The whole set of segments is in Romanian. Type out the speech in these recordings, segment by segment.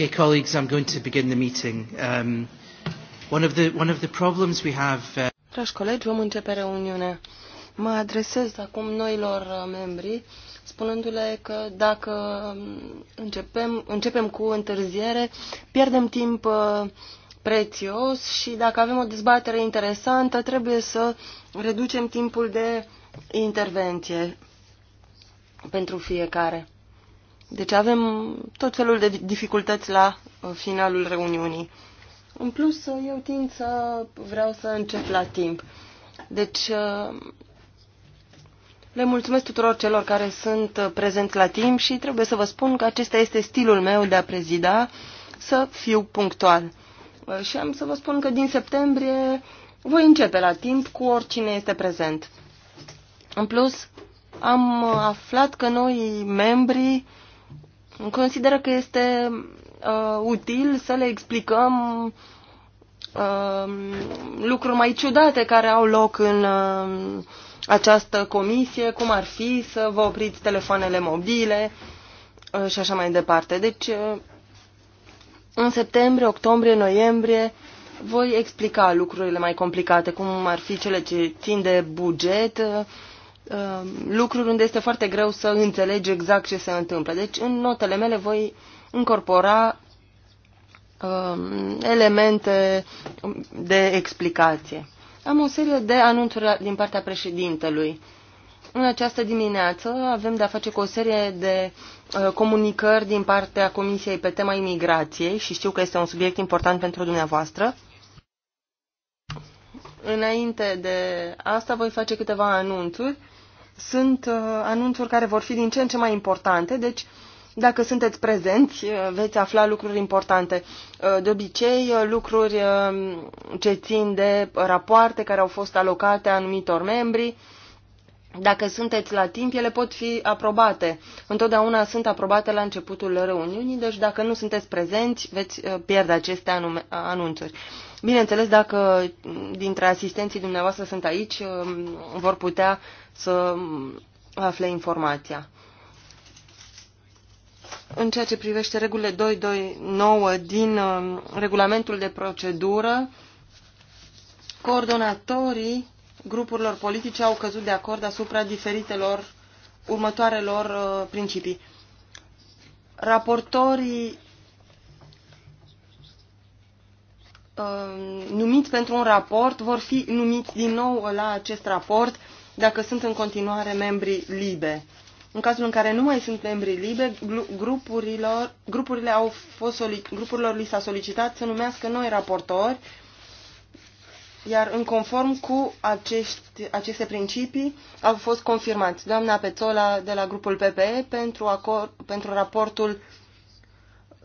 Okay, colleagues, I'm going to begin the meeting. Um, one of the one of the problems we have. Uh... Dragi colegi, vom începe reuniunea. Mă adresez acum noilor uh, membri, spunându-le că dacă um, începem, începem cu întârziere, pierdem timp uh, prețios și dacă avem o dezbatere interesantă, trebuie să reducem timpul de intervenție pentru fiecare. Deci avem tot felul de dificultăți la uh, finalul reuniunii. În plus, uh, eu tind să vreau să încep la timp. Deci, uh, le mulțumesc tuturor celor care sunt prezenți la timp și trebuie să vă spun că acesta este stilul meu de a prezida, să fiu punctual. Și am să vă spun că din septembrie voi începe la timp cu oricine este prezent. În plus, am aflat că noi membrii consideră că este uh, util să le explicăm uh, lucruri mai ciudate care au loc în uh, această comisie, cum ar fi să vă opriți telefoanele mobile uh, și așa mai departe. Deci, uh, în septembrie, octombrie, noiembrie, voi explica lucrurile mai complicate, cum ar fi cele ce țin de buget, uh, Um, lucruri unde este foarte greu să înțelegi exact ce se întâmplă. Deci în notele mele voi incorpora uh, elemente de explicație. Am o serie de anunțuri din partea președintelui. În această dimineață avem de-a face cu o serie de uh, comunicări din partea Comisiei pe tema imigrației și știu că este un subiect important pentru dumneavoastră. Înainte de asta voi face câteva anunțuri sunt uh, anunțuri care vor fi din ce în ce mai importante, deci dacă sunteți prezenți, uh, veți afla lucruri importante. Uh, de obicei, lucruri ce țin de rapoarte care au fost alocate anumitor membri. Dacă sunteți la timp, ele pot fi aprobate. Întotdeauna sunt aprobate la începutul reuniunii, deci dacă nu sunteți prezenți, veți pierde aceste anunțuri. Bineînțeles, dacă dintre asistenții dumneavoastră sunt aici, vor putea să afle informația. În ceea ce privește regulile 229 din uh, regulamentul de procedură, coordonatorii grupurilor politice au căzut de acord asupra diferitelor următoarelor uh, principii. Raportorii uh, numiți pentru un raport vor fi numiți din nou la acest raport dacă sunt în continuare membri libe. În cazul în care nu mai sunt membri libe, grupurilor, grupurile au fost grupurilor li s-a solicitat să numească noi raportori, iar în conform cu acești, aceste principii au fost confirmați doamna Pețola de la grupul PPE pentru, acord, pentru raportul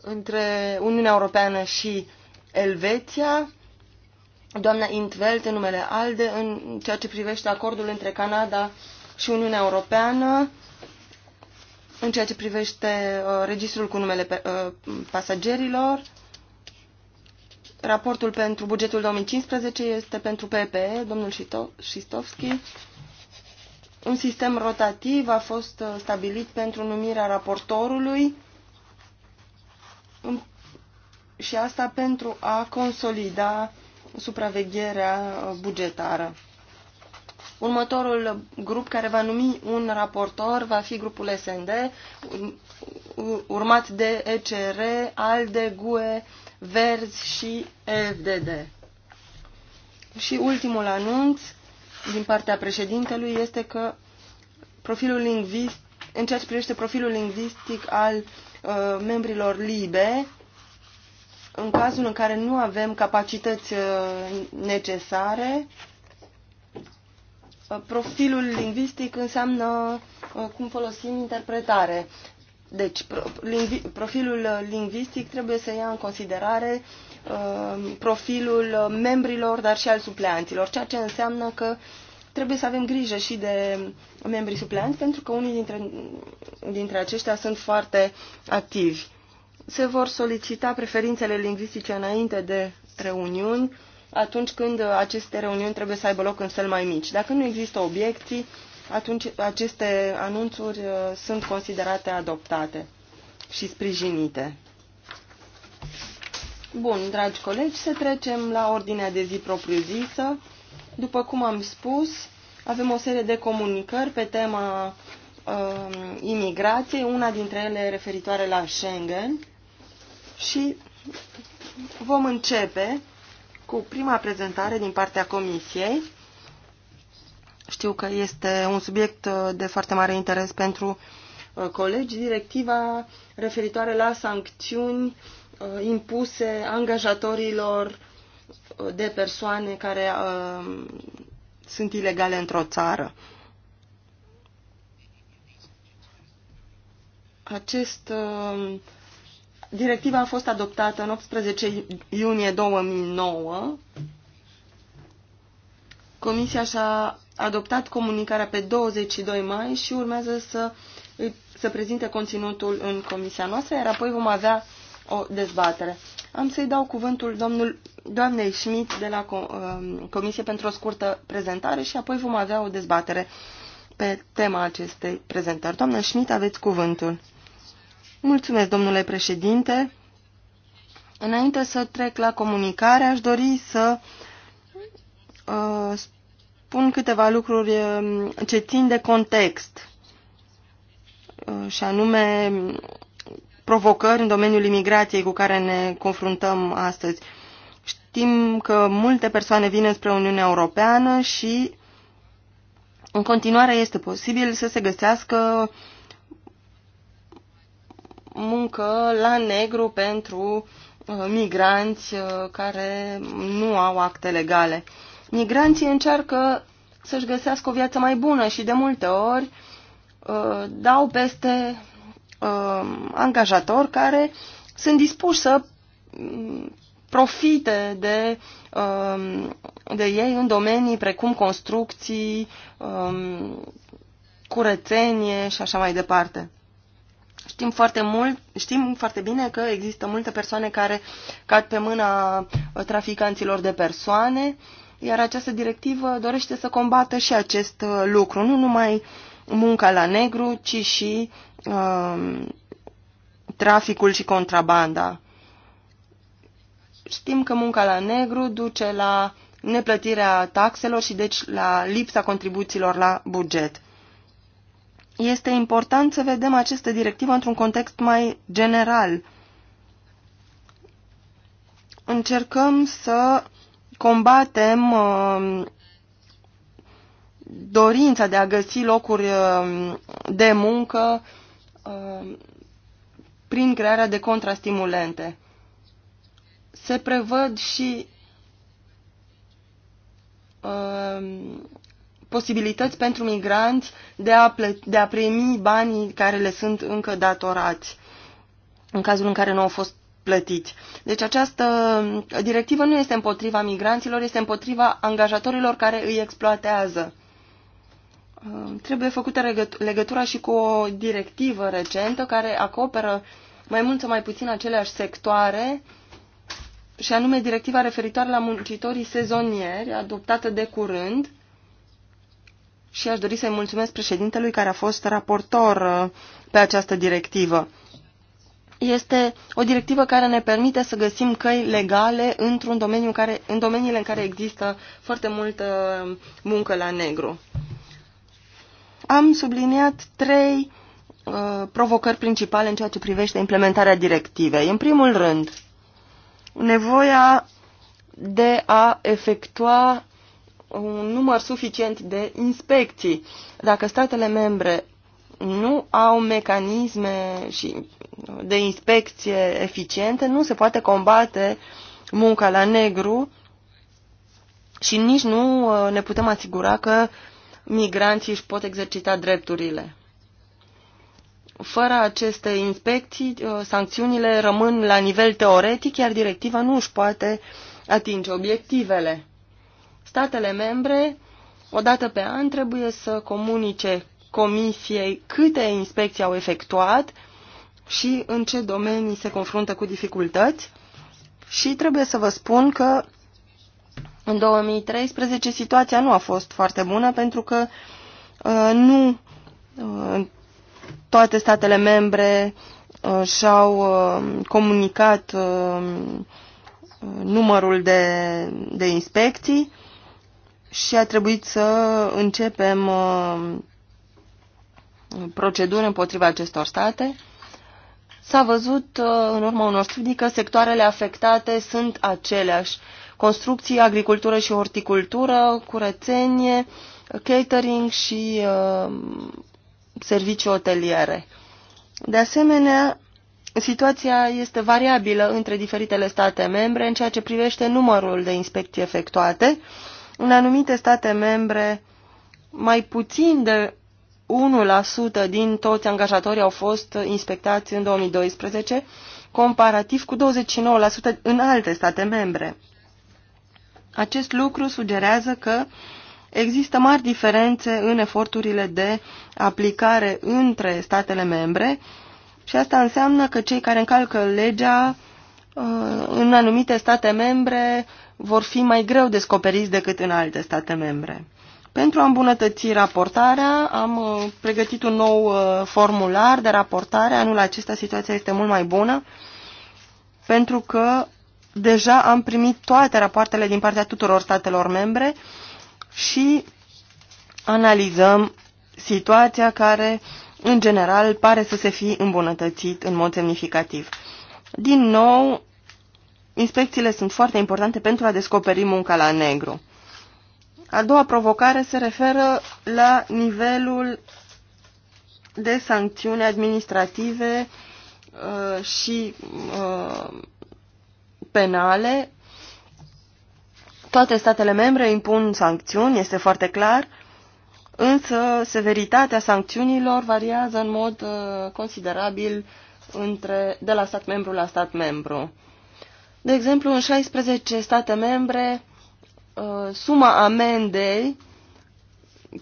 între Uniunea Europeană și Elveția, doamna Intveld în numele ALDE în ceea ce privește acordul între Canada și Uniunea Europeană în ceea ce privește uh, registrul cu numele pe, uh, pasagerilor. Raportul pentru bugetul 2015 este pentru PPE, domnul Șistovski. Un sistem rotativ a fost uh, stabilit pentru numirea raportorului și asta pentru a consolida supravegherea uh, bugetară. Următorul grup care va numi un raportor va fi grupul SND, urmat de ECR, ALDE, GUE, VERZ și FDD. Și ultimul anunț din partea președintelui este că profilul lingvist, în ceea ce privește profilul lingvistic al uh, membrilor LIBE, în cazul în care nu avem capacități uh, necesare, uh, profilul lingvistic înseamnă uh, cum folosim interpretare. Deci, profilul lingvistic trebuie să ia în considerare profilul membrilor, dar și al supleanților, ceea ce înseamnă că trebuie să avem grijă și de membrii supleanți, pentru că unii dintre, dintre aceștia sunt foarte activi se vor solicita preferințele lingvistice înainte de reuniuni, atunci când aceste reuniuni trebuie să aibă loc în cel mai mici. Dacă nu există obiecții, atunci aceste anunțuri uh, sunt considerate adoptate și sprijinite. Bun, dragi colegi, să trecem la ordinea de zi propriu-zisă. După cum am spus, avem o serie de comunicări pe tema uh, imigrației, una dintre ele referitoare la Schengen și vom începe cu prima prezentare din partea Comisiei. Știu că este un subiect uh, de foarte mare interes pentru uh, colegi. Directiva referitoare la sancțiuni uh, impuse angajatorilor de persoane care sunt ilegale într-o țară. Acest uh, Directiva a fost adoptată în 18 iunie 2009. Comisia și-a adoptat comunicarea pe 22 mai și urmează să, să prezinte conținutul în comisia noastră, iar apoi vom avea o dezbatere. Am să-i dau cuvântul domnul, doamnei Schmidt de la um, Comisie pentru o scurtă prezentare și apoi vom avea o dezbatere pe tema acestei prezentări. Doamna Schmidt, aveți cuvântul. Mulțumesc, domnule președinte. Înainte să trec la comunicare, aș dori să uh, spun câteva lucruri uh, ce țin de context, uh, și anume provocări în domeniul imigrației cu care ne confruntăm astăzi. Știm că multe persoane vin spre Uniunea Europeană și în continuare este posibil să se găsească uh, muncă la negru pentru uh, migranți uh, care nu au acte legale. Migranții încearcă să-și găsească o viață mai bună și de multe ori uh, dau peste angajatori care sunt dispuși să mm, profite de, de ei în domenii precum construcții, um, curățenie și așa mai departe. Știm foarte, mult, știm foarte bine că există multe persoane care cad pe mâna uh, traficanților de persoane, iar această directivă dorește să combată și acest uh, lucru, nu numai munca la negru, ci și uh, traficul și contrabanda. Știm că munca la negru duce la neplătirea taxelor și deci la lipsa contribuțiilor la buget este important să vedem această directivă într-un context mai general. Încercăm să combatem uh, dorința de a găsi locuri uh, de muncă uh, prin crearea de contrastimulente. Se prevăd și posibilități pentru migranți de a, plă- de a primi banii care le sunt încă datorați, în cazul în care nu au fost plătiți. Deci această directivă nu este împotriva migranților, este împotriva angajatorilor care îi exploatează. Uh, trebuie făcută legătura și cu o directivă recentă care acoperă mai mult sau mai puțin aceleași sectoare și anume directiva referitoare la muncitorii sezonieri, adoptată de curând, și aș dori să-i mulțumesc președintelui care a fost raportor uh, pe această directivă. Este o directivă care ne permite să găsim căi legale într-un domeniu care, în domeniile în care există foarte multă muncă la negru. Am subliniat trei uh, provocări principale în ceea ce privește implementarea directivei. În primul rând, nevoia de a efectua un număr suficient de inspecții. Dacă statele membre nu au mecanisme și de inspecție eficiente, nu se poate combate munca la negru și nici nu uh, ne putem asigura că migranții își pot exercita drepturile. Fără aceste inspecții, uh, sancțiunile rămân la nivel teoretic, iar directiva nu își poate atinge obiectivele statele membre, odată pe an, trebuie să comunice comisiei câte inspecții au efectuat și în ce domenii se confruntă cu dificultăți. Și trebuie să vă spun că în 2013 situația nu a fost foarte bună pentru că uh, nu uh, toate statele membre uh, și-au uh, comunicat uh, numărul de, de inspecții și a trebuit să începem uh, proceduri împotriva acestor state. S-a văzut uh, în urma unor studii că sectoarele afectate sunt aceleași. Construcții, agricultură și horticultură, curățenie, catering și uh, servicii hoteliere. De asemenea, situația este variabilă între diferitele state membre în ceea ce privește numărul de inspecții efectuate. Uh, în anumite state membre, mai puțin de 1% din toți angajatorii au fost inspectați în 2012, comparativ cu 29% în alte state membre. Acest lucru sugerează că există mari diferențe în eforturile de aplicare între statele membre și asta înseamnă că cei care încalcă legea uh, în anumite state membre vor fi mai greu descoperiți decât în alte state membre. Pentru a îmbunătăți raportarea, am uh, pregătit un nou uh, formular de raportare. Anul acesta situația este mult mai bună pentru că deja am primit toate rapoartele din partea tuturor statelor membre și analizăm situația care, în general, pare să se fi îmbunătățit în mod semnificativ. Din nou, Inspecțiile sunt foarte importante pentru a descoperi munca la negru. A doua provocare se referă la nivelul de sancțiuni administrative uh, și uh, penale. Toate statele membre impun sancțiuni, este foarte clar, însă severitatea sancțiunilor variază în mod uh, considerabil între, de la stat membru la stat membru. De exemplu, în 16 state membre, uh, suma amendei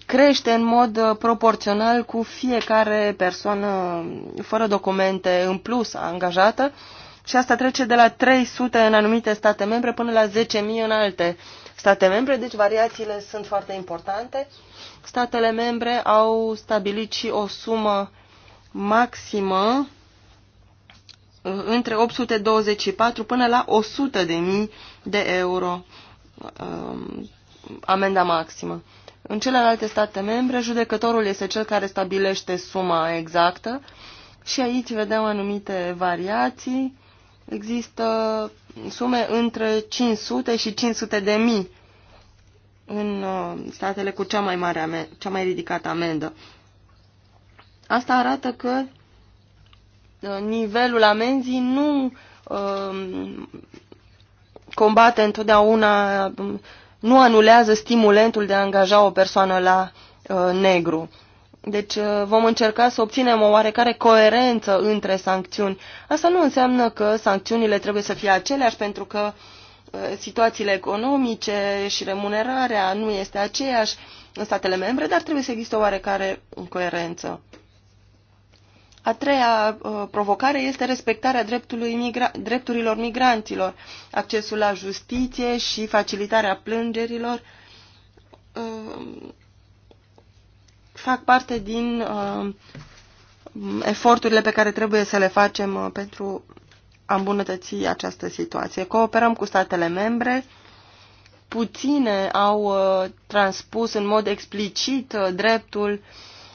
crește în mod uh, proporțional cu fiecare persoană fără documente în plus angajată și asta trece de la 300 în anumite state membre până la 10.000 în alte state membre, deci variațiile sunt foarte importante. Statele membre au stabilit și o sumă maximă Uh, între 824 până la 100 de mii de euro um, amenda maximă. În celelalte state membre, judecătorul este cel care stabilește suma exactă și aici vedem anumite variații. Există sume între 500 și 500 de mii în uh, statele cu cea mai, mare, cea mai ridicată amendă. Asta arată că nivelul amenzii nu um, combate întotdeauna, nu anulează stimulentul de a angaja o persoană la uh, negru. Deci uh, vom încerca să obținem o oarecare coerență între sancțiuni. Asta nu înseamnă că sancțiunile trebuie să fie aceleași pentru că uh, situațiile economice și remunerarea nu este aceeași în statele membre, dar trebuie să existe o oarecare coerență. A treia uh, provocare este respectarea dreptului migra drepturilor migranților, accesul la justiție și facilitarea plângerilor uh, fac parte din uh, eforturile pe care trebuie să le facem uh, pentru a îmbunătăți această situație. Cooperăm cu statele membre, puține au uh, transpus în mod explicit uh, dreptul uh,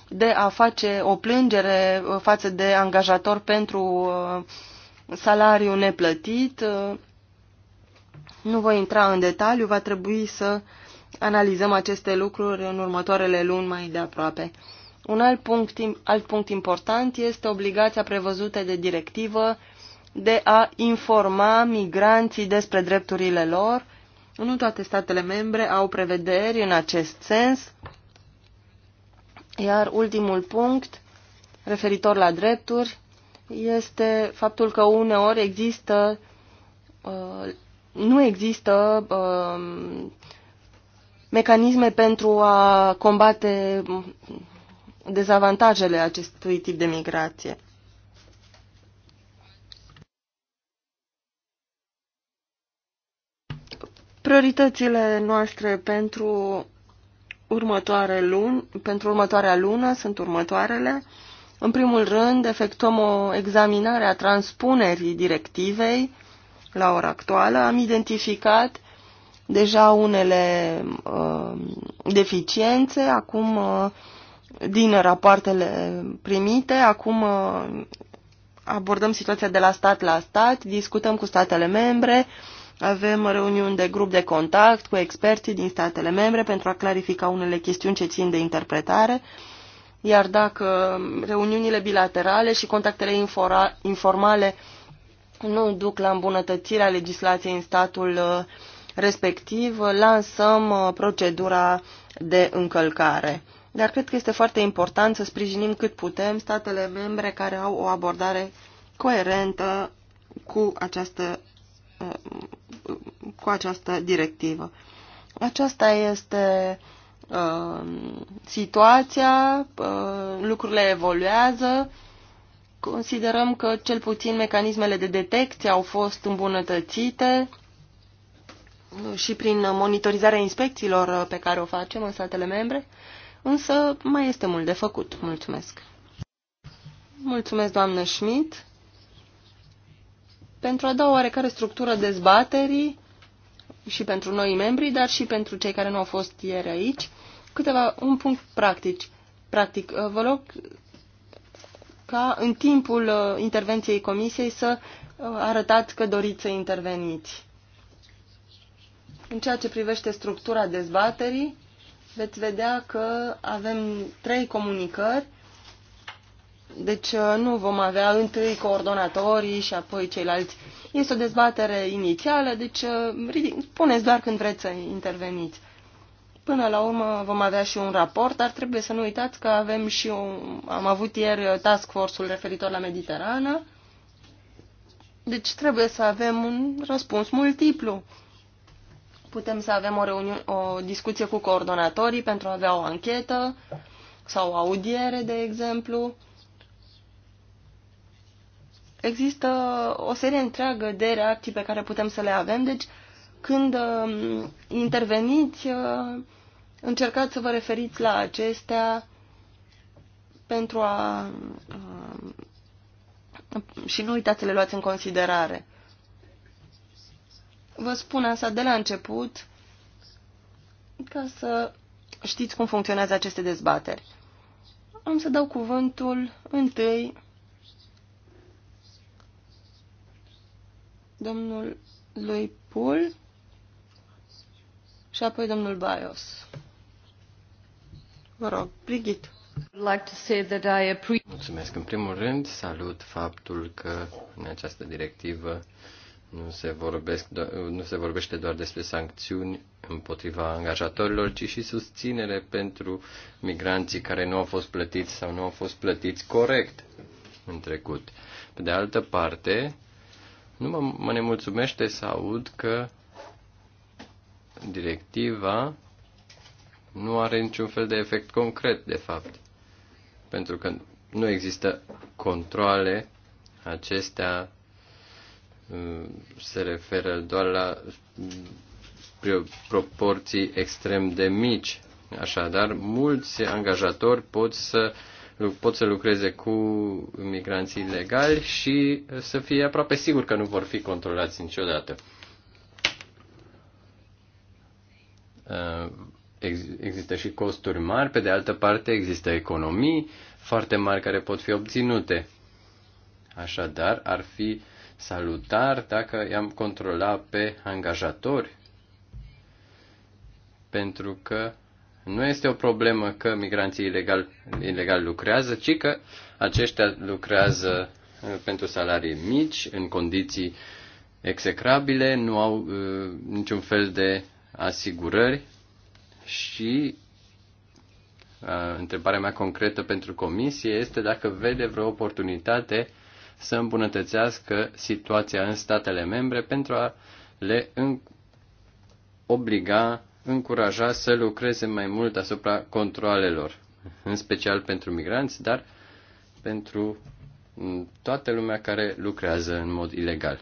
de a face o plângere față de angajator pentru uh, salariu neplătit. Uh, nu voi intra în detaliu, va trebui să analizăm aceste lucruri în următoarele luni mai de aproape. Un alt punct, alt punct important este obligația prevăzută de directivă de a informa migranții despre drepturile lor. Nu toate statele membre au prevederi în acest sens. Iar ultimul punct, referitor la drepturi, este faptul că uneori există, uh, nu există uh, mecanisme pentru a combate dezavantajele acestui tip de migrație. Prioritățile noastre pentru următoare luni, pentru următoarea lună sunt următoarele. În primul rând, efectuăm o examinare a transpunerii directivei la ora actuală. Am identificat deja unele uh, deficiențe, acum uh, din rapoartele primite, acum uh, abordăm situația de la stat la stat, discutăm cu statele membre, uh, avem reuniuni de grup de contact cu experții din statele membre pentru a clarifica unele chestiuni ce țin de interpretare, iar dacă reuniunile bilaterale și contactele informale nu duc la îmbunătățirea legislației în statul uh, respectiv, lansăm uh, procedura de încălcare. Dar cred că este foarte important să sprijinim cât putem statele membre care au o abordare coerentă cu această uh, cu această directivă. Aceasta este uh, situația, uh, lucrurile evoluează, considerăm că cel puțin mecanismele de detecție au fost îmbunătățite și prin monitorizarea inspecțiilor pe care o facem în statele membre, însă mai este mult de făcut. Mulțumesc! Mulțumesc, doamnă Schmidt! pentru a da oarecare structură dezbaterii și pentru noi membri, dar și pentru cei care nu au fost ieri aici, câteva, un punct practic. Practic, uh, vă rog ca în timpul uh, intervenției comisiei să uh, arătați că doriți să interveniți. În ceea ce privește structura dezbaterii, veți vedea că avem trei comunicări deci uh, nu vom avea întâi coordonatorii și apoi ceilalți. Este o dezbatere inițială, deci spuneți uh, doar când vreți să interveniți. Până la urmă vom avea și un raport, dar trebuie să nu uitați că avem și un, am avut ieri uh, task force-ul referitor la Mediterană. Deci trebuie să avem un răspuns multiplu. Putem să avem o, reuniune, o discuție cu coordonatorii pentru a avea o anchetă sau o audiere, de exemplu există o serie întreagă de reacții pe care putem să le avem, deci când um, interveniți, uh, încercați să vă referiți la acestea pentru a um, și nu uitați să le luați în considerare. Vă spun asta de la început ca să știți cum funcționează aceste dezbateri. Am să dau cuvântul întâi domnul lui Pul și apoi domnul Baios. Vă rog, Brigit. Mulțumesc. În primul rând, salut faptul că în această directivă nu se, vorbesc, nu se vorbește doar despre sancțiuni împotriva angajatorilor, ci și susținere pentru migranții care nu au fost plătiți sau nu au fost plătiți corect în trecut. Pe de altă parte, nu mă, mă nemulțumește să aud că directiva nu are niciun fel de efect concret, de fapt. Pentru că nu există controle, acestea uh, se referă doar la uh, proporții extrem de mici. Așadar, mulți angajatori pot să uh, pot să lucreze cu migranții ilegali și să fie aproape sigur că nu vor fi controlați niciodată. Uh, există și costuri mari, pe de altă parte există economii foarte mari care pot fi obținute. Așadar, ar fi salutar dacă i-am controla pe angajatori, pentru că nu este o problemă că migranții ilegal, ilegal lucrează, ci că aceștia lucrează uh, pentru salarii mici, în condiții execrabile, nu au uh, niciun fel de asigurări și uh, întrebarea mea concretă pentru comisie este dacă vede vreo oportunitate să îmbunătățească situația în statele membre pentru a le obliga încuraja să lucreze mai mult asupra controalelor, în special pentru migranți, dar pentru toată lumea care lucrează în mod ilegal.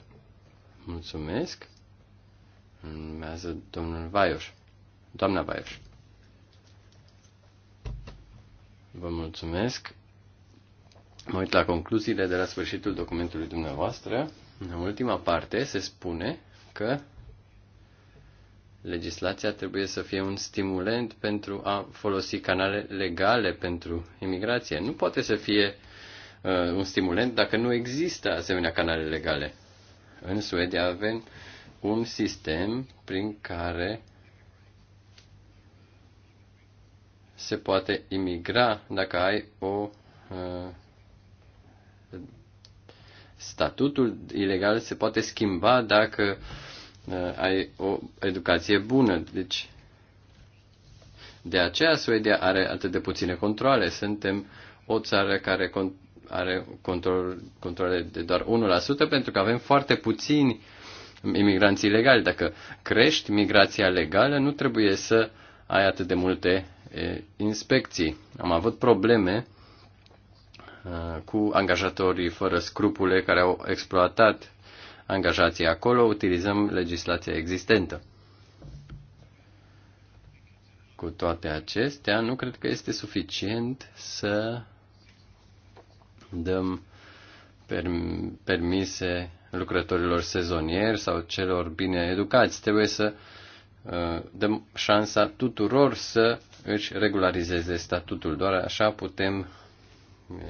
Mulțumesc. Urmează domnul Vaioș. Doamna Vaioș. Vă mulțumesc. Mă uit la concluziile de la sfârșitul documentului dumneavoastră. În ultima parte se spune că Legislația trebuie să fie un stimulent pentru a folosi canale legale pentru imigrație. Nu poate să fie uh, un stimulent dacă nu există asemenea canale legale. În Suedia avem un sistem prin care se poate imigra dacă ai o uh, statutul ilegal se poate schimba dacă uh, Uh, ai o educație bună. Deci, de aceea Suedia are atât de puține controle. Suntem o țară care are control, controle de doar 1% pentru că avem foarte puțini imigranți ilegali. Dacă crești migrația legală, nu trebuie să ai atât de multe inspecții. Am avut probleme uh, cu angajatorii fără scrupule care au exploatat angajații acolo, utilizăm legislația existentă. Cu toate acestea, nu cred că este suficient să dăm permise lucrătorilor sezonieri sau celor bine educați. Trebuie să uh, dăm șansa tuturor să își regularizeze statutul. Doar așa putem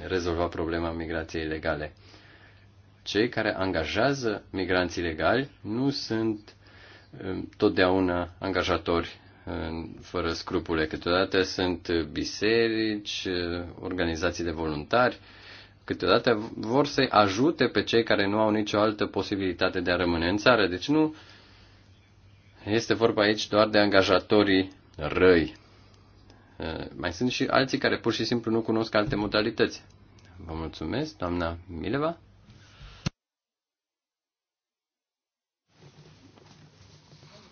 rezolva problema migrației legale cei care angajează migranți ilegali nu sunt um, totdeauna angajatori um, fără scrupule. Câteodată sunt biserici, uh, organizații de voluntari, câteodată vor să-i ajute pe cei care nu au nicio altă posibilitate de a rămâne în țară. Deci nu este vorba aici doar de angajatorii răi. Uh, mai sunt și alții care pur și simplu nu cunosc alte modalități. Vă mulțumesc, doamna Mileva.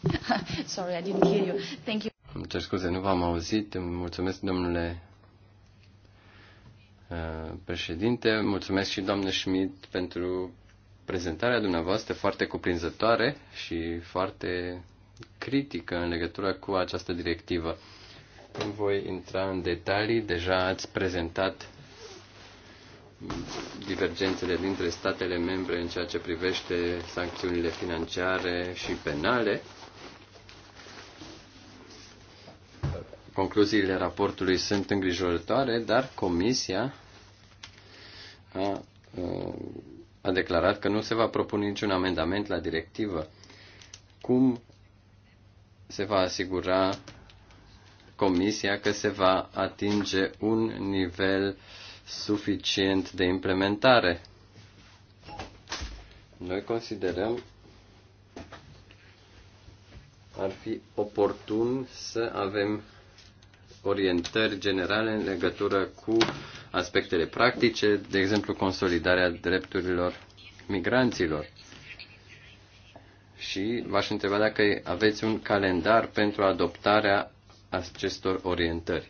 Sorry, I didn't hear you. Thank you. Îmi cer scuze, nu v-am auzit. Mulțumesc, domnule uh, președinte. Mulțumesc și doamnă Schmidt pentru prezentarea dumneavoastră foarte cuprinzătoare și foarte critică în legătură cu această directivă. Nu voi intra în detalii, deja ați prezentat divergențele dintre statele membre în ceea ce privește sancțiunile financiare și penale Concluziile raportului sunt îngrijorătoare, dar Comisia a, uh, a declarat că nu se va propune niciun amendament la directivă. Cum se va asigura Comisia că se va atinge un nivel suficient de implementare? Noi considerăm ar fi oportun să avem orientări generale în legătură cu aspectele practice, de exemplu consolidarea drepturilor migranților. Și v-aș întreba dacă aveți un calendar pentru adoptarea acestor orientări.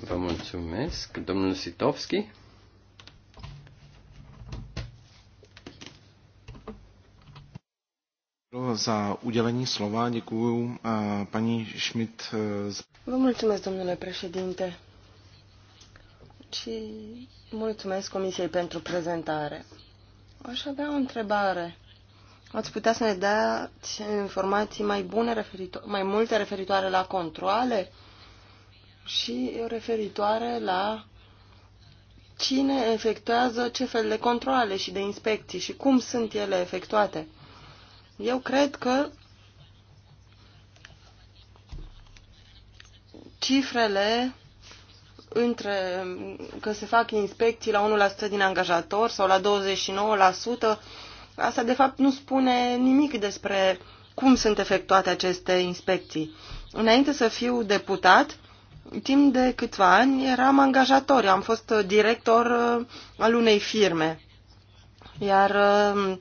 Vă mulțumesc, domnul Sitovski. Za udělení slova děkuju eh, paní Schmidt. Eh, Vă mulțumesc, domnule președinte, și mulțumesc Comisiei pentru prezentare. Aș avea o întrebare. Ați putea să ne dați informații mai bune, referito- mai multe referitoare la controle și referitoare la cine efectuează ce fel de controle și de inspecții și cum sunt ele efectuate. Eu cred că cifrele între că se fac inspecții la 1% din angajator sau la 29%, asta de fapt nu spune nimic despre cum sunt efectuate aceste inspecții. Înainte să fiu deputat, timp de câțiva ani eram angajator, Eu am fost director uh, al unei firme. Iar uh,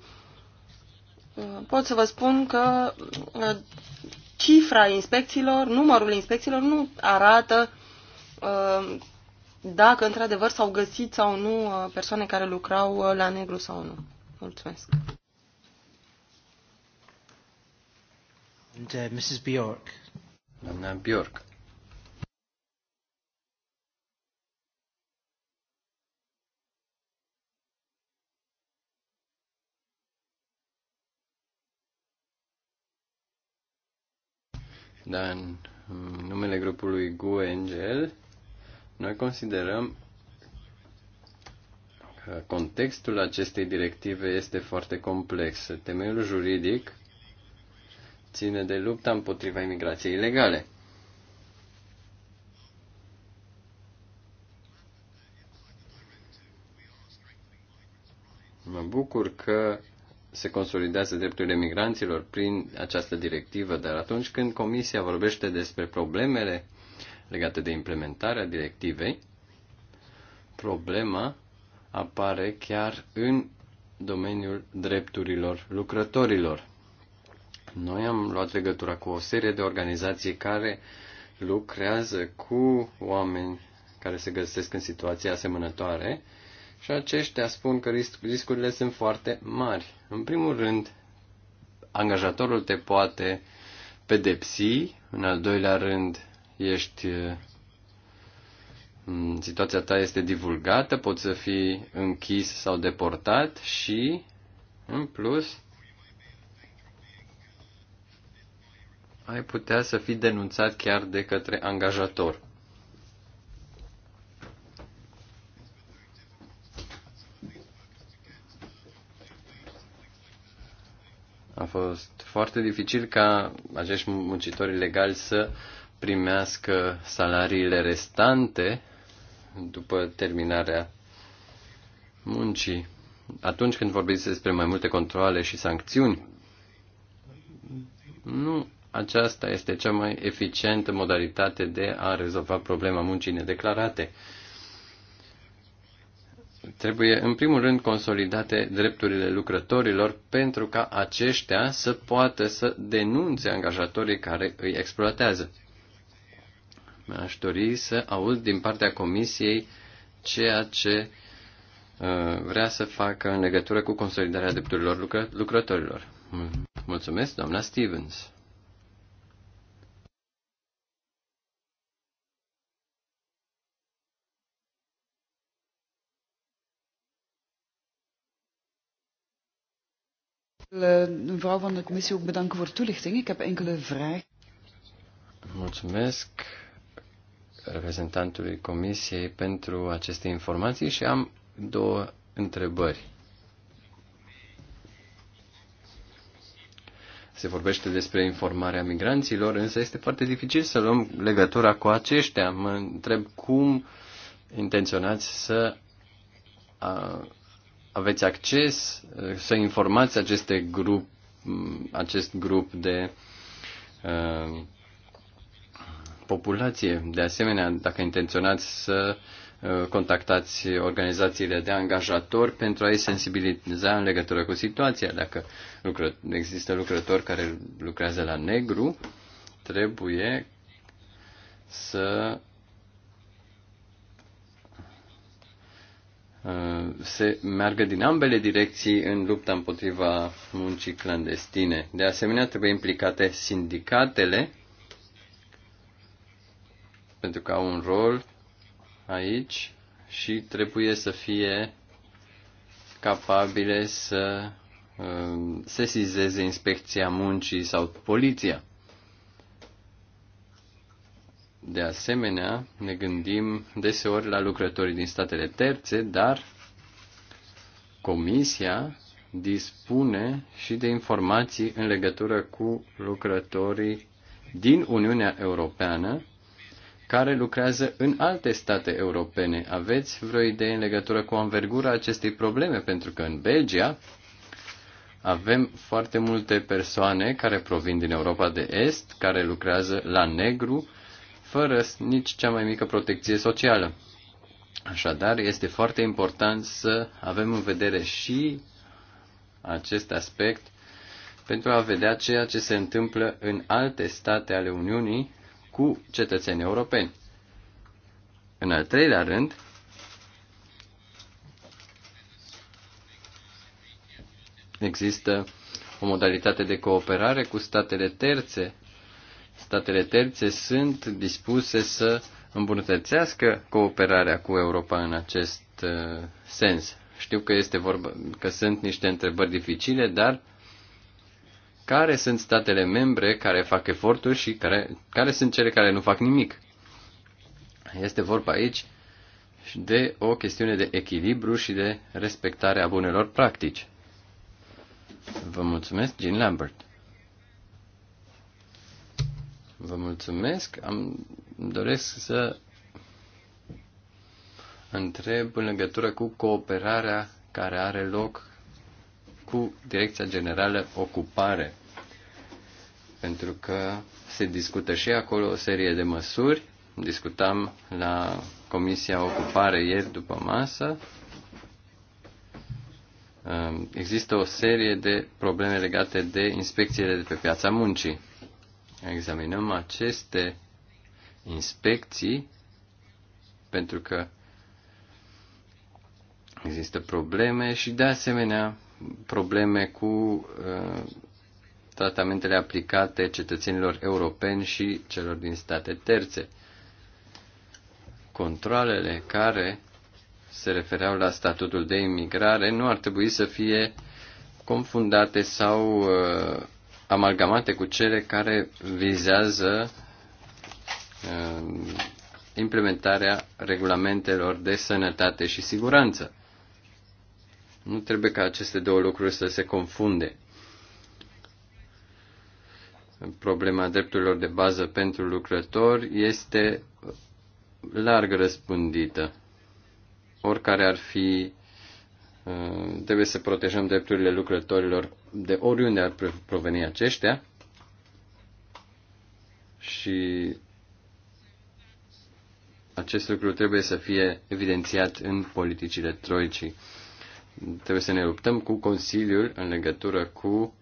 pot să vă spun că uh, cifra inspecțiilor, numărul inspecțiilor nu arată uh, dacă într-adevăr s-au găsit sau nu uh, persoane care lucrau la negru sau nu. Mulțumesc. And, uh, Mrs. Bjork. Doamna Bjork. Dar în numele grupului Gu Angel, noi considerăm că contextul acestei directive este foarte complex. Temeiul juridic ține de lupta împotriva imigrației ilegale. Mă bucur că se consolidează drepturile migranților prin această directivă, dar atunci când Comisia vorbește despre problemele legate de implementarea directivei, problema apare chiar în domeniul drepturilor lucrătorilor. Noi am luat legătura cu o serie de organizații care lucrează cu oameni care se găsesc în situații asemănătoare și aceștia spun că risc, riscurile sunt foarte mari. În primul rând, angajatorul te poate pedepsi, în al doilea rând, ești mm, situația ta este divulgată, poți să fii închis sau deportat și, în plus, ai putea să fii denunțat chiar de către angajator. A fost foarte dificil ca acești muncitori legali să primească salariile restante după terminarea muncii. Atunci când vorbiți despre mai multe controle și sancțiuni, nu aceasta este cea mai eficientă modalitate de a rezolva problema muncii nedeclarate. Trebuie, în primul rând, consolidate drepturile lucrătorilor pentru ca aceștia să poată să denunțe angajatorii care îi exploatează. Aș dori să aud din partea Comisiei ceea ce uh, vrea să facă în legătură cu consolidarea drepturilor lucrătorilor. Mulțumesc, doamna Stevens. Eh, mevrouw van de commissie, ook bedanken voor toelichting. Ik heb enkele vragen. Mulțumesc reprezentantului comisiei pentru aceste informații și am două întrebări. Se vorbește despre informarea migranților, însă este foarte dificil să luăm legătura cu aceștia. Mă întreb cum intenționați să aveți acces uh, să informați aceste grup, acest grup de uh, populație. De asemenea, dacă intenționați să uh, contactați organizațiile de angajatori pentru a-i sensibiliza în legătură cu situația. Dacă lucră, există lucrători care lucrează la negru, trebuie să Uh, se meargă din ambele direcții în lupta împotriva muncii clandestine. De asemenea, trebuie implicate sindicatele pentru că au un rol aici și trebuie să fie capabile să uh, sesizeze inspecția muncii sau poliția. De asemenea, ne gândim deseori la lucrătorii din statele terțe, dar Comisia dispune și de informații în legătură cu lucrătorii din Uniunea Europeană care lucrează în alte state europene. Aveți vreo idee în legătură cu anvergura acestei probleme? Pentru că în Belgia avem foarte multe persoane care provin din Europa de Est, care lucrează la negru fără nici cea mai mică protecție socială. Așadar, este foarte important să avem în vedere și acest aspect pentru a vedea ceea ce se întâmplă în alte state ale Uniunii cu cetățeni europeni. În al treilea rând, există o modalitate de cooperare cu statele terțe statele terțe sunt dispuse să îmbunătățească cooperarea cu Europa în acest uh, sens. Știu că este vorba, că sunt niște întrebări dificile, dar care sunt statele membre care fac eforturi și care, care sunt cele care nu fac nimic? Este vorba aici de o chestiune de echilibru și de respectare a bunelor practici. Vă mulțumesc, Jean Lambert. Vă mulțumesc. Am doresc să întreb în legătură cu cooperarea care are loc cu Direcția Generală Ocupare. Pentru că se discută și acolo o serie de măsuri. Discutam la Comisia Ocupare ieri după masă. Există o serie de probleme legate de inspecțiile de pe piața muncii examinăm aceste inspecții pentru că există probleme și de asemenea probleme cu uh, tratamentele aplicate cetățenilor europeni și celor din state terțe. Controlele care se refereau la statutul de imigrare nu ar trebui să fie confundate sau uh, amalgamate cu cele care vizează uh, implementarea regulamentelor de sănătate și siguranță. Nu trebuie ca aceste două lucruri să se confunde. Problema drepturilor de bază pentru lucrători este larg răspândită. Oricare ar fi, uh, trebuie să protejăm drepturile lucrătorilor de oriunde ar proveni aceștia și acest lucru trebuie să fie evidențiat în politicile troicii. Trebuie să ne luptăm cu Consiliul în legătură cu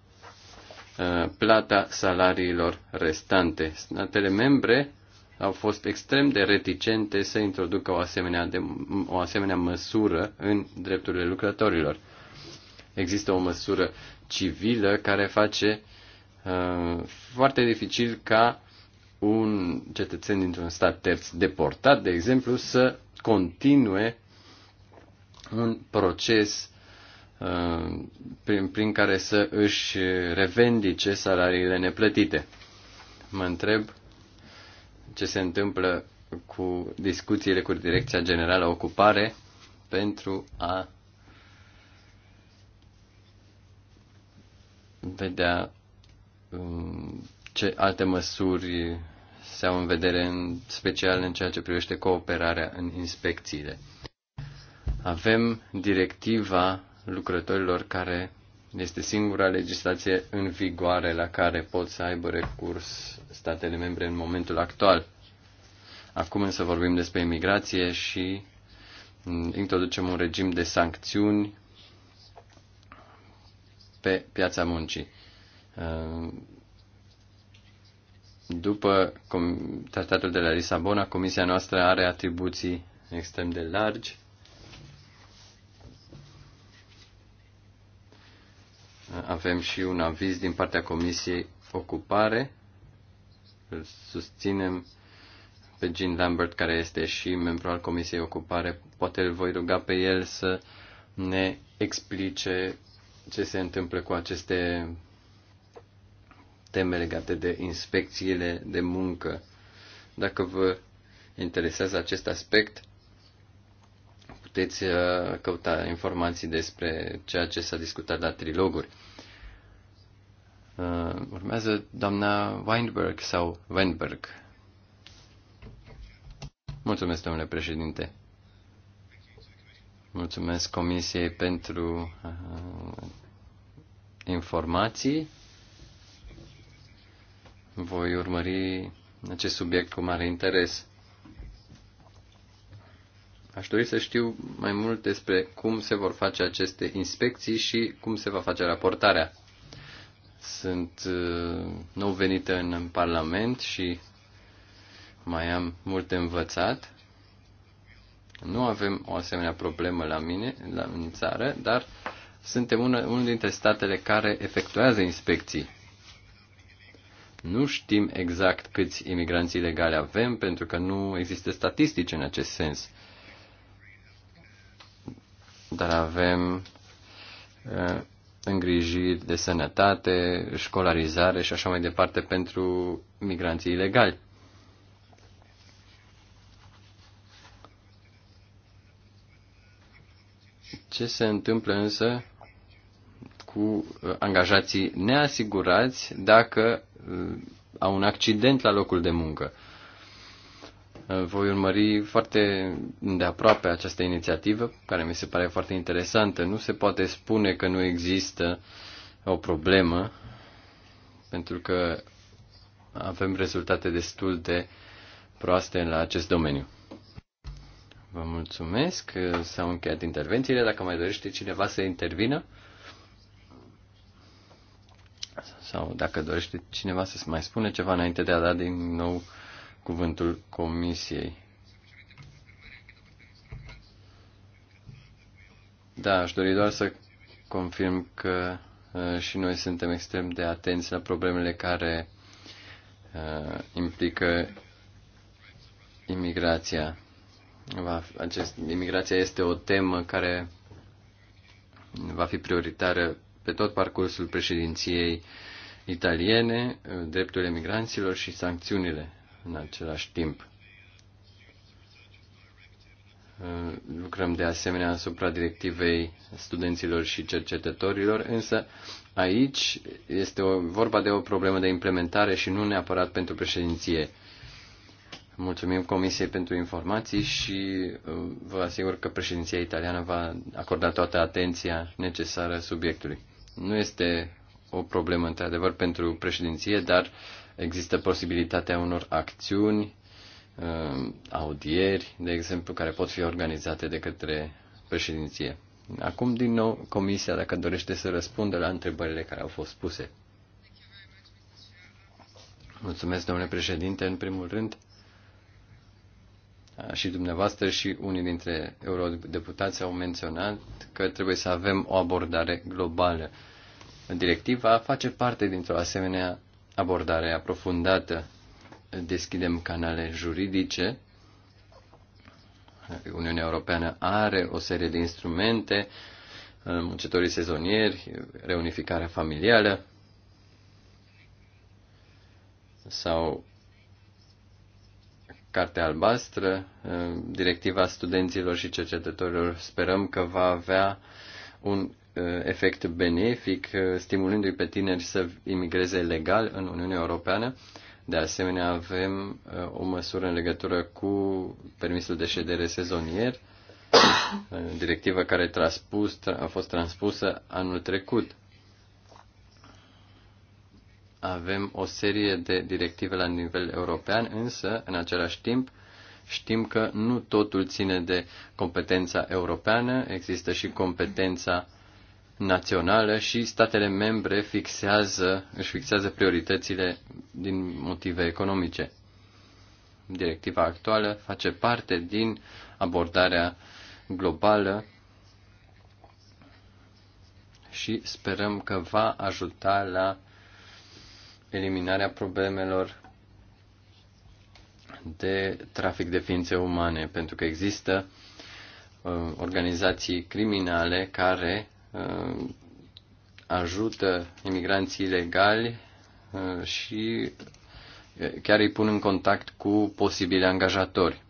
uh, plata salariilor restante. Statele membre au fost extrem de reticente să introducă o asemenea, de, o asemenea măsură în drepturile lucrătorilor. Există o măsură civilă care face uh, foarte dificil ca un cetățen dintr-un stat terț deportat, de exemplu, să continue un proces uh, prin, prin care să își revendice salariile neplătite. Mă întreb ce se întâmplă cu discuțiile cu Direcția Generală Ocupare pentru a vedea um, ce alte măsuri se au în vedere, în special în ceea ce privește cooperarea în inspecțiile. Avem directiva lucrătorilor care este singura legislație în vigoare la care pot să aibă recurs statele membre în momentul actual. Acum însă vorbim despre imigrație și mm, introducem un regim de sancțiuni pe piața muncii. Uh, după tratatul de la Lisabona, comisia noastră are atribuții extrem de largi. Avem și un aviz din partea comisiei ocupare. Îl susținem pe Jean Lambert, care este și membru al Comisiei Ocupare. Poate îl voi ruga pe el să ne explice ce se întâmplă cu aceste teme legate de inspecțiile de muncă. Dacă vă interesează acest aspect, puteți uh, căuta informații despre ceea ce s-a discutat la triloguri. Uh, urmează doamna Weinberg sau Weinberg. Mulțumesc, domnule președinte. Mulțumesc Comisiei pentru uh, informații. Voi urmări acest subiect cu mare interes. Aș dori să știu mai mult despre cum se vor face aceste inspecții și cum se va face raportarea. Sunt uh, nou venită în Parlament și mai am mult de învățat nu avem o asemenea problemă la mine, la, în țară, dar suntem una, unul dintre statele care efectuează inspecții. Nu știm exact câți imigranți ilegali avem, pentru că nu există statistici în acest sens. Dar avem uh, îngrijiri de sănătate, școlarizare și așa mai departe pentru migranții ilegali. Ce se întâmplă însă cu uh, angajații neasigurați dacă uh, au un accident la locul de muncă? Uh, voi urmări foarte de aproape această inițiativă, care mi se pare foarte interesantă. Nu se poate spune că nu există o problemă, pentru că avem rezultate destul de proaste la acest domeniu. Vă mulțumesc. S-au încheiat intervențiile. Dacă mai dorește cineva să intervină sau dacă dorește cineva să mai spune ceva înainte de a da din nou cuvântul comisiei. Da, aș dori doar să confirm că uh, și noi suntem extrem de atenți la problemele care uh, implică imigrația va, acest, imigrația este o temă care va fi prioritară pe tot parcursul președinției italiene, drepturile migranților și sancțiunile în același timp. Lucrăm de asemenea asupra directivei studenților și cercetătorilor, însă aici este o, vorba de o problemă de implementare și nu neapărat pentru președinție. Mulțumim Comisiei pentru informații și uh, vă asigur că președinția italiană va acorda toată atenția necesară subiectului. Nu este o problemă, într-adevăr, pentru președinție, dar există posibilitatea unor acțiuni, uh, audieri, de exemplu, care pot fi organizate de către președinție. Acum, din nou, Comisia, dacă dorește să răspundă la întrebările care au fost puse. Mulțumesc, domnule președinte, în primul rând. Uh, și dumneavoastră și unii dintre eurodeputați au menționat că trebuie să avem o abordare globală. Directiva face parte dintr-o asemenea abordare aprofundată. Deschidem canale juridice. Uniunea Europeană are o serie de instrumente, uh, muncitorii sezonieri, reunificarea familială sau Cartea albastră, eh, directiva studenților și cercetătorilor, sperăm că va avea un eh, efect benefic, eh, stimulându-i pe tineri să imigreze legal în Uniunea Europeană. De asemenea, avem o măsură în legătură cu permisul de ședere sezonier, directivă care a fost transpusă anul trecut avem o serie de directive la nivel european, însă, în același timp, știm că nu totul ține de competența europeană, există și competența națională și statele membre fixează, își fixează prioritățile din motive economice. Directiva actuală face parte din abordarea globală și sperăm că va ajuta la eliminarea problemelor de trafic de ființe umane, pentru că există uh, organizații criminale care uh, ajută imigranții ilegali uh, și uh, chiar îi pun în contact cu posibili angajatori.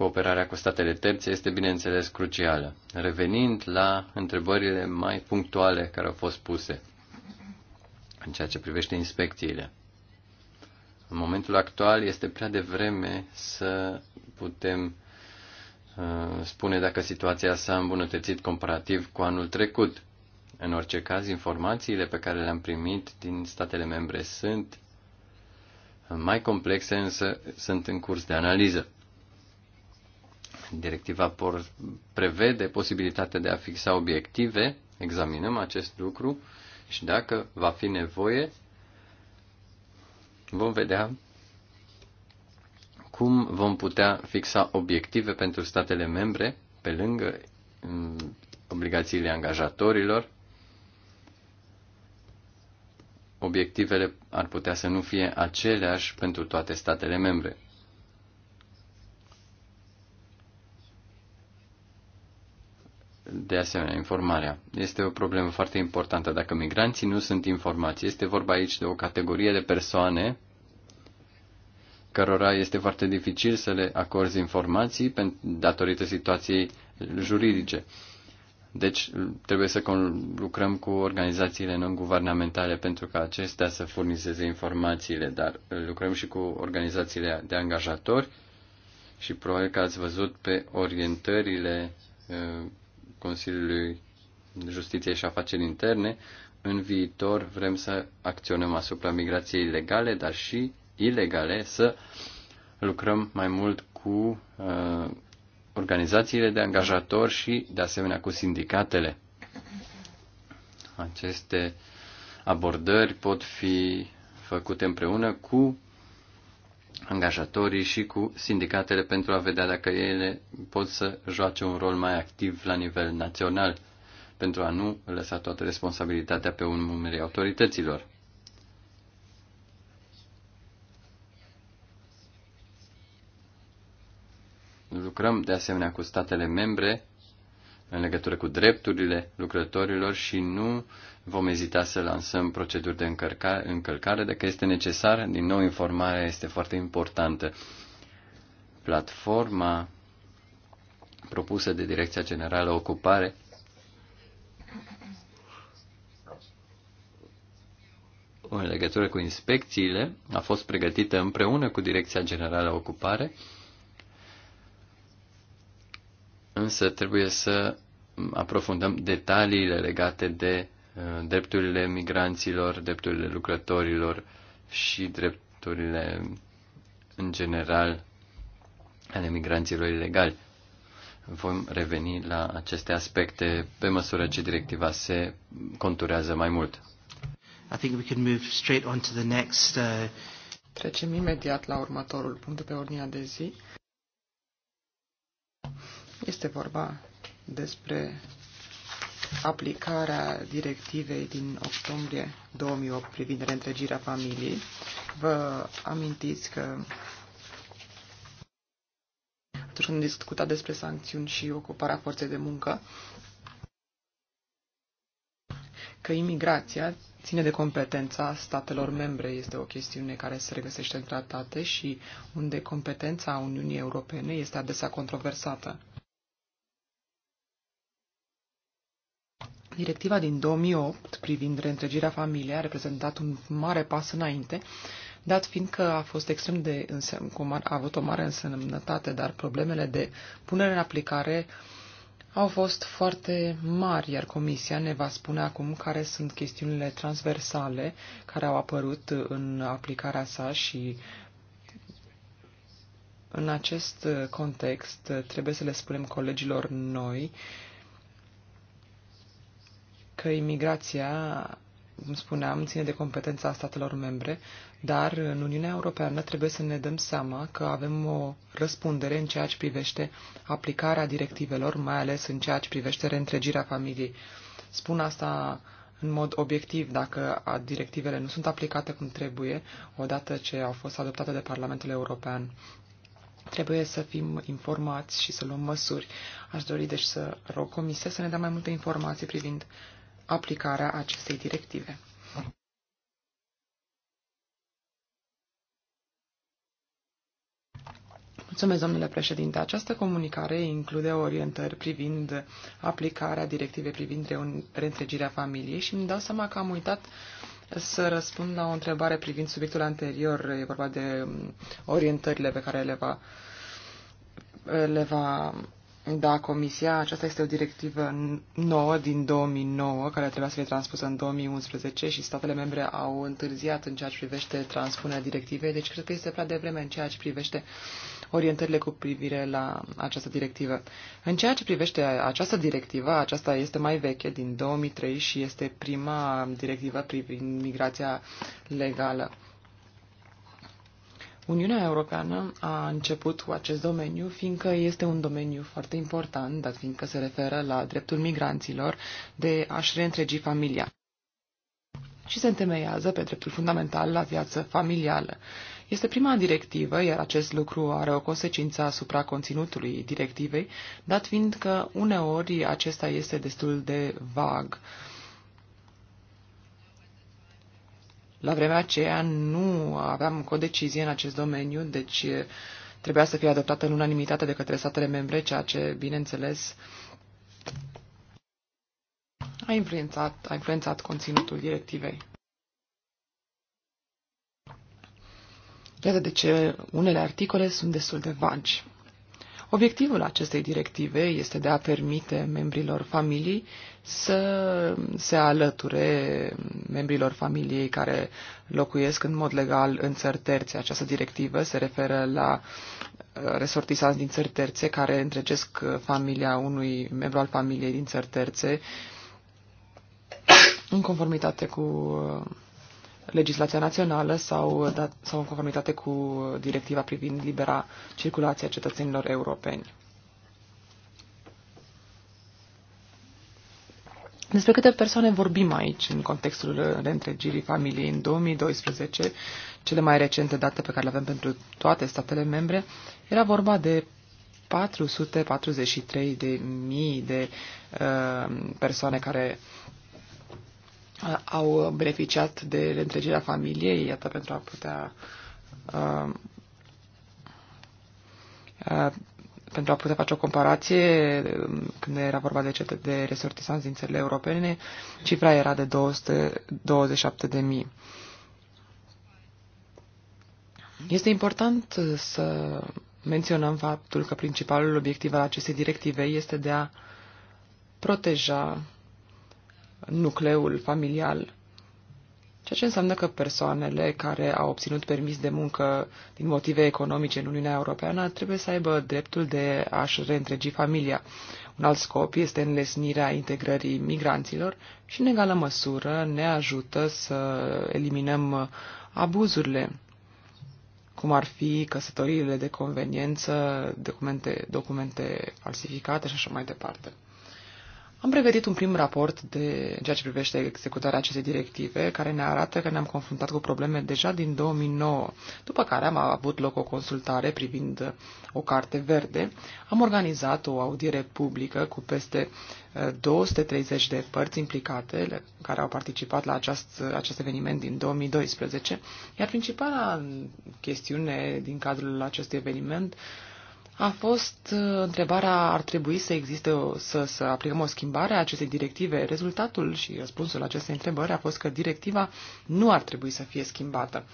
Cooperarea cu statele terțe este, bineînțeles, crucială. Revenind la întrebările mai punctuale care au fost puse în ceea ce privește inspecțiile. În momentul actual este prea devreme să putem uh, spune dacă situația s-a îmbunătățit comparativ cu anul trecut. În orice caz, informațiile pe care le-am primit din statele membre sunt mai complexe, însă sunt în curs de analiză. Directiva prevede posibilitatea de a fixa obiective, examinăm acest lucru și dacă va fi nevoie, vom vedea cum vom putea fixa obiective pentru statele membre, pe lângă obligațiile angajatorilor. Obiectivele ar putea să nu fie aceleași pentru toate statele membre. de asemenea informarea. Este o problemă foarte importantă. Dacă migranții nu sunt informați, este vorba aici de o categorie de persoane cărora este foarte dificil să le acorzi informații datorită situației juridice. Deci trebuie să lucrăm cu organizațiile non-guvernamentale pentru ca acestea să furnizeze informațiile, dar uh, lucrăm și cu organizațiile de angajatori și probabil că ați văzut pe orientările uh, Consiliului Justiției și Afaceri Interne, în viitor vrem să acționăm asupra migrației legale, dar și ilegale, să lucrăm mai mult cu uh, organizațiile de angajatori și, de asemenea, cu sindicatele. Aceste abordări pot fi făcute împreună cu angajatorii și cu sindicatele pentru a vedea dacă ele pot să joace un rol mai activ la nivel național, pentru a nu lăsa toată responsabilitatea pe un numeri autorităților. Lucrăm de asemenea cu statele membre în legătură cu drepturile lucrătorilor și nu vom ezita să lansăm proceduri de încălcare, încălcare dacă este necesar. Din nou, informarea este foarte importantă. Platforma propusă de Direcția Generală Ocupare în legătură cu inspecțiile a fost pregătită împreună cu Direcția Generală Ocupare însă trebuie să aprofundăm detaliile legate de uh, drepturile migranților, drepturile lucrătorilor și drepturile în general ale migranților ilegali. Vom reveni la aceste aspecte pe măsură ce directiva se conturează mai mult. I think we can move straight on to the next uh... Trecem imediat la următorul punct de pe ordinea de zi, este vorba despre aplicarea directivei din octombrie 2008 privind reîntregirea familiei. Vă amintiți că atunci când discutat despre sancțiuni și ocuparea forței de muncă, că imigrația ține de competența statelor membre. Este o chestiune care se regăsește în tratate și unde competența Uniunii Europene este adesea controversată. Directiva din 2008 privind reîntregirea familiei a reprezentat un mare pas înainte, dat fiindcă a fost extrem de însemn, a avut o mare însemnătate, dar problemele de punere în aplicare au fost foarte mari, iar Comisia ne va spune acum care sunt chestiunile transversale care au apărut în aplicarea sa și în acest context trebuie să le spunem colegilor noi uh, că imigrația, cum spuneam, ține de competența statelor membre, dar în Uniunea Europeană trebuie să ne dăm seama că avem o răspundere în ceea ce privește aplicarea directivelor, mai ales în ceea ce privește reîntregirea familiei. Spun asta în mod obiectiv, dacă directivele nu sunt aplicate cum trebuie, odată ce au fost adoptate de Parlamentul European. Trebuie să fim informați și să luăm măsuri. Aș dori deci să rog comisia să ne dea mai multe informații privind aplicarea acestei directive. Mulțumesc, domnule președinte. Această comunicare include orientări privind aplicarea directivei privind reîntregirea familiei și îmi dau seama că am uitat să răspund la o întrebare privind subiectul anterior. E vorba de orientările pe care le va, le va da, Comisia, aceasta este o directivă nouă din 2009, care trebuia să fie transpusă în 2011 și statele membre au întârziat în ceea ce privește transpunerea directivei, deci cred că este prea devreme în ceea ce privește orientările cu privire la această directivă. În ceea ce privește această directivă, aceasta este mai veche, din 2003, și este prima directivă privind migrația legală. Uniunea Europeană a început cu acest domeniu, fiindcă este un domeniu foarte important, dat fiindcă se referă la dreptul migranților de a-și reîntregi familia și se întemeiază pe dreptul fundamental la viață familială. Este prima directivă, iar acest lucru are o consecință asupra conținutului directivei, dat fiind că uneori acesta este destul de vag. La vremea aceea nu aveam codecizie în acest domeniu, deci trebuia să fie adoptată în unanimitate de către statele membre, ceea ce, bineînțeles, a influențat, a influențat conținutul directivei. Iată de ce unele articole sunt destul de vagi. Obiectivul acestei directive este de a permite membrilor familiei să se alăture membrilor familiei care locuiesc în mod legal în țări terțe. Această directivă se referă la uh, resortisanți din țări terțe care întregesc uh, familia unui membru al familiei din țări terțe în conformitate cu uh, legislația națională sau, dat, sau în conformitate cu directiva privind libera circulație a cetățenilor europeni. Despre câte persoane vorbim aici în contextul reîntregirii familiei în 2012, cele mai recente date pe care le avem pentru toate statele membre, era vorba de 443 de mii de uh, persoane care au beneficiat de reîntregirea familiei, iată, pentru a putea um, pentru a putea face o comparație, um, când era vorba de, cet- de resortisanți din țările europene, cifra era de 227.000. Este important să menționăm faptul că principalul obiectiv al acestei directive este de a proteja nucleul familial. Ceea ce înseamnă că persoanele care au obținut permis de muncă din motive economice în Uniunea Europeană trebuie să aibă dreptul de a-și reîntregi familia. Un alt scop este înlesnirea integrării migranților și, în egală măsură, ne ajută să eliminăm abuzurile, cum ar fi căsătoriile de conveniență, documente, documente falsificate și așa mai departe. Am pregătit un prim raport de ceea ce privește executarea acestei directive, care ne arată că ne-am confruntat cu probleme deja din 2009, după care am avut loc o consultare privind o carte verde. Am organizat o audiere publică cu peste 230 eh, de părți implicate care au participat la acest, acest eveniment din 2012, iar principala chestiune din cadrul acestui eveniment a fost uh, întrebarea ar trebui să existe o, să, să aplicăm o schimbare a acestei directive. Rezultatul și răspunsul acestei întrebări a fost că directiva nu ar trebui să fie schimbată.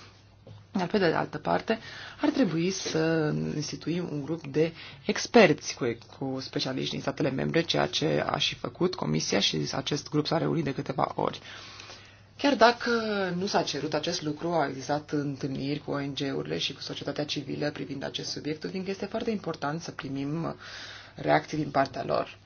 Dar, pe de altă parte, ar trebui să instituim un grup de experți cu, cu specialiști din statele membre, ceea ce a și făcut Comisia și acest grup s-a reunit de câteva ori. Uh, Chiar dacă nu s-a cerut acest lucru, au existat întâlniri cu ONG-urile și cu societatea civilă privind acest subiect, fiindcă este foarte important să primim reacții din partea lor.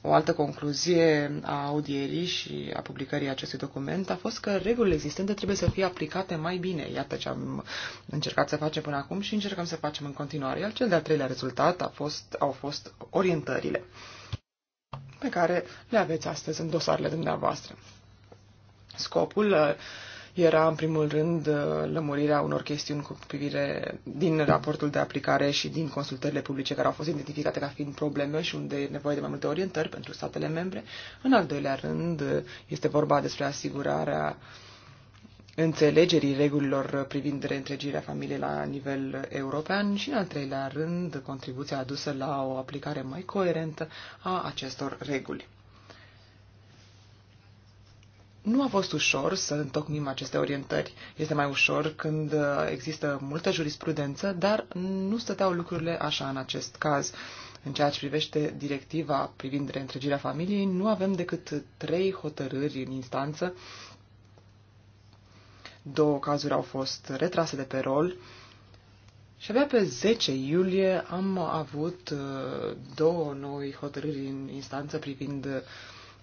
O altă concluzie a audierii și a publicării acestui document a fost că regulile existente trebuie să fie aplicate mai bine. Iată ce am încercat să facem până acum și încercăm să facem în continuare. Iar cel de-al treilea rezultat a fost, au fost orientările pe care le aveți astăzi în dosarele dumneavoastră. Scopul uh, era, în primul rând, uh, lămurirea unor chestiuni cu privire din raportul de aplicare și din consultările publice care au fost identificate ca fiind probleme și unde e nevoie de mai multe orientări pentru statele membre. În al doilea rând, uh, este vorba despre asigurarea înțelegerii regulilor privind reîntregirea familiei la nivel european și, în al treilea rând, contribuția adusă la o aplicare mai coerentă a acestor reguli. Nu a fost ușor să întocmim aceste orientări. Este mai ușor când uh, există multă jurisprudență, dar nu stăteau lucrurile așa în acest caz. În ceea ce privește directiva privind reîntregirea familiei, nu avem decât trei hotărâri în instanță. Două cazuri au fost retrase de pe rol. Și abia pe 10 iulie am avut uh, două noi hotărâri în instanță privind uh,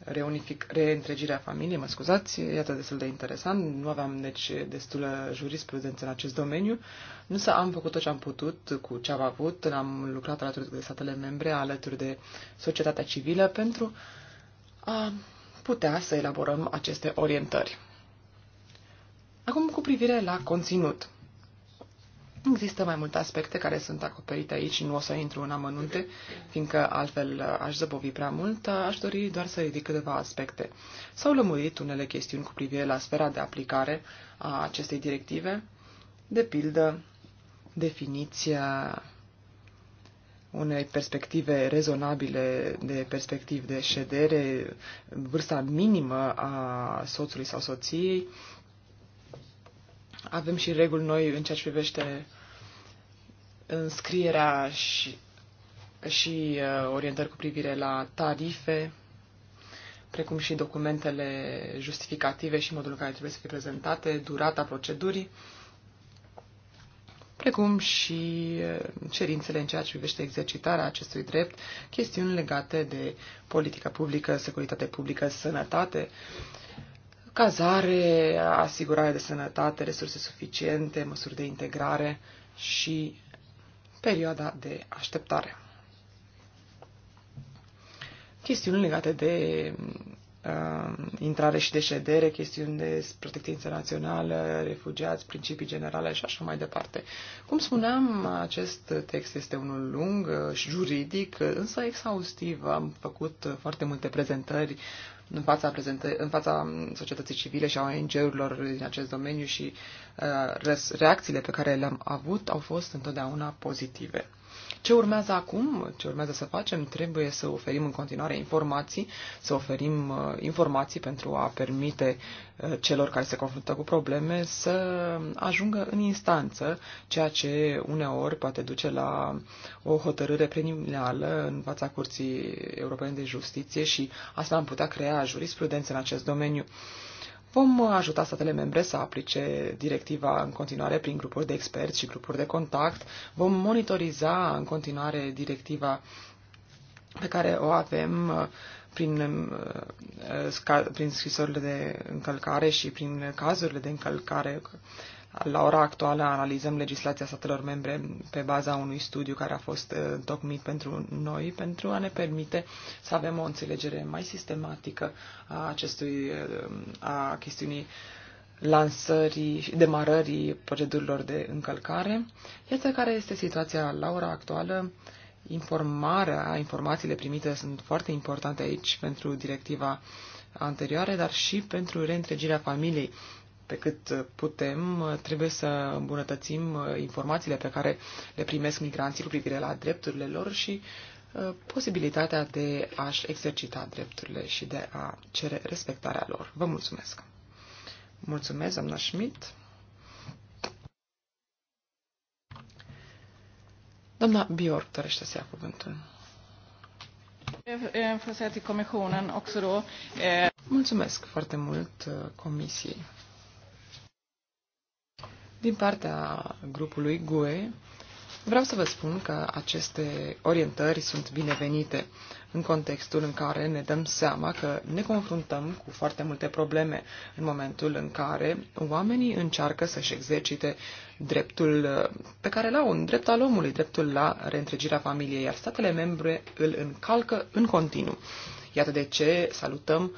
reunific, reîntregirea familiei, mă scuzați, iată destul de interesant, nu aveam deci destulă jurisprudență în acest domeniu, însă am făcut tot ce am putut cu ce am avut, am lucrat alături de statele membre, alături de societatea civilă pentru a putea să elaborăm aceste orientări. Acum cu privire la conținut. Există mai multe aspecte care sunt acoperite aici, nu o să intru în amănunte, fiindcă altfel uh, aș zăbovi prea mult, uh, aș dori doar să ridic câteva aspecte. S-au lămurit unele chestiuni cu privire la sfera de aplicare a acestei directive, de pildă definiția unei perspective rezonabile de perspectiv de ședere, vârsta minimă a soțului sau soției, avem și reguli noi în ceea ce privește înscrierea și, și uh, orientări cu privire la tarife, precum și documentele justificative și modul în care trebuie să fie prezentate, durata procedurii, precum și uh, cerințele în ceea ce privește exercitarea acestui drept, chestiuni legate de politică publică, securitate publică, sănătate cazare, asigurare de sănătate, resurse suficiente, măsuri de integrare și perioada de așteptare. Chestiuni legate de uh, intrare și de ședere, chestiuni de protecție internațională, refugiați, principii generale și așa mai departe. Cum spuneam, acest text este unul lung și juridic, însă exhaustiv. Am făcut foarte multe prezentări în fața, prezentă, în fața societății civile și a ONG-urilor din acest domeniu și uh, reacțiile pe care le-am avut au fost întotdeauna pozitive. Ce urmează acum, ce urmează să facem, trebuie să oferim în continuare informații, să oferim uh, informații pentru a permite uh, celor care se confruntă cu probleme să ajungă în instanță, ceea ce uneori poate duce la o hotărâre preliminară în fața Curții Europene de Justiție și asta am putea crea jurisprudență în acest domeniu. Vom ajuta statele membre să aplice directiva în continuare prin grupuri de experți și grupuri de contact. Vom monitoriza în continuare directiva pe care o avem uh, prin, uh, prin scrisorile de încălcare și prin cazurile de încălcare la ora actuală analizăm legislația statelor membre pe baza unui studiu care a fost uh, întocmit pentru noi, pentru a ne permite să avem o înțelegere mai sistematică a, acestui, uh, a chestiunii lansării și demarării procedurilor de încălcare. Iată care este situația la ora actuală. Informarea, informațiile primite sunt foarte importante aici pentru directiva anterioare, dar și pentru reîntregirea familiei pe cât putem, trebuie să îmbunătățim uh, informațiile pe care le primesc migranții cu privire la drepturile lor și uh, posibilitatea de a-și exercita drepturile și de a cere respectarea lor. Vă mulțumesc! Mulțumesc, doamna Schmidt! Doamna Bjork dorește să ia cuvântul. Eh, mulțumesc foarte mult uh, comisiei. Din partea grupului GUE, vreau să vă spun că aceste orientări sunt binevenite în contextul în care ne dăm seama că ne confruntăm cu foarte multe probleme în momentul în care oamenii încearcă să-și exercite dreptul uh, pe care l-au, un drept al omului, dreptul la reîntregirea familiei, iar statele membre îl încalcă în continuu. Iată de ce salutăm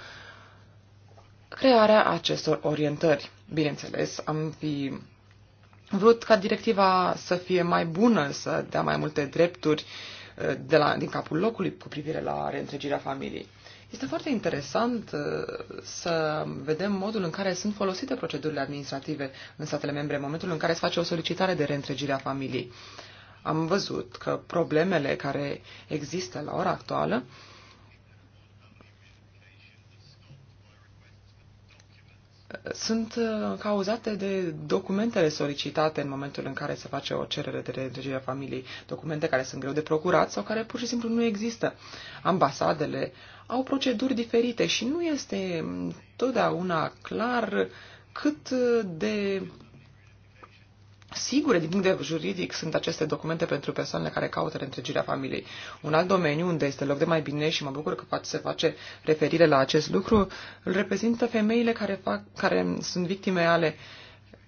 crearea acestor orientări. Bineînțeles, am fi vrut ca directiva să fie mai bună, să dea mai multe drepturi uh, de la, din capul locului cu privire la reîntregirea familiei. Este foarte interesant uh, să vedem modul în care sunt folosite procedurile administrative în statele membre în momentul în care se face o solicitare de reîntregire a familiei. Am văzut că problemele care există la ora actuală uh, sunt uh, cauzate de documentele solicitate în momentul în care se face o cerere de reîntregire a familiei, documente care sunt greu de procurat sau care pur și simplu nu există. Ambasadele au proceduri diferite și nu este totdeauna clar cât de sigure din punct de juridic sunt aceste documente pentru persoanele care caută reîntregirea familiei. Un alt domeniu unde este loc de mai bine și mă bucur că poate se face referire la acest lucru, îl reprezintă femeile care, fac, care sunt victime ale uh,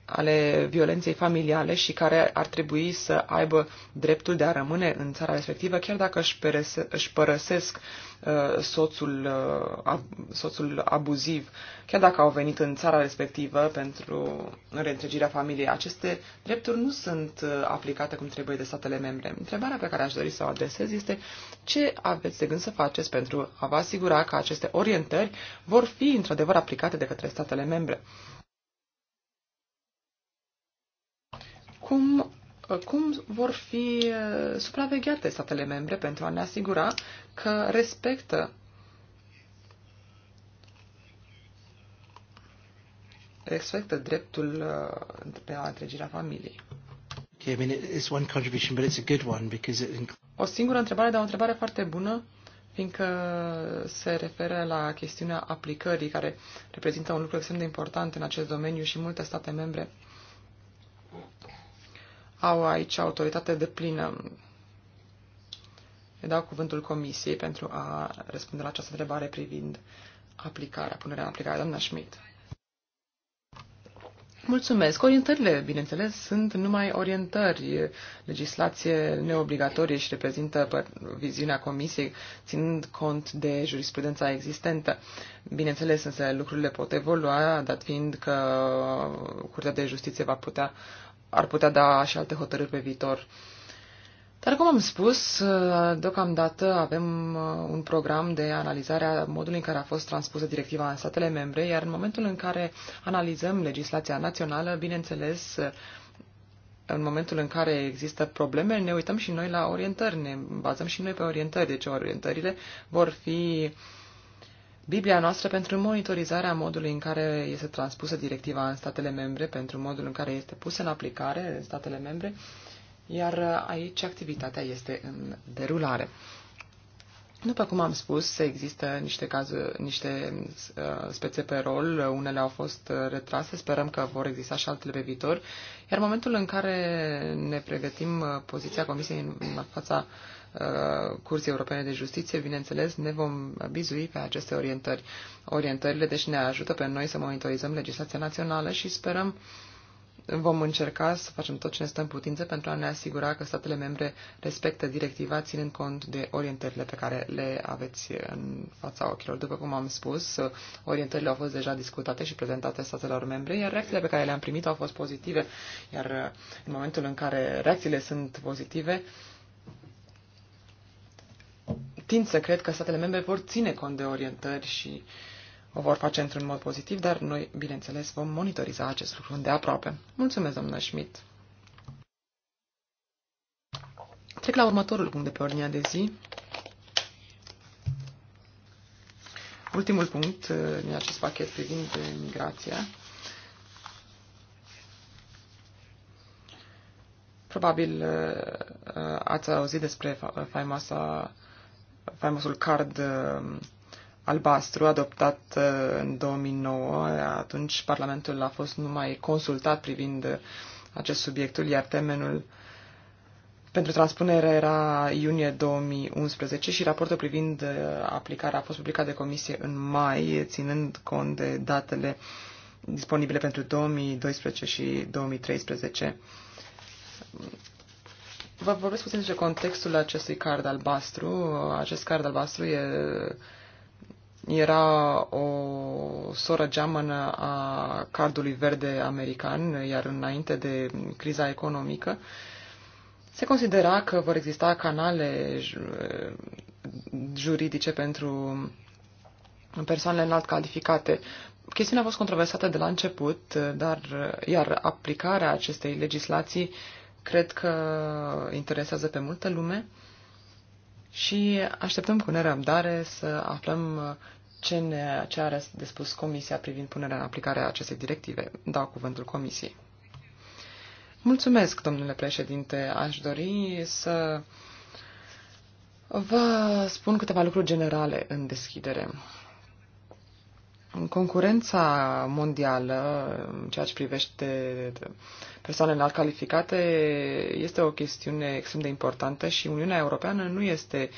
ale violenței familiale și care ar trebui să aibă dreptul de a rămâne în țara respectivă, chiar dacă își, perese, își părăsesc uh, soțul, uh, ab, soțul abuziv, chiar dacă au venit în țara respectivă pentru reîntregirea familiei. Aceste drepturi nu sunt uh, aplicate cum trebuie de statele membre. Întrebarea pe care aș dori să o adresez este ce aveți de gând să faceți pentru a vă asigura că aceste orientări vor fi într-adevăr aplicate de către statele membre. cum, cum vor fi uh, supravegheate statele membre pentru a ne asigura că respectă respectă dreptul uh, pe la întregirea familiei. Okay, I mean, it's one contribution, but it's a good one because it... O singură întrebare, dar o întrebare foarte bună, fiindcă se referă la chestiunea aplicării, care reprezintă un lucru extrem de important în acest domeniu și multe state membre uh, au aici autoritate de plină. Eu dau cuvântul Comisiei pentru a răspunde la această întrebare privind aplicarea, punerea în aplicare. Doamna Schmidt. Mulțumesc. Orientările, bineînțeles, sunt numai orientări. Legislație neobligatorie și reprezintă viziunea Comisiei, ținând cont de jurisprudența existentă. Bineînțeles, însă lucrurile pot evolua, dat fiind că Curtea de Justiție va putea uh, ar putea da și alte hotărâri pe viitor. Dar, cum am spus, deocamdată avem uh, un program de analizare a modului în care a fost transpusă directiva în statele membre, iar în momentul în care analizăm legislația națională, bineînțeles, uh, în momentul în care există probleme, ne uităm și noi la orientări, ne bazăm și noi pe orientări, deci orientările vor fi uh, Biblia noastră pentru monitorizarea modului în care este transpusă directiva în statele membre, pentru modul în care este pusă în aplicare în statele membre, iar aici activitatea este în derulare. După cum am spus, există niște, caz, niște uh, spețe pe rol, unele au fost retrase, sperăm că vor exista și altele pe viitor, iar momentul în care ne pregătim uh, poziția Comisiei în fața uh, Uh, Curții Europene de Justiție, bineînțeles, ne vom bizui pe aceste orientări. Orientările, deci, ne ajută pe noi să monitorizăm legislația națională și sperăm vom încerca să facem tot ce ne stă în putință pentru a ne asigura că statele membre respectă directiva ținând cont de orientările pe care le aveți în fața ochilor. După cum am spus, orientările au fost deja discutate și prezentate statelor membre, iar reacțiile pe care le-am primit au fost pozitive, iar uh, în momentul în care reacțiile sunt pozitive, tind să cred că statele membre vor ține cont de orientări și o vor face într-un mod pozitiv, dar noi, bineînțeles, vom monitoriza acest lucru de aproape. Mulțumesc, doamna Schmidt. Trec la următorul punct de pe ordinea de zi. Ultimul punct uh, din acest pachet privind uh, migrația. Probabil uh, ați auzit despre faimoasa faimosul card uh, albastru adoptat uh, în 2009. Atunci Parlamentul a fost numai consultat privind uh, acest subiectul, iar termenul pentru transpunere era iunie 2011 și raportul privind aplicarea a fost publicat de comisie în mai, ținând cont de datele disponibile pentru 2012 și 2013 Vă vorbesc puțin despre contextul acestui card albastru. Acest card albastru e, era o soră geamănă a cardului verde american, iar înainte de criza economică, se considera că vor exista canale juridice pentru persoanele înalt calificate. Chestiunea a fost controversată de la început, dar iar aplicarea acestei legislații cred că interesează pe multă lume și așteptăm cu nerăbdare să aflăm uh, ce, ne, ce are de spus Comisia privind punerea în aplicare a acestei directive. Dau cuvântul Comisiei. Mulțumesc, domnule președinte. Aș dori să vă spun câteva lucruri generale în deschidere. În concurența mondială, în ceea ce privește persoanele înalt calificate, este o chestiune extrem de importantă și Uniunea Europeană nu este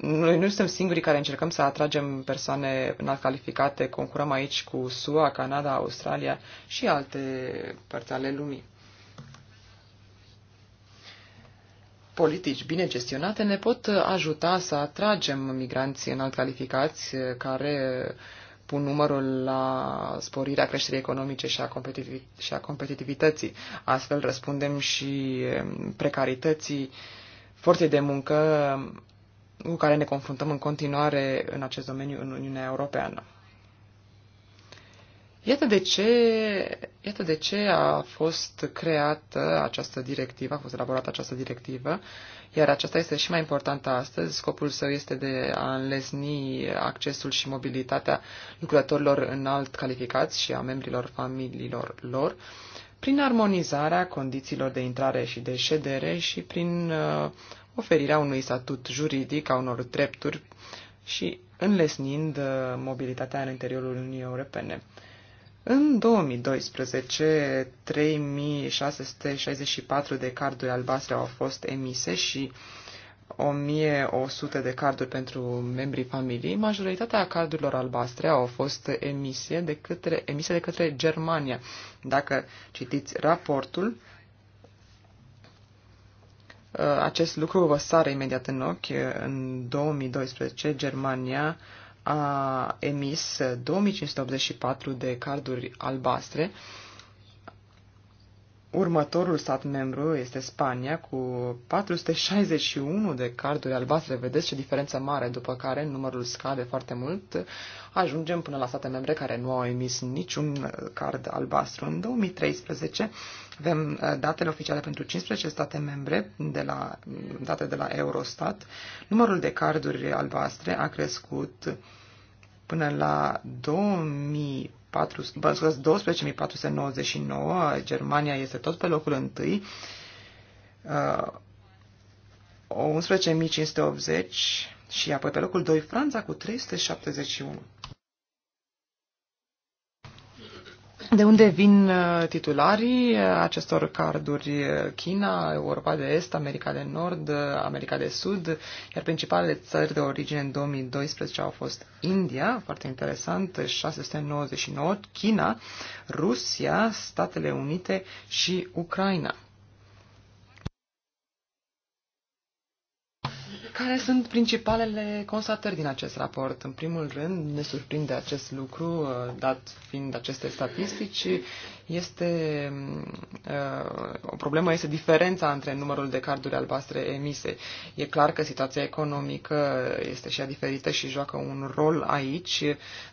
noi nu suntem singurii care încercăm să atragem persoane înalt calificate, concurăm aici cu SUA, Canada, Australia și alte părți ale lumii. politici bine gestionate ne pot ajuta să atragem migranți înalt calificați care pun numărul la sporirea creșterii economice și a, competitiv- și a competitivității. Astfel răspundem și um, precarității forței de muncă um, cu care ne confruntăm în continuare în acest domeniu în Uniunea Europeană. Iată de ce, iată de ce a fost creată această directivă, a fost elaborată această directivă, iar aceasta este și mai importantă astăzi. Scopul său este de a înlesni accesul și mobilitatea lucrătorilor înalt calificați și a membrilor familiilor lor, prin armonizarea condițiilor de intrare și de ședere și prin uh, oferirea unui statut juridic a unor drepturi și înlesnind uh, mobilitatea în interiorul Uniunii Europene. În 2012, 3664 de carduri albastre au fost emise și 1100 de carduri pentru membrii familiei. Majoritatea cardurilor albastre au fost emise de către, emise de către Germania. Dacă citiți raportul, ă, acest lucru vă sare imediat în ochi. În 2012, Germania a emis 2584 de carduri albastre. Următorul stat membru este Spania cu 461 de carduri albastre. Vedeți ce diferență mare, după care numărul scade foarte mult. Ajungem până la state membre care nu au emis niciun card albastru. În 2013 avem uh, datele oficiale pentru 15 state membre, de la, mm, date de la Eurostat. Numărul de carduri albastre a crescut până la 2000 12.499, Germania este tot pe locul întâi, 11.580 uh, și apoi pe locul 2 Franța cu 371. de unde vin uh, titularii uh, acestor carduri? Uh, China, Europa de Est, America de Nord, America de Sud, iar principalele țări de origine în 2012 au fost India, foarte interesant, 699, China, Rusia, Statele Unite și Ucraina. Care sunt principalele constatări din acest raport? În primul rând, ne surprinde acest lucru, uh, dat fiind aceste statistici, este uh, o problemă este diferența între numărul de carduri albastre emise. E clar că situația economică este și ea diferită și joacă un rol aici,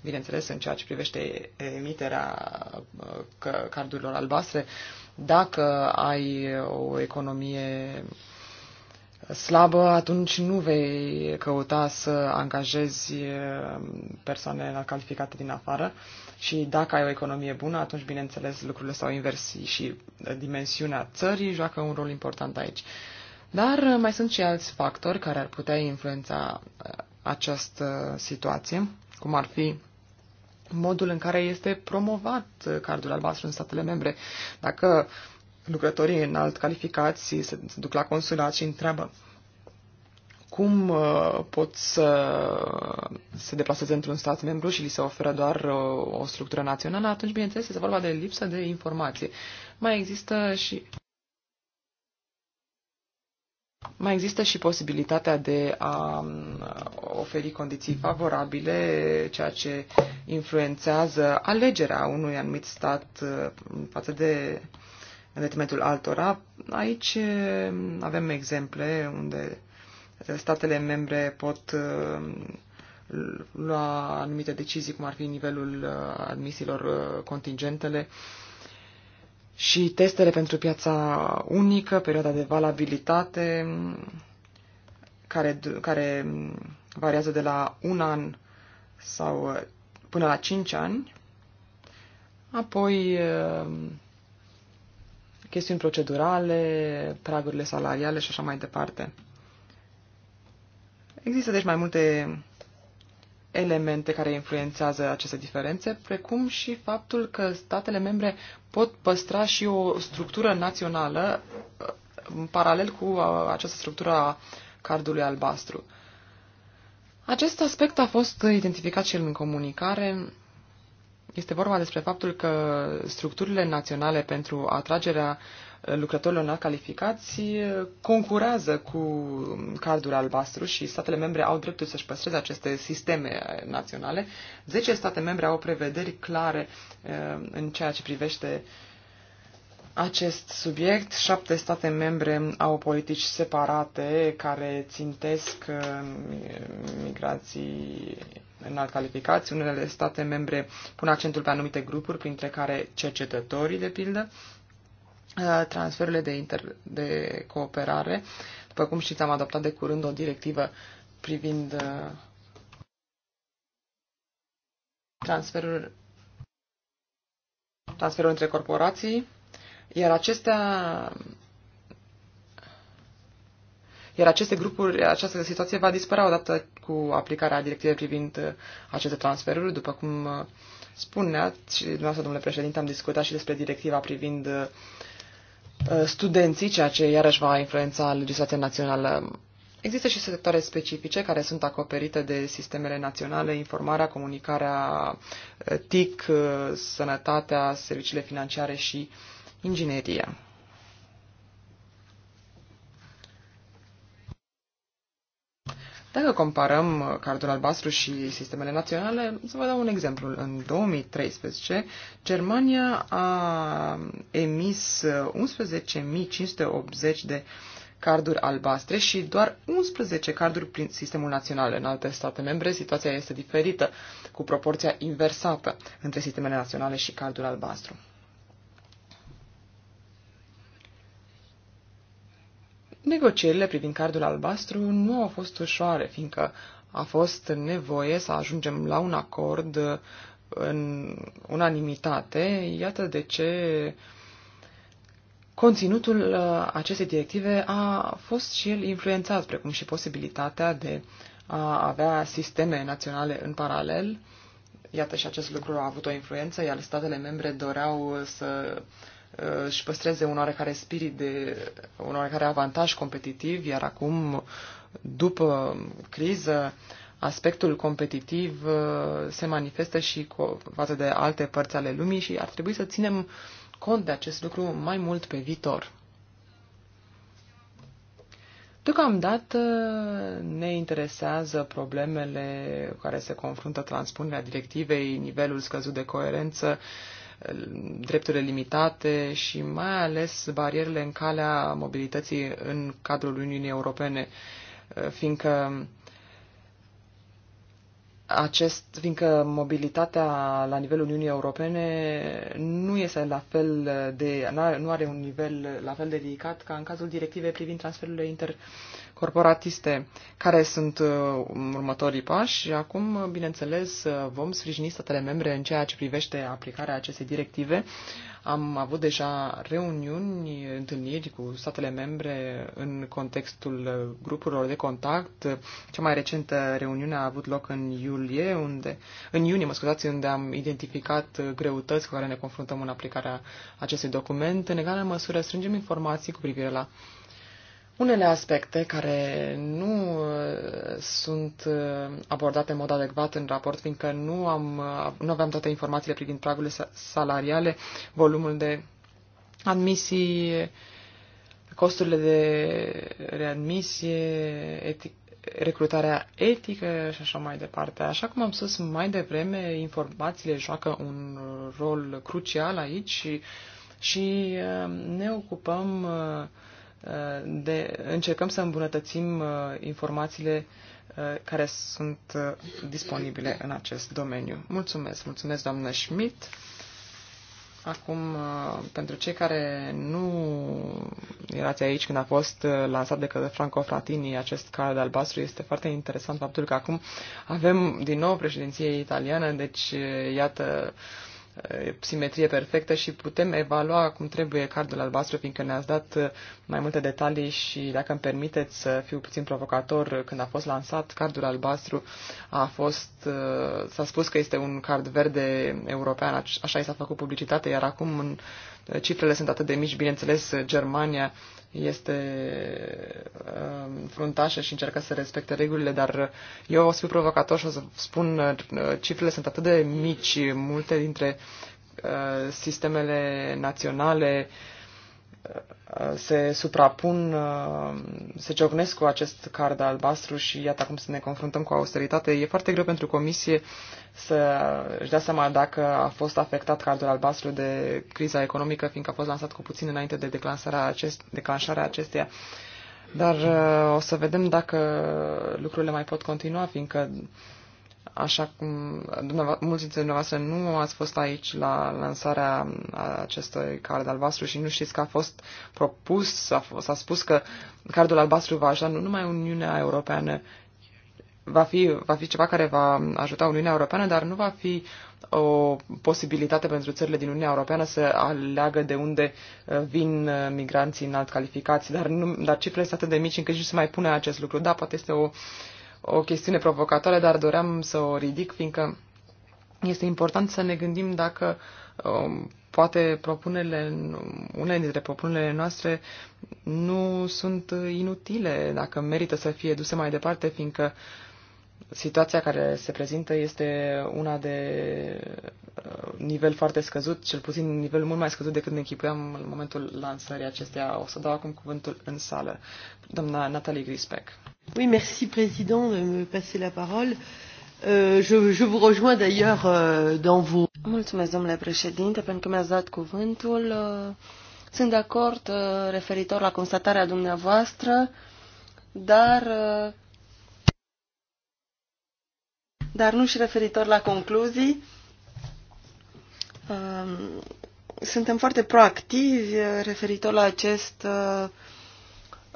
bineînțeles, în ceea ce privește emiterea uh, cardurilor albastre. Dacă ai o economie slabă, atunci nu vei căuta să angajezi eh, persoane calificate din afară și dacă ai o economie bună, atunci, bineînțeles, lucrurile s-au invers și eh, dimensiunea țării joacă un rol important aici. Dar eh, mai sunt și alți factori care ar putea influența această situație, cum ar fi modul în care este promovat cardul albastru în statele membre. Dacă uh, lucrătorii înalt calificați se duc la consulat și întreabă cum uh, pot să se deplaseze într-un stat membru și li se oferă doar uh, o structură națională, atunci, bineînțeles, este vorba de lipsă de informație. Mai există și mai există și posibilitatea de a um, oferi condiții favorabile, ceea ce influențează alegerea unui anumit stat uh, față de în detrimentul altora. Aici eh, avem exemple unde statele membre pot eh, lua anumite decizii, cum ar fi nivelul eh, admisiilor contingentele și testele pentru piața unică, perioada de valabilitate, care, care variază de la un an sau până la cinci ani. Apoi chestiuni procedurale, pragurile salariale și așa mai departe. Există deci mai multe elemente care influențează aceste diferențe, precum și faptul că statele membre pot păstra și o structură națională în paralel cu uh, această structură a cardului albastru. Acest aspect a fost identificat și el în comunicare este vorba despre faptul că structurile naționale pentru atragerea uh, lucrătorilor calificați uh, concurează cu cardul albastru și statele membre au dreptul să-și păstreze aceste sisteme uh, naționale. Zece state membre au prevederi clare în ceea ce privește uh, acest subiect. Șapte state membre au politici separate care țintesc uh, migrații înalt calificați. Unele state membre pun accentul pe anumite grupuri, printre care cercetătorii, de pildă. Uh, transferurile de, inter- de cooperare. După cum știți, am adoptat de curând o directivă privind uh, transferul, transferul între corporații iar acestea iar aceste grupuri, această situație va dispărea odată cu aplicarea directivei privind uh, aceste transferuri. După cum uh, spuneați și dumneavoastră, domnule președinte, am discutat și despre directiva privind uh, studenții, ceea ce iarăși va influența legislația națională. Există și sectoare specifice care sunt acoperite de sistemele naționale, informarea, comunicarea, TIC, sănătatea, serviciile financiare și uh, ingineria. Dacă comparăm uh, cardul albastru și sistemele naționale, să vă dau un exemplu. În 2013, Germania a emis 11.580 uh, de carduri albastre și doar 11 carduri prin sistemul național. În alte state membre, situația este diferită, cu proporția inversată între sistemele naționale și cardul albastru. Negocierile privind cardul albastru nu au fost ușoare, fiindcă a fost nevoie să ajungem la un acord în unanimitate. Iată de ce conținutul uh, acestei directive a fost și el influențat, precum și posibilitatea de a avea sisteme naționale în paralel. Iată și acest lucru a avut o influență, iar statele membre doreau să uh, își uh, păstreze un oarecare spirit de un oarecare avantaj competitiv, iar acum, după criză, aspectul competitiv uh, se manifestă și cu, față de alte părți ale lumii și ar trebui să ținem cont de acest lucru mai mult pe viitor. Deocamdată uh, ne interesează problemele cu care se confruntă transpunerea directivei, nivelul scăzut de coerență, uh, drepturile limitate și mai ales barierele în calea mobilității în cadrul Uniunii Europene, uh, fiindcă acest, fiindcă mobilitatea la nivelul Uniunii Europene nu este la fel de, nu are un nivel la fel de ridicat ca în cazul directivei privind transferurile inter, corporatiste. Care sunt uh, următorii pași? Și acum, bineînțeles, uh, vom sprijini statele membre în ceea ce privește aplicarea acestei directive. Am avut deja reuniuni, întâlniri cu statele membre în contextul uh, grupurilor de contact. Cea mai recentă reuniune a avut loc în iulie, unde, în iunie, mă scuzați, unde am identificat greutăți cu care ne confruntăm în aplicarea acestui document. În egală măsură strângem informații cu privire la uh, unele aspecte care nu uh, sunt uh, abordate în mod adecvat în raport, fiindcă nu, am, uh, nu aveam toate informațiile privind pragurile salariale, volumul de admisii, costurile de readmisie, etic, recrutarea etică și așa mai departe. Așa cum am spus mai devreme, informațiile joacă un rol crucial aici și, și ne ocupăm uh, de, încercăm să îmbunătățim uh, informațiile uh, care sunt uh, disponibile în acest domeniu. Mulțumesc, mulțumesc doamnă Schmidt. Acum, pentru cei care nu erați aici când a fost lansat de către Franco Fratini acest card albastru, este foarte interesant faptul că acum avem din nou președinție italiană, deci iată simetrie perfectă și putem evalua cum trebuie cardul albastru, fiindcă ne-ați dat uh, mai multe detalii și, dacă îmi permiteți să fiu puțin provocator, uh, când a fost lansat cardul albastru, a fost, uh, s-a spus că este un card verde european, așa i s-a făcut publicitate, iar acum în cifrele sunt atât de mici, bineînțeles, Germania este um, fruntașă și încearcă să respecte regulile, dar eu o să fiu provocator și o să spun uh, cifrele sunt atât de mici, multe dintre uh, sistemele naționale uh, se suprapun, uh, se ciocnesc cu acest card albastru și iată acum să ne confruntăm cu austeritate. E foarte greu pentru comisie să își dea seama dacă a fost afectat cardul albastru de criza economică, fiindcă a fost lansat cu puțin înainte de declanșarea, acest, declanșarea acesteia. Dar uh, o să vedem dacă lucrurile mai pot continua, fiindcă Așa cum mulți dintre dumneavoastră nu ați fost aici la lansarea acestui card albastru și nu știți că a fost propus, s-a spus că cardul albastru va ajuta nu numai Uniunea Europeană, va fi, va fi ceva care va ajuta Uniunea Europeană, dar nu va fi o posibilitate pentru țările din Uniunea Europeană să aleagă de unde uh, vin uh, migranții înalt calificați, dar, nu, dar cifrele sunt atât de mici încât nici nu se mai pune acest lucru. Da, poate este o uh, o chestiune provocatoare, dar doream să o ridic, fiindcă este important să ne gândim dacă um, poate propunerile, unele dintre propunerile noastre nu sunt inutile, dacă merită să fie duse mai departe, fiindcă uh, situația care se prezintă este una de uh, nivel foarte scăzut, cel puțin nivel mult mai scăzut decât ne închipuiam în momentul lansării acesteia. O să dau acum cuvântul în sală. Doamna Natalie Grispec. Oui, merci, président, de me passer la parole. Euh, je, je vous rejoins d'ailleurs euh, dans vos... Mulțumesc, domnule președinte, pentru că mi-ați dat cuvântul. Uh, sunt de acord uh, referitor la constatarea dumneavoastră, dar dar nu și referitor la concluzii. Um, suntem foarte proactivi uh, referitor la acest uh,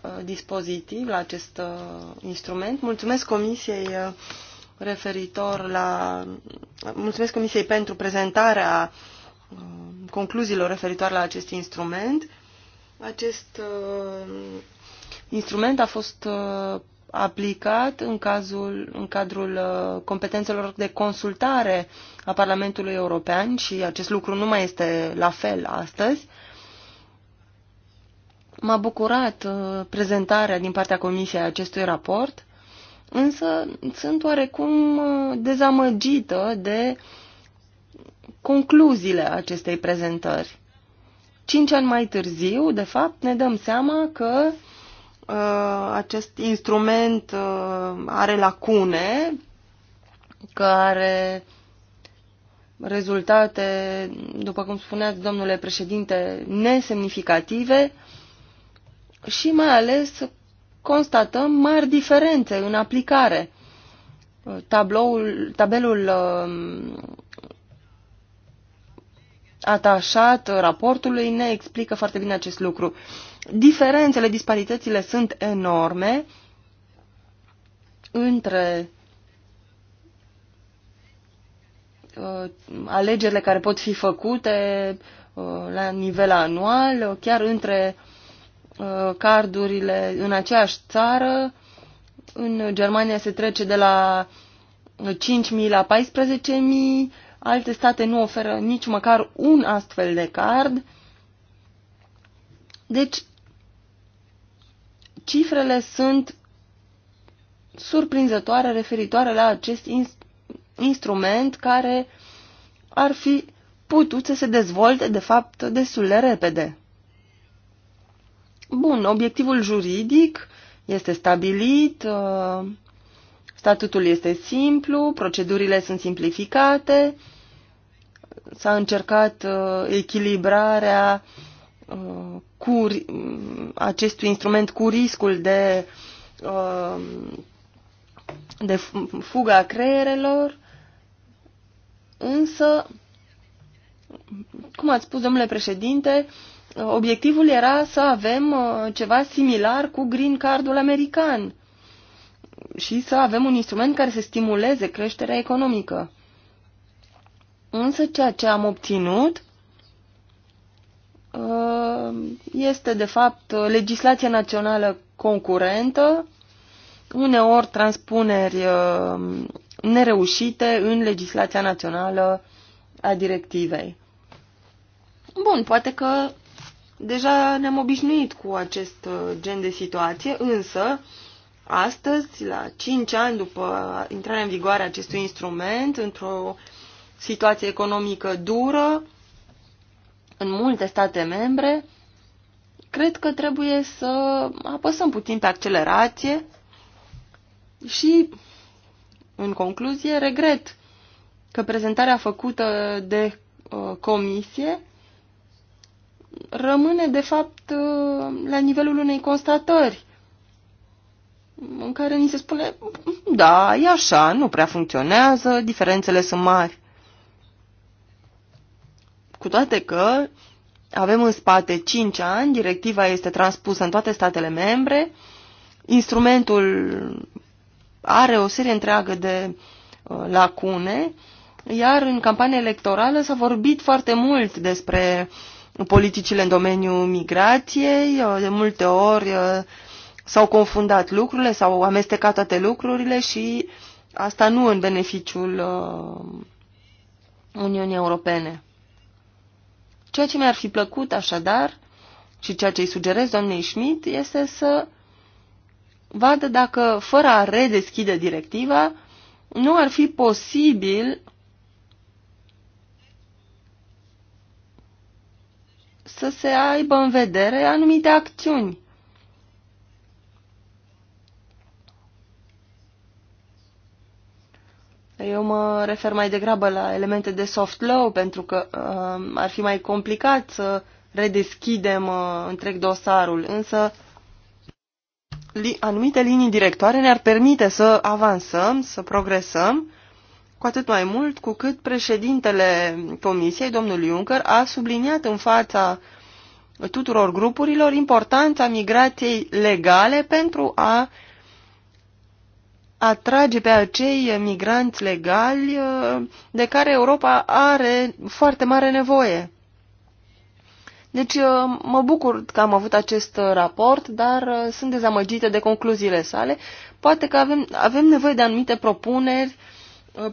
uh, dispozitiv, la acest instrument. Mulțumesc Comisiei referitor la... Mulțumesc Comisiei pentru prezentarea concluziilor referitoare la acest instrument. Acest instrument a fost aplicat în, cazul, în cadrul uh, competențelor de consultare a Parlamentului European și acest lucru nu mai este la fel astăzi. M-a bucurat uh, prezentarea din partea Comisiei acestui raport, însă sunt oarecum uh, dezamăgită de concluziile acestei prezentări. Cinci ani mai târziu, de fapt, ne dăm seama că uh, Uh, acest instrument uh, are lacune, că are rezultate, după cum spuneați, domnule președinte, nesemnificative și mai ales constatăm mari diferențe în aplicare. Uh, tabloul, tabelul atașat raportului ne explică foarte bine acest lucru diferențele, disparitățile sunt enorme între uh, alegerile care pot fi făcute uh, la nivel anual, chiar între uh, cardurile în aceeași țară. În Germania se trece de la 5.000 la 14.000, alte state nu oferă nici măcar un astfel de card. Deci cifrele sunt surprinzătoare referitoare la acest in instrument care ar fi putut să se dezvolte, de fapt, destul de repede. Bun, obiectivul juridic este stabilit, uh, statutul este simplu, procedurile sunt simplificate, s-a încercat uh, echilibrarea Uh, cu acestui instrument cu riscul de, uh, de fuga creierelor, însă, cum ați spus, domnule președinte, uh, obiectivul era să avem ceva similar cu green cardul american și să avem un instrument care să stimuleze creșterea economică. Însă ceea ce am obținut Uh, este de fapt legislația națională concurentă, uneori transpuneri uh, nereușite în legislația națională a directivei. Bun, poate că deja ne-am obișnuit cu acest uh, gen de situație, însă astăzi, la 5 ani după intrarea în vigoare acestui instrument, într-o situație economică dură, în multe state membre, cred că trebuie să apăsăm puțin pe accelerație și, în concluzie, regret că prezentarea făcută de uh, comisie rămâne, de fapt, uh, la nivelul unei constatări în care ni se spune, da, e așa, nu prea funcționează, diferențele sunt mari cu toate că avem în spate 5 ani, directiva este transpusă în toate statele membre, instrumentul are o serie întreagă de uh, lacune, iar în campania electorală s-a vorbit foarte mult despre politicile în domeniul migrației, uh, de multe ori uh, s-au confundat lucrurile, s-au amestecat toate lucrurile și asta nu în beneficiul Uniunii Europene. Ceea ce mi-ar fi plăcut așadar și ceea ce îi sugerez doamnei Schmidt este să vadă dacă, fără a redeschide directiva, nu ar fi posibil să se aibă în vedere anumite acțiuni Eu mă refer mai degrabă la elemente de soft law, pentru că uh, ar fi mai complicat să redeschidem uh, întreg dosarul, însă li anumite linii directoare ne-ar permite să avansăm, să progresăm, cu atât mai mult cu cât președintele Comisiei, domnul Juncker, a subliniat în fața tuturor grupurilor importanța migrației legale pentru a uh, atrage pe acei migranți legali uh, de care Europa are foarte mare nevoie. Deci uh, mă bucur că am avut acest raport, dar uh, sunt dezamăgită de concluziile sale. Poate că avem, avem nevoie de anumite propuneri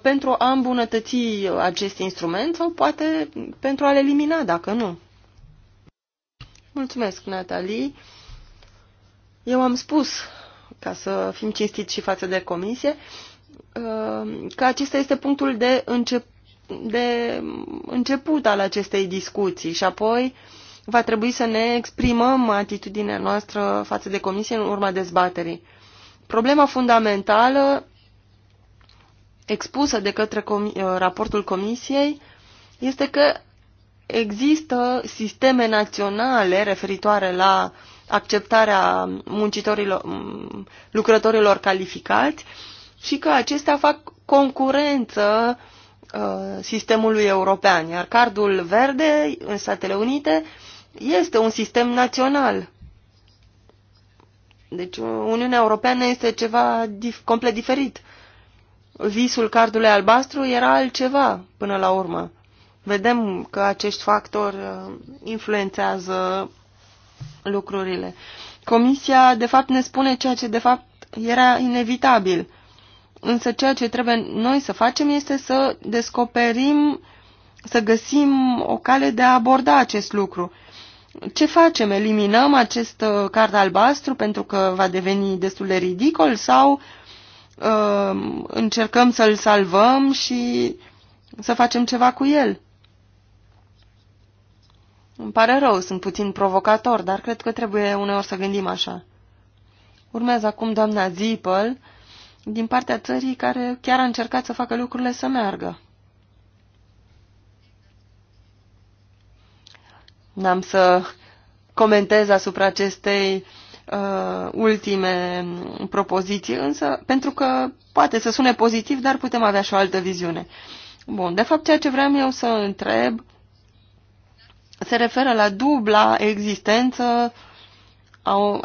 pentru a îmbunătăți acest instrument sau poate pentru a-l elimina, dacă nu. Mulțumesc, Natalie. Eu am spus ca să fim cinstiți și față de comisie, uh, că acesta este punctul de, încep, de început al acestei discuții și apoi va trebui să ne exprimăm atitudinea noastră față de comisie în urma dezbaterii. Problema fundamentală expusă de către com uh, raportul comisiei este că există sisteme naționale referitoare la uh, acceptarea muncitorilor, lucrătorilor calificați și că acestea fac concurență uh, sistemului european, iar cardul verde în Statele Unite este un sistem național. Deci Uniunea Europeană este ceva dif complet diferit. Visul cardului albastru era altceva până la urmă. Vedem că acești factori uh, influențează lucrurile. Comisia, de fapt, ne spune ceea ce, de fapt, era inevitabil. Însă ceea ce trebuie noi să facem este să descoperim, să găsim o cale de a aborda acest lucru. Ce facem? Eliminăm acest uh, card albastru pentru că va deveni destul de ridicol sau uh, încercăm să-l salvăm și să facem ceva cu el? Îmi pare rău, sunt puțin provocator, dar cred că trebuie uneori să gândim așa. Urmează acum doamna Zipel, din partea țării care chiar a încercat să facă lucrurile să meargă. N-am să comentez asupra acestei uh, ultime propoziții, însă pentru că poate să sune pozitiv, dar putem avea și o altă viziune. Bun, de fapt ceea ce vreau eu să întreb se referă la dubla existență a,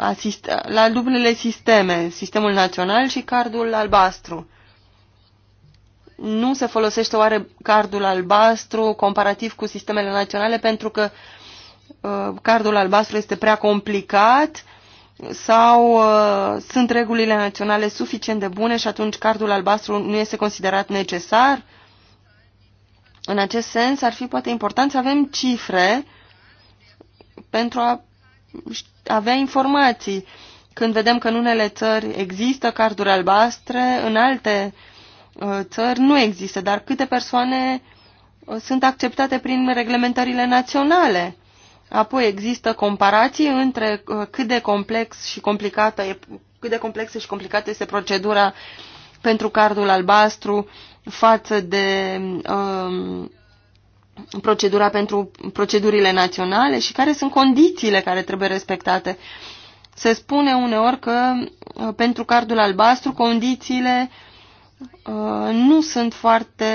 la dublele sisteme, sistemul național și cardul albastru. Nu se folosește oare cardul albastru comparativ cu sistemele naționale pentru că uh, cardul albastru este prea complicat sau uh, sunt regulile naționale suficient de bune și atunci cardul albastru nu este considerat necesar? În acest sens, ar fi poate important să avem cifre pentru a avea informații. Când vedem că în unele țări există carduri albastre, în alte uh, țări nu există, dar câte persoane uh, sunt acceptate prin reglementările naționale. Apoi există comparații între uh, cât de complex și complicată e, cât de complexă și complicată este procedura pentru cardul albastru față de um, procedura pentru procedurile naționale și care sunt condițiile care trebuie respectate. Se spune uneori că uh, pentru cardul albastru condițiile uh, nu sunt foarte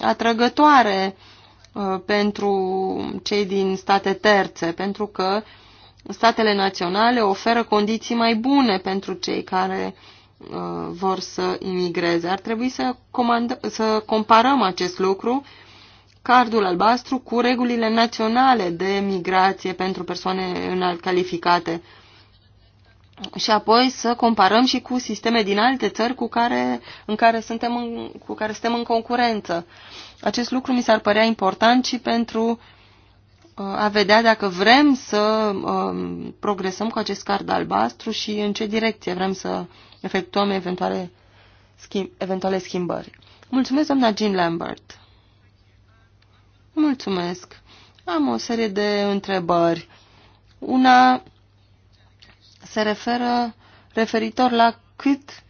atrăgătoare uh, pentru cei din state terțe, pentru că statele naționale oferă condiții mai bune pentru cei care uh, Uh, vor să imigreze. Ar trebui să, comandă, să comparăm acest lucru, cardul albastru, cu regulile naționale de migrație pentru persoane înalt calificate. Și apoi să comparăm și cu sisteme din alte țări cu care, în care suntem în, cu care suntem în concurență. Acest lucru mi s-ar părea important și pentru uh, a vedea dacă vrem să um, progresăm cu acest card albastru și în ce direcție vrem să efectuăm eventuale, schimb, eventuale schimbări. Mulțumesc, doamna Jean Lambert. Mulțumesc. Am o serie de întrebări. Una se referă referitor la cât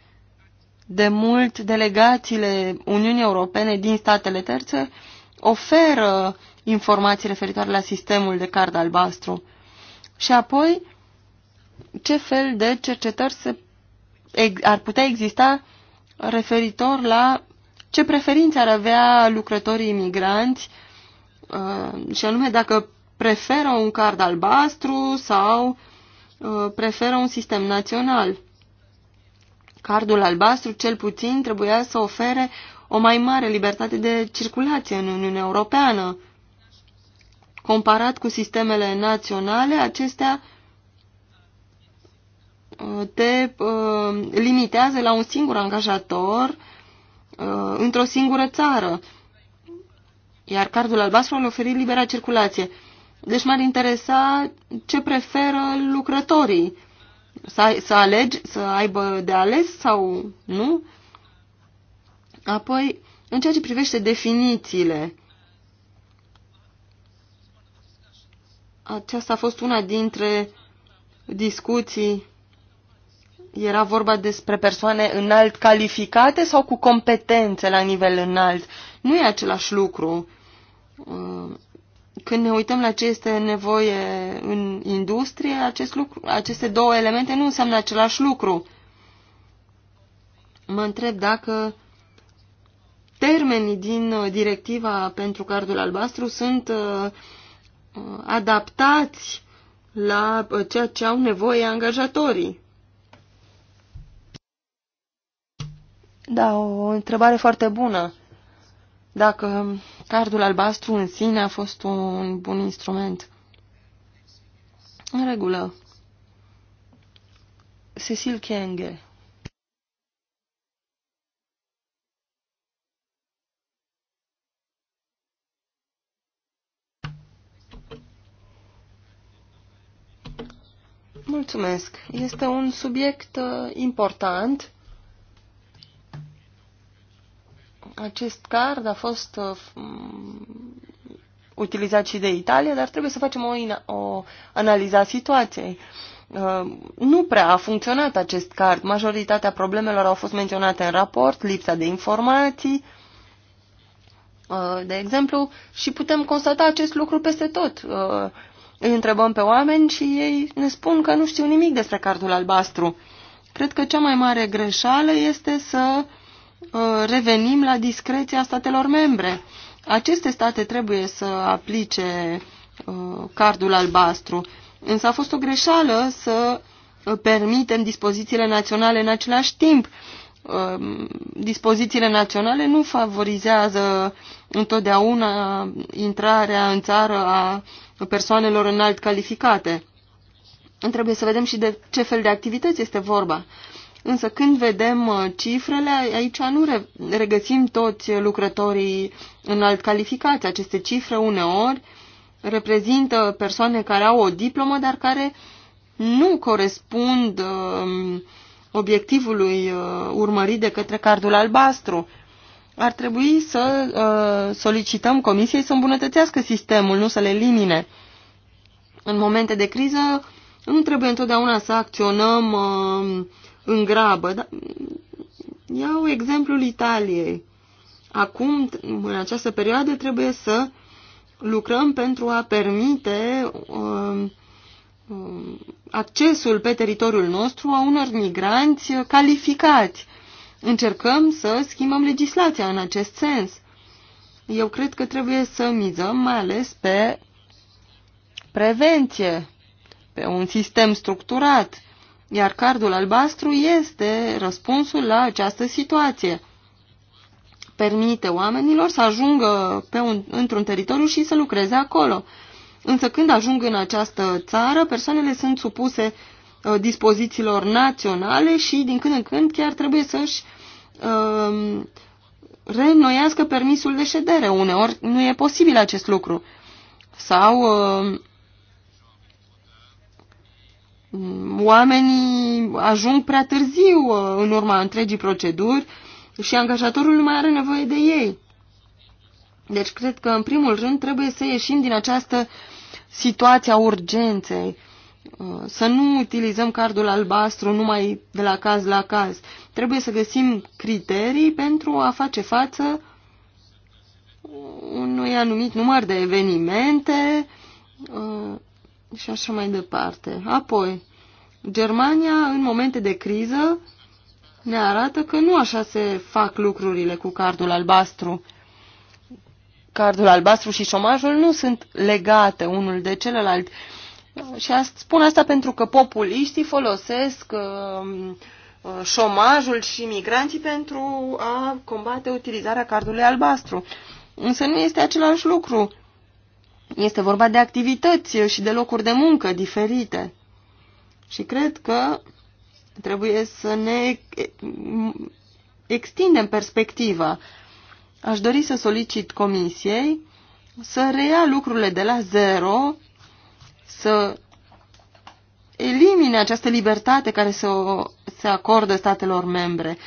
de mult delegațiile Uniunii Europene din statele terțe oferă informații referitoare la sistemul de card albastru. Și apoi, ce fel de cercetări se ar putea exista referitor la ce preferințe ar avea lucrătorii imigranți uh, și anume dacă preferă un card albastru sau uh, preferă un sistem național. Cardul albastru, cel puțin, trebuia să ofere o mai mare libertate de circulație în Uniunea Europeană. Comparat cu sistemele naționale, acestea Uh, te uh, limitează la un singur angajator uh, într-o singură țară. Iar cardul albastru ar oferi libera circulație. Deci m-ar interesa ce preferă lucrătorii. Să, să alegi, să aibă de ales sau nu? Apoi, în ceea ce privește definițiile, aceasta a fost una dintre discuții era vorba despre persoane înalt calificate sau cu competențe la nivel înalt. Nu e același lucru. Uh, când ne uităm la ce este nevoie în industrie, acest lucru, aceste două elemente nu înseamnă același lucru. Mă întreb dacă termenii din uh, directiva pentru cardul albastru sunt uh, adaptați la ceea ce au nevoie angajatorii. Da, o întrebare foarte bună. Dacă cardul albastru în sine a fost un bun instrument. În regulă. Cecil Kenge. Mulțumesc. Este un subiect uh, important Acest card a fost uh, mm, utilizat și de Italia, dar trebuie să facem o, o analiză a situației. Uh, nu prea a funcționat acest card. Majoritatea problemelor au fost menționate în raport, lipsa de informații, uh, de exemplu, și putem constata acest lucru peste tot. Uh, îi întrebăm pe oameni și ei ne spun că nu știu nimic despre cardul albastru. Cred că cea mai mare greșeală este să Uh, revenim la discreția statelor membre. Aceste state trebuie să aplice uh, cardul albastru, însă a fost o greșeală să uh, permitem dispozițiile naționale în același timp. Dispozițiile naționale nu favorizează întotdeauna intrarea în țară a persoanelor înalt calificate. Trebuie să vedem și de ce fel de activități este vorba. Însă când vedem uh, cifrele, aici nu regăsim toți lucrătorii înalt calificați. Aceste cifre uneori reprezintă persoane care au o diplomă, dar care nu corespund um, obiectivului uh, urmărit de către cardul albastru. Ar trebui să uh, solicităm comisiei să îmbunătățească sistemul, nu să le elimine. În momente de criză nu trebuie întotdeauna să acționăm uh, în grabă. Dar... Iau exemplul Italiei. Acum, în această perioadă, trebuie să lucrăm pentru a permite um, um, accesul pe teritoriul nostru a unor migranți calificați. Încercăm să schimbăm legislația în acest sens. Eu cred că trebuie să mizăm mai ales pe prevenție, pe un sistem structurat, iar cardul albastru este răspunsul la această situație. Permite oamenilor să ajungă un, într-un teritoriu și să lucreze acolo. Însă când ajung în această țară, persoanele sunt supuse uh, dispozițiilor naționale și din când în când chiar trebuie să-și uh, reînnoiască permisul de ședere. Uneori nu e posibil acest lucru. Sau uh, Mm, oamenii ajung prea târziu uh, în urma întregii proceduri și angajatorul nu mai are nevoie de ei. Deci cred că, în primul rând, trebuie să ieșim din această situație a urgenței, uh, să nu utilizăm cardul albastru numai de la caz la caz. Trebuie să găsim criterii pentru a face față unui anumit număr de evenimente uh, și așa mai departe. Apoi, Germania, în momente de criză, ne arată că nu așa se fac lucrurile cu cardul albastru. Cardul albastru și șomajul nu sunt legate unul de celălalt. Și spun asta pentru că populiștii folosesc um, uh, șomajul și migranții pentru a combate utilizarea cardului albastru. Însă nu este același lucru. Este vorba de activități și de locuri de muncă diferite. Și cred că trebuie să ne extindem perspectiva. Aș dori să solicit comisiei să reia lucrurile de la zero, să elimine această libertate care se, o, se acordă statelor membre.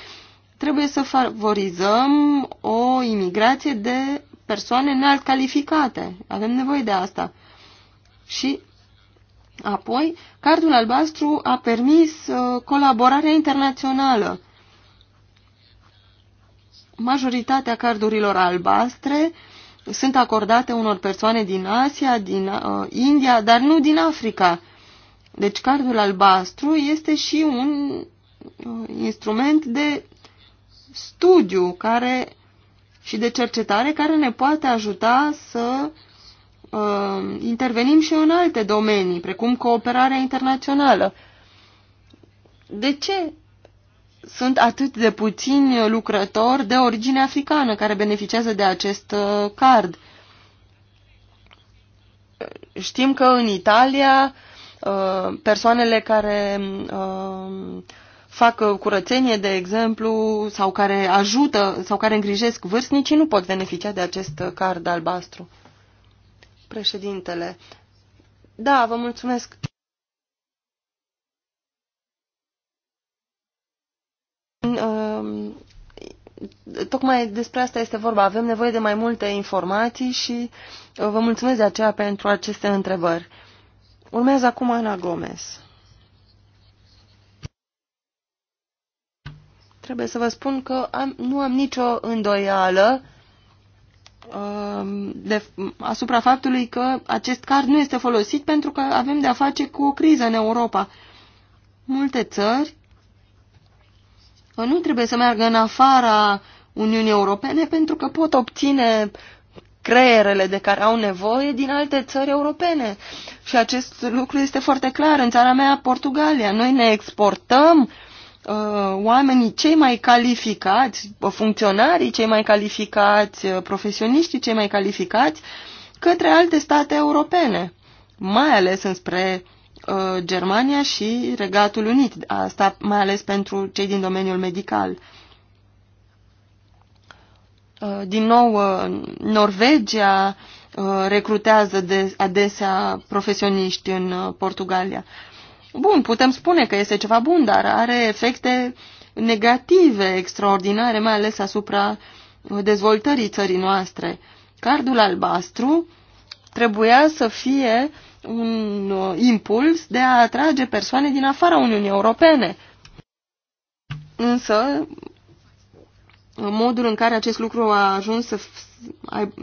Trebuie să favorizăm o imigrație de persoane înalt calificate. Avem nevoie de asta. Și apoi, cardul albastru a permis uh, colaborarea internațională. Majoritatea cardurilor albastre sunt acordate unor persoane din Asia, din uh, India, dar nu din Africa. Deci cardul albastru este și un uh, instrument de studiu care și de cercetare care ne poate ajuta să uh, intervenim și în alte domenii, precum cooperarea internațională. De ce sunt atât de puțini lucrători de origine africană care beneficiază de acest uh, card? Știm că în Italia uh, persoanele care uh, fac curățenie, de exemplu, sau care ajută sau care îngrijesc vârstnicii, nu pot beneficia de acest card albastru. Președintele, da, vă mulțumesc. Um, tocmai despre asta este vorba. Avem nevoie de mai multe informații și uh, vă mulțumesc de aceea pentru aceste întrebări. Urmează acum Ana Gomez. Trebuie să vă spun că am, nu am nicio îndoială um, de, asupra faptului că acest card nu este folosit pentru că avem de-a face cu o criză în Europa. Multe țări uh, nu trebuie să meargă în afara Uniunii Europene pentru că pot obține creierele de care au nevoie din alte țări europene. Și acest lucru este foarte clar. În țara mea, Portugalia, noi ne exportăm uh, Uh, oamenii cei mai calificați, funcționarii cei mai calificați, uh, profesioniștii cei mai calificați către alte state europene, mai ales înspre uh, Germania și Regatul Unit, asta mai ales pentru cei din domeniul medical. Uh, din nou, Norvegia recrutează de, adesea profesioniști în Portugalia. Bun, putem spune că este ceva bun, dar are efecte negative extraordinare, mai ales asupra dezvoltării țării noastre. Cardul albastru trebuia să fie un uh, impuls de a atrage persoane din afara Uniunii Europene. Însă, modul în care acest lucru a ajuns să,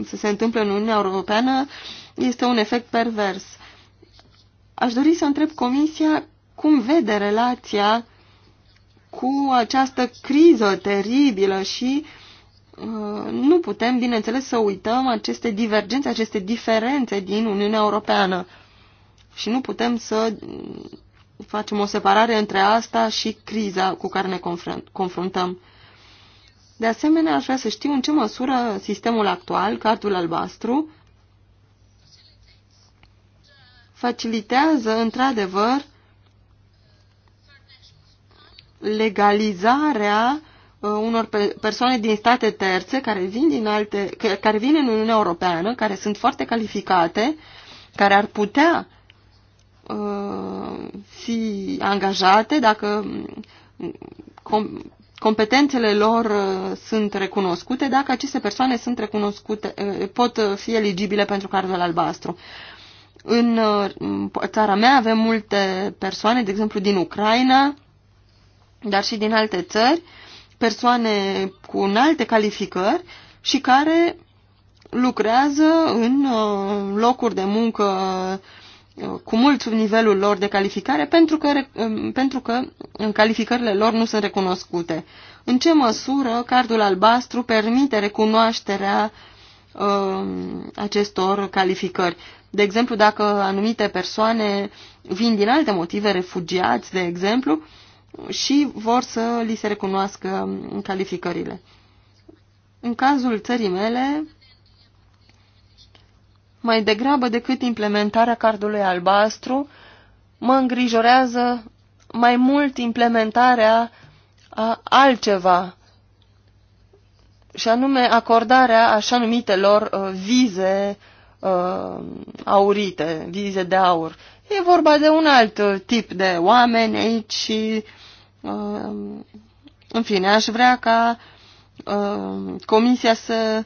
să se întâmple în Uniunea Europeană este un efect pervers. Aș dori să întreb Comisia cum vede relația cu această criză teribilă și uh, nu putem, bineînțeles, să uităm aceste divergențe, aceste diferențe din Uniunea Europeană. Și nu putem să mm, facem o separare între asta și criza cu care ne confruntăm. De asemenea, aș vrea să știu în ce măsură sistemul actual, cartul albastru, facilitează, într-adevăr, legalizarea uh, unor persoane din state terțe care vin, din alte, care vin în Uniunea Europeană, care sunt foarte calificate, care ar putea uh, fi angajate dacă mm, com competențele lor uh, sunt recunoscute, dacă aceste persoane sunt recunoscute, uh, pot uh, fi eligibile pentru cardul albastru. Uh, în țara mea avem multe persoane, de exemplu din Ucraina, dar și din alte țări, persoane cu înalte calificări și care lucrează în uh, locuri de muncă uh, cu mult sub nivelul lor de calificare pentru că, um, pentru că calificările lor nu sunt recunoscute. În ce măsură cardul albastru permite recunoașterea uh, Um, acestor calificări. De exemplu, dacă anumite persoane vin din alte motive, refugiați, de exemplu, și vor să li se recunoască calificările. În cazul țării mele, mai degrabă decât implementarea cardului albastru, mă îngrijorează mai mult implementarea a altceva și anume acordarea așa numitelor uh, vize uh, aurite, vize de aur. E vorba de un alt uh, tip de oameni aici și, uh, în fine, aș vrea ca uh, comisia să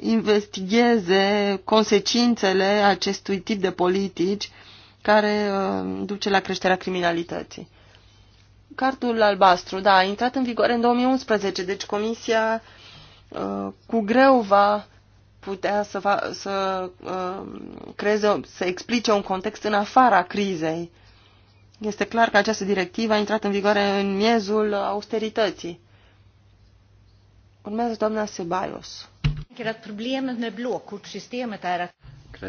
investigheze consecințele acestui tip de politici care uh, duce la creșterea criminalității. Cartul albastru, da, a intrat în vigoare în 2011, deci comisia uh, Uh, cu greu va putea să, fa- să uh, creeze, să explice un context în afara crizei. Este clar că această directivă a intrat în vigoare în miezul austerității. Urmează doamna Sebaios. Cred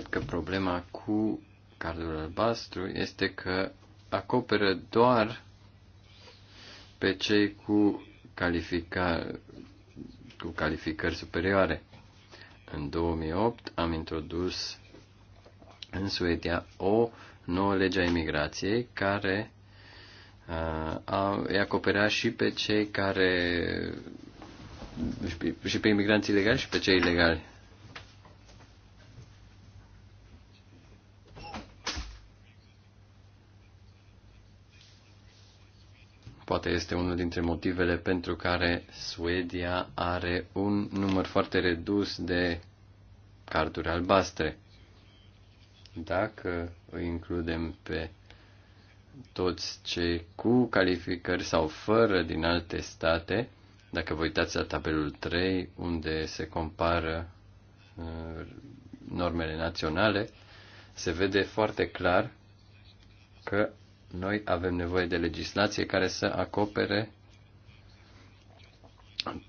că problema cu cardul albastru este că acoperă doar pe cei cu calificare cu calificări superioare. În 2008 am introdus în Suedia o nouă lege a imigrației care a, uh, a, îi acoperea și pe cei care și pe, și pe imigranții legali și pe cei ilegali. poate este unul dintre motivele pentru care Suedia are un număr foarte redus de carduri albastre. Dacă îi includem pe toți cei cu calificări sau fără din alte state, dacă vă uitați la tabelul 3, unde se compară uh, normele naționale, se vede foarte clar că noi avem nevoie de legislație care să acopere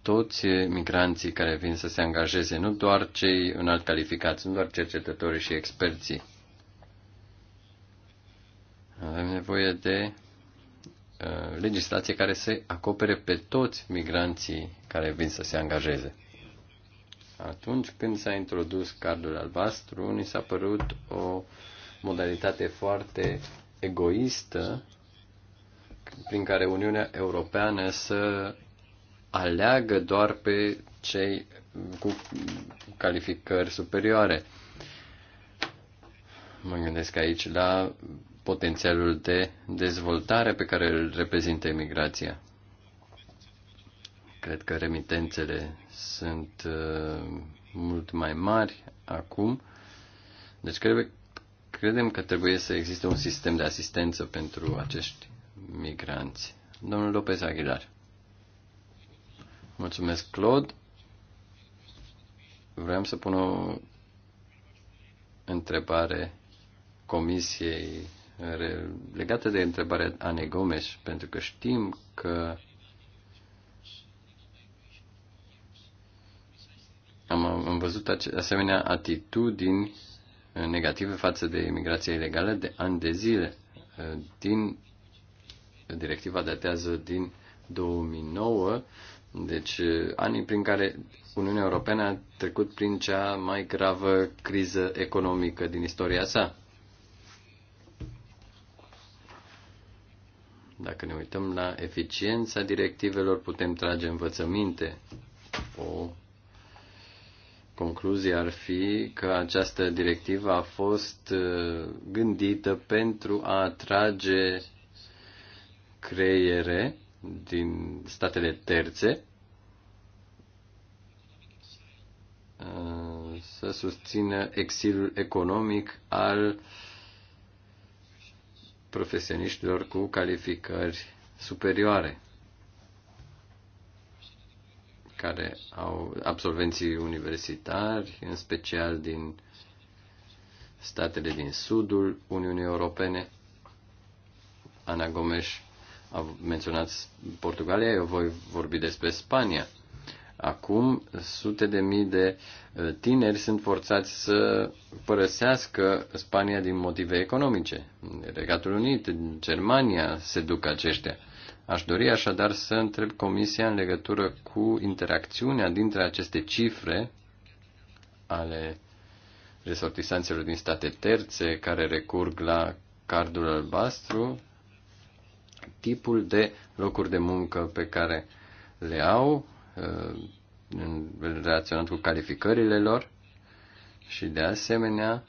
toți migranții care vin să se angajeze, nu doar cei înalt calificați, nu doar cercetătorii și experții. Avem nevoie de uh, legislație care să acopere pe toți migranții care vin să se angajeze. Atunci când s-a introdus cardul albastru, ni s-a părut o modalitate foarte egoistă prin care Uniunea Europeană să aleagă doar pe cei cu calificări superioare. Mă gândesc aici la potențialul de dezvoltare pe care îl reprezintă imigrația. Cred că remitențele sunt uh, mult mai mari acum. Deci cred, Credem că trebuie să existe un sistem de asistență pentru acești migranți. Domnul Lopez Aguilar. Mulțumesc, Claude. Vreau să pun o întrebare comisiei legată de întrebarea Anei Gomes, pentru că știm că am, am văzut asemenea atitudini negative față de imigrația ilegală de ani de zile. Din directiva datează din 2009, deci anii prin care Uniunea Europeană a trecut prin cea mai gravă criză economică din istoria sa. Dacă ne uităm la eficiența directivelor, putem trage învățăminte. O Concluzia ar fi că această directivă a fost uh, gândită pentru a atrage creiere din statele terțe uh, să susțină exilul economic al profesioniștilor cu calificări superioare care au absolvenții universitari, în special din statele din sudul Uniunii Europene. Ana Gomes a menționat Portugalia, eu voi vorbi despre Spania. Acum, sute de mii de uh, tineri sunt forțați să părăsească Spania din motive economice. Regatul Unit, Germania se duc aceștia. Aș dori așadar să întreb Comisia în legătură cu interacțiunea dintre aceste cifre ale resortisanțelor din state terțe care recurg la cardul albastru, tipul de locuri de muncă pe care le au, uh, relaționat cu calificările lor și de asemenea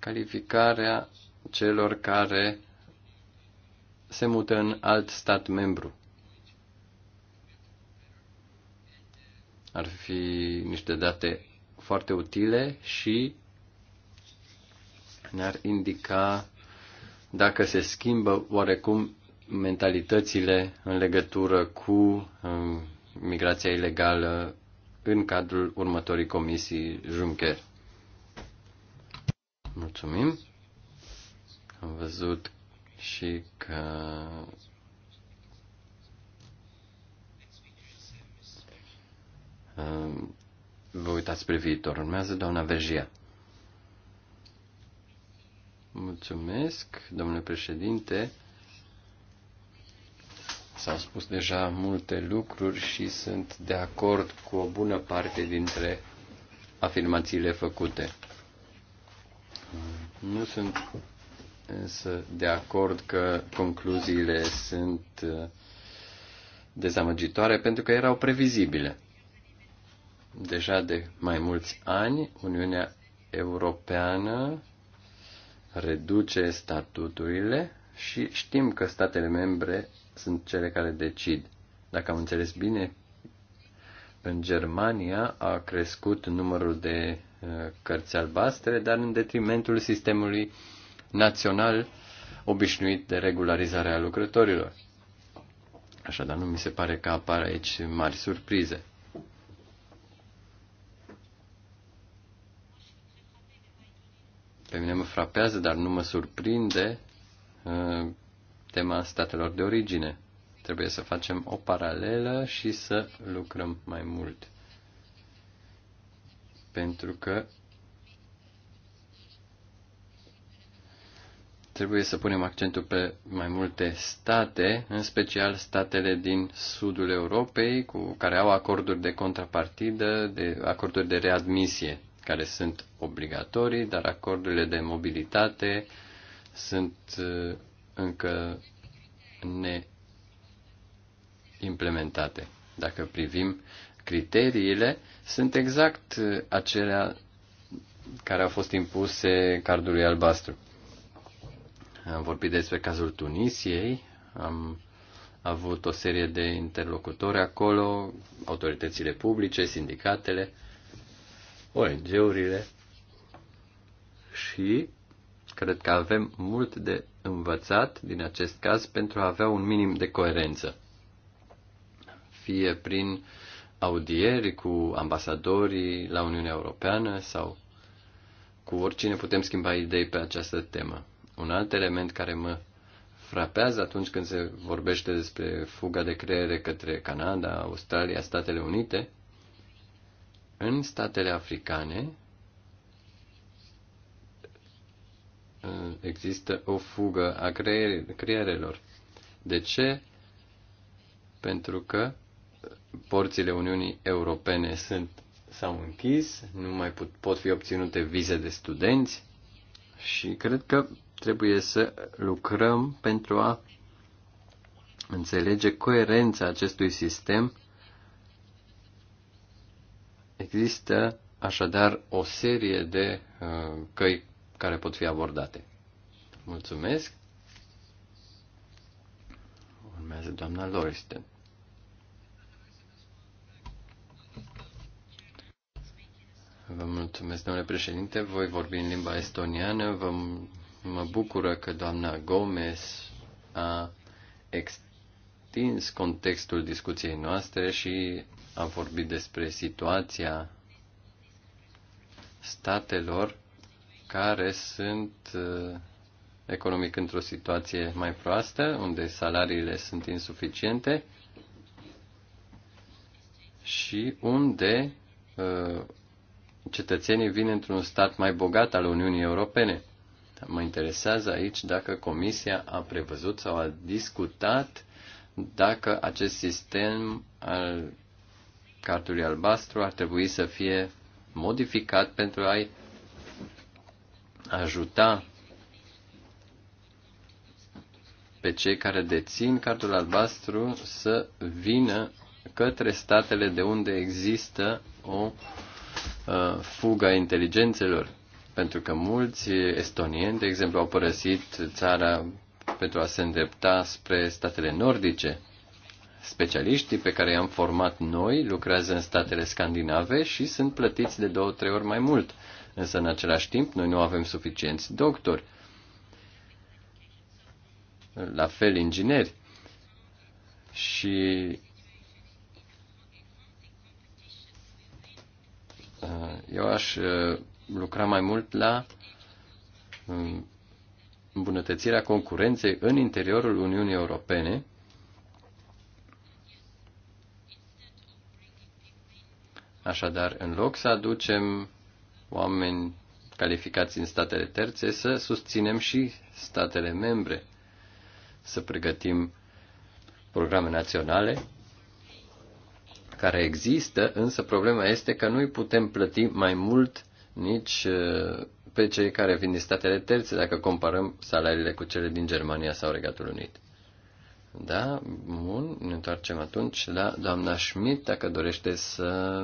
calificarea celor care se mută în alt stat membru. Ar fi niște date foarte utile și ne-ar indica dacă se schimbă oarecum mentalitățile în legătură cu um, migrația ilegală în cadrul următorii comisii Juncker. Mulțumim. Am văzut și că um, vă uitați spre viitor. Urmează doamna Vergia. Mulțumesc, domnule președinte. S-au spus deja multe lucruri și sunt de acord cu o bună parte dintre afirmațiile făcute. Nu sunt însă de acord că concluziile sunt uh, dezamăgitoare pentru că erau previzibile. Deja de mai mulți ani, Uniunea Europeană reduce statuturile și știm că statele membre sunt cele care decid. Dacă am înțeles bine, în Germania a crescut numărul de uh, cărți albastre, dar în detrimentul sistemului uh, național obișnuit de regularizare a lucrătorilor. Așadar, nu mi se pare că apar aici mari surprize. Pe mine mă frapează, dar nu mă surprinde uh, tema statelor de origine. Trebuie să facem o paralelă și să lucrăm mai mult. Pentru că Trebuie să punem accentul pe mai multe state, în special statele din sudul Europei, cu care au acorduri de contrapartidă, de acorduri de readmisie, care sunt obligatorii, dar acordurile de mobilitate sunt uh, încă neimplementate. Dacă privim criteriile, sunt exact uh, acelea care au fost impuse cardului albastru. Am vorbit despre cazul Tunisiei, am avut o serie de interlocutori acolo, autoritățile publice, sindicatele, ONG-urile și cred că avem mult de învățat din acest caz pentru a avea un minim de coerență. Fie prin audieri cu ambasadorii la Uniunea Europeană sau cu oricine putem schimba idei pe această temă. Un alt element care mă frapează atunci când se vorbește despre fuga de creiere către Canada, Australia, Statele Unite, în statele africane există o fugă a creierelor. De ce? Pentru că porțile Uniunii Europene sunt s-au închis, nu mai pot, pot fi obținute vize de studenți și cred că trebuie să lucrăm pentru a înțelege coerența acestui sistem. Există așadar o serie de uh, căi care pot fi abordate. Mulțumesc. Urmează doamna Loristen. Vă mulțumesc, domnule președinte. Voi vorbi în limba estoniană. Vă Mă bucură că doamna Gomez a extins contextul discuției noastre și a vorbit despre situația statelor care sunt uh, economic într-o situație mai proastă, unde salariile sunt insuficiente și unde uh, cetățenii vin într-un stat mai bogat al Uniunii Europene. Mă interesează aici dacă Comisia a prevăzut sau a discutat dacă acest sistem al cartului albastru ar trebui să fie modificat pentru a-i ajuta pe cei care dețin cartul albastru să vină către statele de unde există o uh, fugă a inteligențelor. Pentru că mulți estonieni, de exemplu, au părăsit țara pentru a se îndrepta spre statele nordice. Specialiștii pe care i-am format noi lucrează în statele scandinave și sunt plătiți de două, trei ori mai mult. Însă, în același timp, noi nu avem suficienți doctori. La fel, ingineri. Și uh, eu aș uh, lucra mai mult la um, îmbunătățirea concurenței în interiorul Uniunii Europene, Așadar, în loc să aducem oameni calificați în statele terțe, să susținem și statele membre, să pregătim programe naționale care există, însă problema este că nu îi putem plăti mai mult nici pe cei care vin din statele terțe, dacă comparăm salariile cu cele din Germania sau Regatul Unit. Da, bun, ne întoarcem atunci la doamna Schmidt, dacă dorește să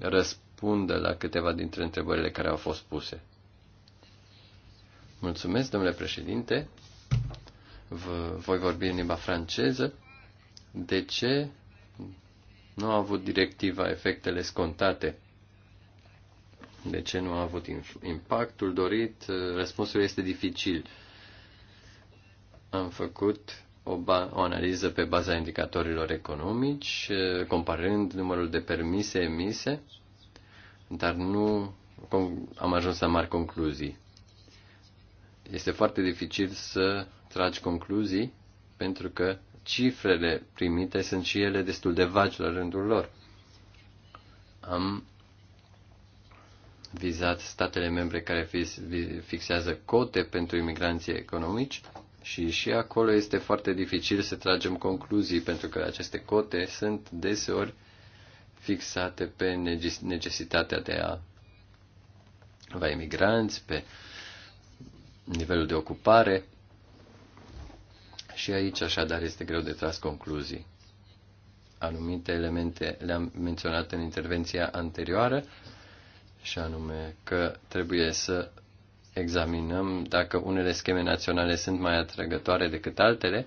răspundă la câteva dintre întrebările care au fost puse. Mulțumesc, domnule președinte. V- voi vorbi în limba franceză. De ce nu a avut directiva efectele scontate? de ce nu a avut impactul dorit, răspunsul este dificil. Am făcut o, o analiză pe baza indicatorilor economici, eh, comparând numărul de permise emise, dar nu am ajuns la mari concluzii. Este foarte dificil să tragi concluzii pentru că cifrele primite sunt și ele destul de vagi la rândul lor. Am vizat statele membre care fixează cote pentru imigranții economici și și acolo este foarte dificil să tragem concluzii pentru că aceste cote sunt deseori fixate pe necesitatea de a va imigranți, pe nivelul de ocupare și aici așadar este greu de tras concluzii. Anumite elemente le-am menționat în intervenția anterioară, și anume că trebuie să examinăm dacă unele scheme naționale sunt mai atrăgătoare decât altele.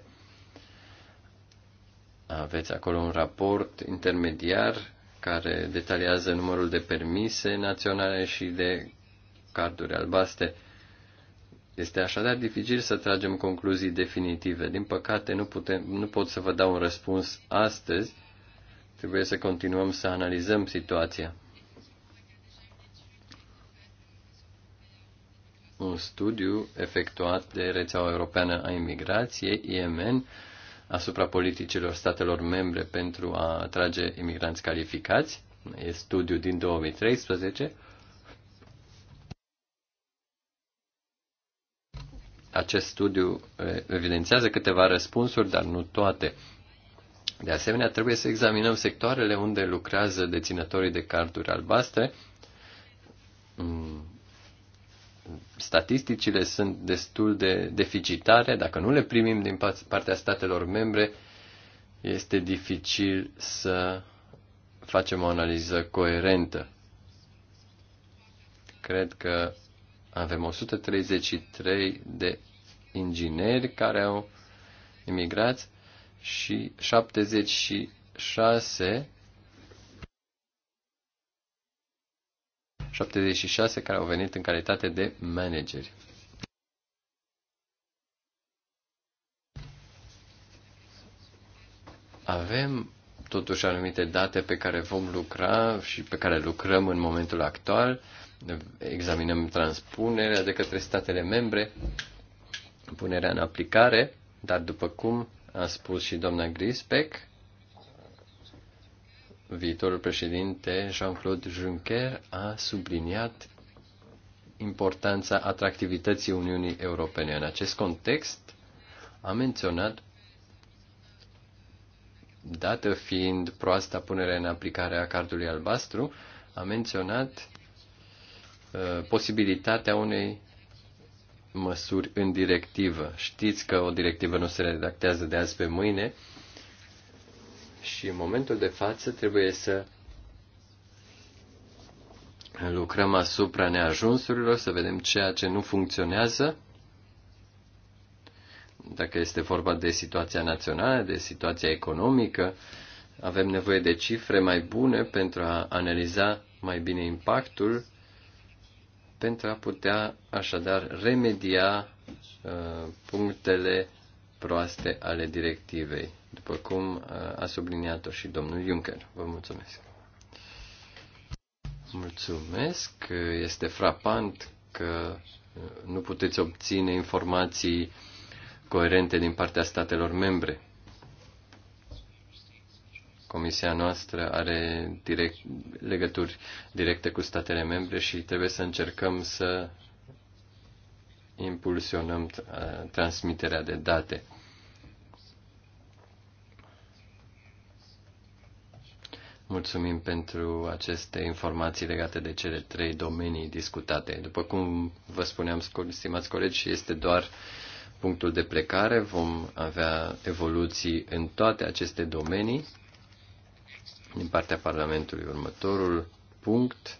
Aveți acolo un raport intermediar care detaliază numărul de permise naționale și de carduri albaste. Este așadar dificil să tragem concluzii definitive. Din păcate, nu, putem, nu pot să vă dau un răspuns astăzi. Trebuie să continuăm să analizăm situația. un studiu efectuat de Rețeaua Europeană a Imigrației, IMN, asupra politicilor statelor membre pentru a atrage imigranți calificați. E studiu din 2013. Acest studiu eh, evidențiază câteva răspunsuri, dar nu toate. De asemenea, trebuie să examinăm sectoarele unde lucrează deținătorii de carduri albastre mm, statisticile sunt destul de deficitare, dacă nu le primim din partea statelor membre, este dificil să facem o analiză coerentă. Cred că avem 133 de ingineri care au emigrat și 76 76 care au venit în calitate de manageri. Avem totuși anumite date pe care vom lucra și pe care lucrăm în momentul actual. Examinăm transpunerea de către statele membre, punerea în aplicare, dar după cum a spus și doamna Grisbeck, viitorul președinte Jean-Claude Juncker a subliniat importanța atractivității Uniunii Europene. În acest context, a menționat, dată fiind proasta punere în aplicare a cardului albastru, a menționat uh, posibilitatea unei măsuri în directivă. Știți că o directivă nu se redactează de azi pe mâine, uh, și în momentul de față trebuie să lucrăm asupra neajunsurilor, să vedem ceea ce nu funcționează, dacă este vorba de situația națională, de situația economică, avem nevoie de cifre mai bune pentru a analiza mai bine impactul, pentru a putea așadar remedia uh, punctele proaste ale directivei, după cum uh, a subliniat-o și domnul Juncker. Vă mulțumesc. Mulțumesc. Este frapant că uh, nu puteți obține informații coerente din partea statelor membre. Comisia noastră are direct, legături directe cu statele membre și trebuie să încercăm să impulsionăm uh, transmiterea de date. Mulțumim pentru aceste informații legate de cele trei domenii discutate. După cum vă spuneam, stimați colegi, este doar punctul de plecare. Vom avea evoluții în toate aceste domenii din partea Parlamentului. Următorul punct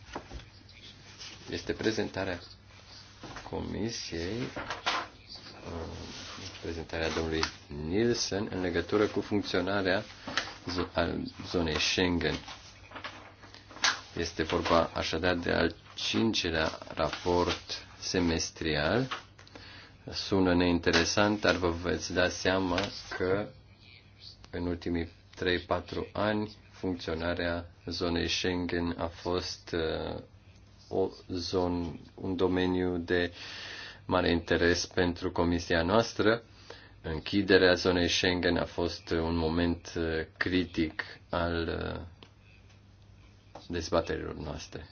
este prezentarea Comisiei uh, prezentarea domnului Nielsen în legătură cu funcționarea zonei Schengen. Este vorba așadar de al cincilea raport semestrial. Sună neinteresant, dar vă veți da seama că în ultimii 3-4 ani funcționarea zonei Schengen a fost uh, o zon, un domeniu de mare interes pentru comisia noastră. Închiderea zonei Schengen a fost un moment uh, critic al uh, dezbaterilor noastre.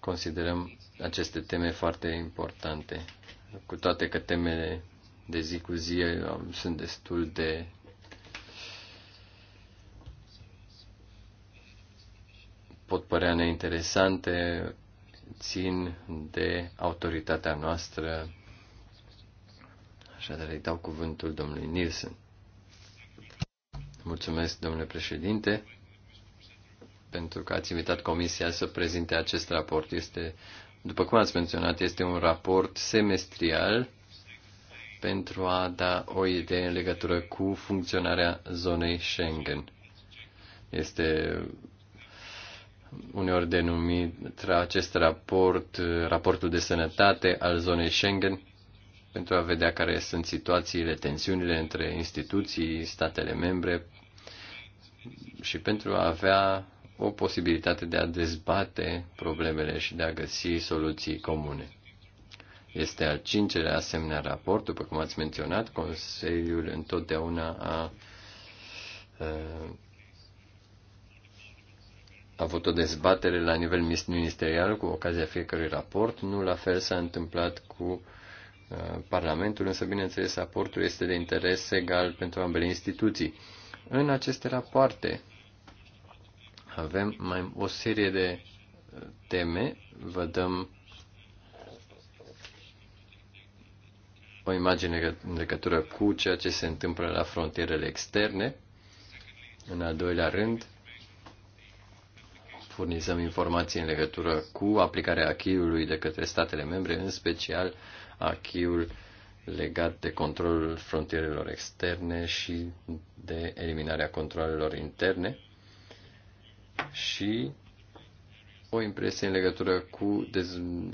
Considerăm aceste teme foarte importante, cu toate că temele de zi cu zi uh, sunt destul de pot părea neinteresante țin de autoritatea noastră. Așadar îi dau cuvântul domnului Nielsen. Mulțumesc, domnule președinte, pentru că ați invitat comisia să prezinte acest raport. Este, după cum ați menționat, este un raport semestrial pentru a da o idee în legătură cu funcționarea zonei Schengen. Este uneori denumit acest raport raportul de sănătate al zonei Schengen, pentru a vedea care sunt situațiile, tensiunile între instituții, statele membre și pentru a avea o posibilitate de a dezbate problemele și de a găsi soluții comune. Este al cincelea asemenea raport, după cum ați menționat, Consiliul întotdeauna a, a avut o dezbatere la nivel ministerial cu ocazia fiecărui raport. Nu la fel s-a întâmplat cu uh, Parlamentul, însă, bineînțeles, raportul este de interes egal pentru ambele instituții. În aceste rapoarte avem mai o serie de uh, teme. Vă dăm o imagine în legătură cu ceea ce se întâmplă la frontierele externe. În al doilea rând, furnizăm informații în legătură cu aplicarea acquis de către statele membre, în special acquis legat de controlul frontierelor externe și de eliminarea controlelor interne și o impresie în legătură cu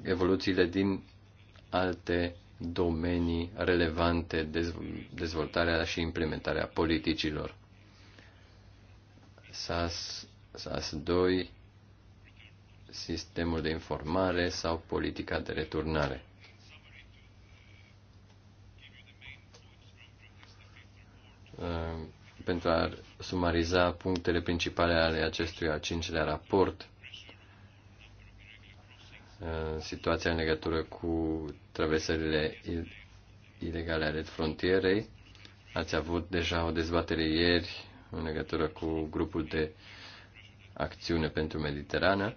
evoluțiile din alte domenii relevante, dezvoltarea și implementarea politicilor. SAS, SAS 2 sistemul de informare sau politica de returnare. Uh, pentru a sumariza punctele principale ale acestui al cincilea raport, uh, situația în legătură cu traversările ilegale ale frontierei. Ați avut deja o dezbatere ieri în legătură cu grupul de acțiune pentru Mediterană.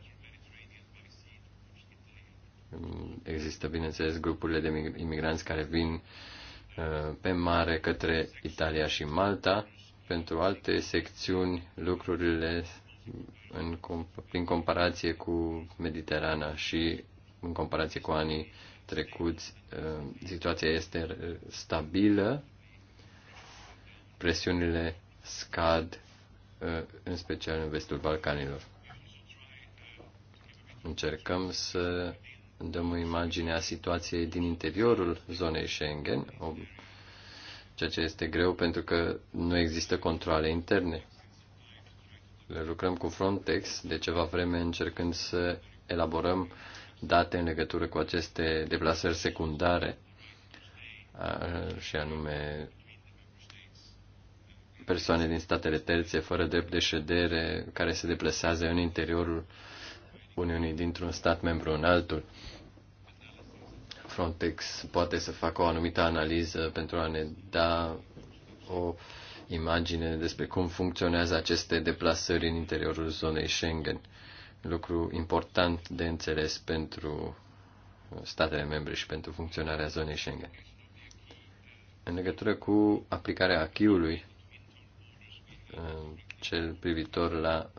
Există, bineînțeles, grupurile de imigranți care vin uh, pe mare către Italia și Malta. Pentru alte secțiuni, lucrurile în, prin comparație cu Mediterana și în comparație cu anii trecuți, uh, situația este uh, stabilă, presiunile scad, în special în vestul Balcanilor. Încercăm să dăm o imagine a situației din interiorul zonei Schengen, ceea ce este greu pentru că nu există controle interne. Lucrăm cu Frontex de ceva vreme încercând să elaborăm date în legătură cu aceste deplasări secundare, și anume persoane din statele terțe fără drept de ședere care se deplasează în interiorul uh, Uniunii dintr-un stat membru în altul. Frontex poate să facă o anumită analiză pentru a ne da o imagine despre cum funcționează aceste deplasări în interiorul zonei Schengen. Lucru important de înțeles pentru statele membre și pentru funcționarea zonei Schengen. În legătură cu aplicarea acquis cel privitor la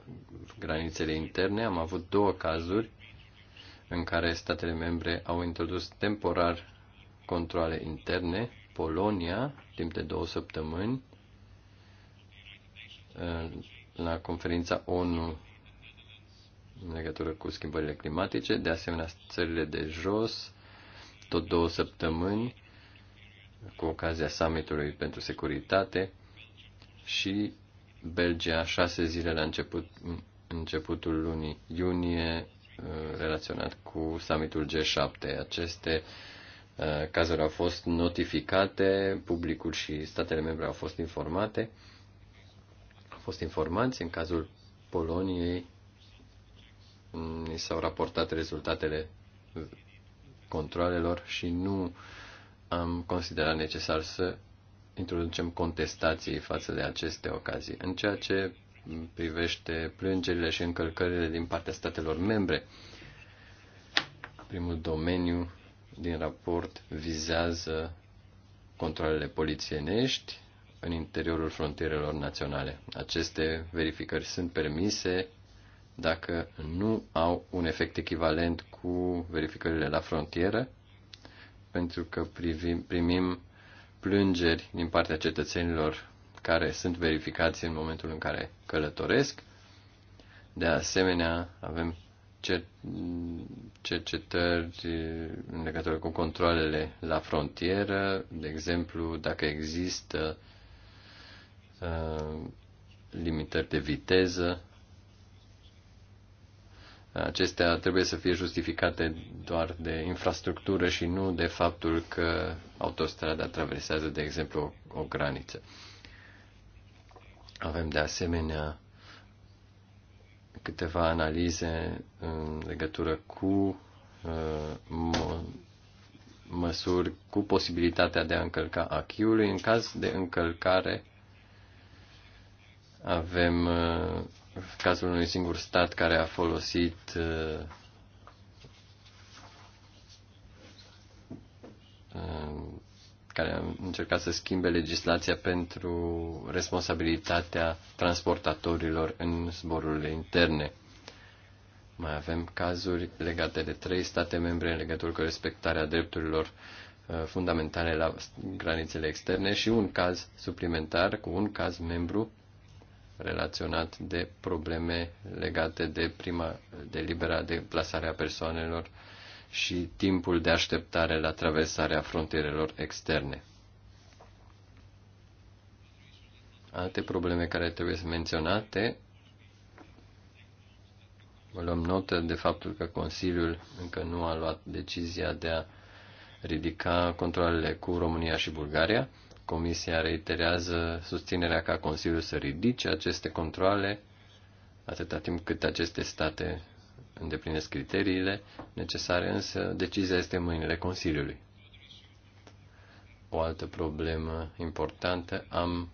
granițele interne, am avut două cazuri în care statele membre au introdus temporar controle interne. Polonia, timp de două săptămâni, eh, la conferința ONU în legătură cu schimbările climatice, de asemenea țările de jos, tot două săptămâni, cu ocazia summitului pentru securitate și Belgia șase zile la început, începutul lunii iunie uh, relaționat cu summitul G7. Aceste uh, cazuri au fost notificate, publicul și statele membre au fost informate, au fost informați. În cazul Poloniei ni s-au raportat rezultatele controlelor și nu am considerat necesar să introducem contestații față de aceste ocazii. În ceea ce privește plângerile și încălcările din partea statelor membre, primul domeniu din raport vizează controlele polițienești în interiorul frontierelor naționale. Aceste verificări sunt permise dacă nu au un efect echivalent cu verificările la frontieră, pentru că privim, primim plângeri din partea cetățenilor care sunt verificați în momentul în care călătoresc. De asemenea, avem cercetări eh, în legătură cu controlele la frontieră, de exemplu, dacă există eh, limitări de viteză Acestea trebuie să fie justificate doar de infrastructură și nu de faptul că autostrada traversează, de exemplu, o, o graniță. Avem de asemenea câteva analize în legătură cu uh, măsuri cu posibilitatea de a încălca achiului. În caz de încălcare avem uh, cazul unui singur stat care a folosit uh, care a încercat să schimbe legislația pentru responsabilitatea transportatorilor în zborurile interne. Mai avem cazuri legate de trei state membre în legătură cu respectarea drepturilor uh, fundamentale la granițele externe și un caz suplimentar cu un caz membru relaționat de probleme legate de prima de libera de plasarea persoanelor și timpul de așteptare la traversarea frontierelor externe. Alte probleme care trebuie menționate Vă luăm notă de faptul că Consiliul încă nu a luat decizia de a ridica controlele cu România și Bulgaria. Comisia reiterează susținerea ca Consiliul să ridice aceste controle atâta timp cât aceste state îndeplinesc criteriile necesare, însă decizia este în mâinile Consiliului. O altă problemă importantă am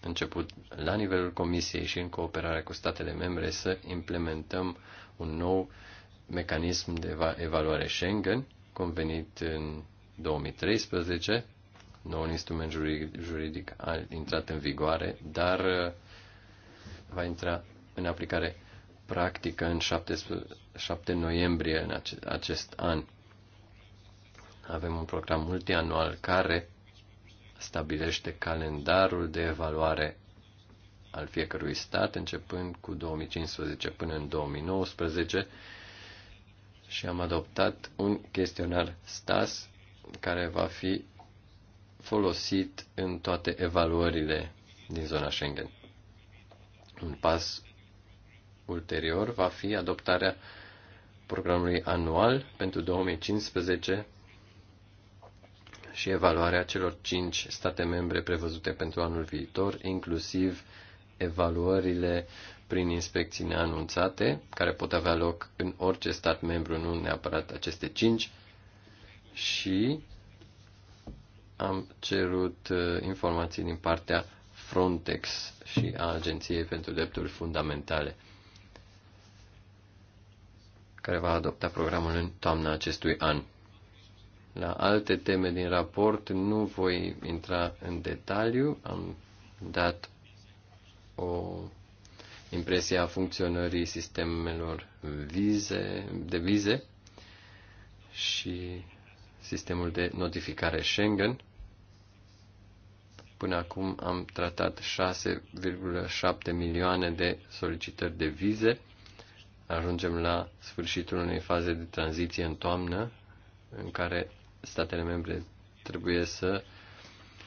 început la nivelul Comisiei și în cooperare cu statele membre să implementăm un nou mecanism de evaluare Schengen convenit în 2013 noul instrument juridic, juridic a intrat în vigoare, dar uh, va intra în aplicare practică în 7, 7 noiembrie în acest, acest an. Avem un program multianual care stabilește calendarul de evaluare al fiecărui stat, începând cu 2015 până în 2019, și am adoptat un chestionar STAS care va fi folosit în toate evaluările din zona Schengen. Un pas ulterior va fi adoptarea programului anual pentru 2015 și evaluarea celor cinci state membre prevăzute pentru anul viitor, inclusiv evaluările prin inspecții neanunțate, care pot avea loc în orice stat membru, nu neapărat aceste cinci, și am cerut uh, informații din partea Frontex și a Agenției pentru Drepturi Fundamentale, care va adopta programul în toamna acestui an. La alte teme din raport nu voi intra în detaliu, am dat o impresie a funcționării sistemelor vize, de vize și sistemul de notificare Schengen. Până acum am tratat 6,7 milioane de solicitări de vize. Ajungem la sfârșitul unei faze de tranziție în toamnă, în care statele membre trebuie să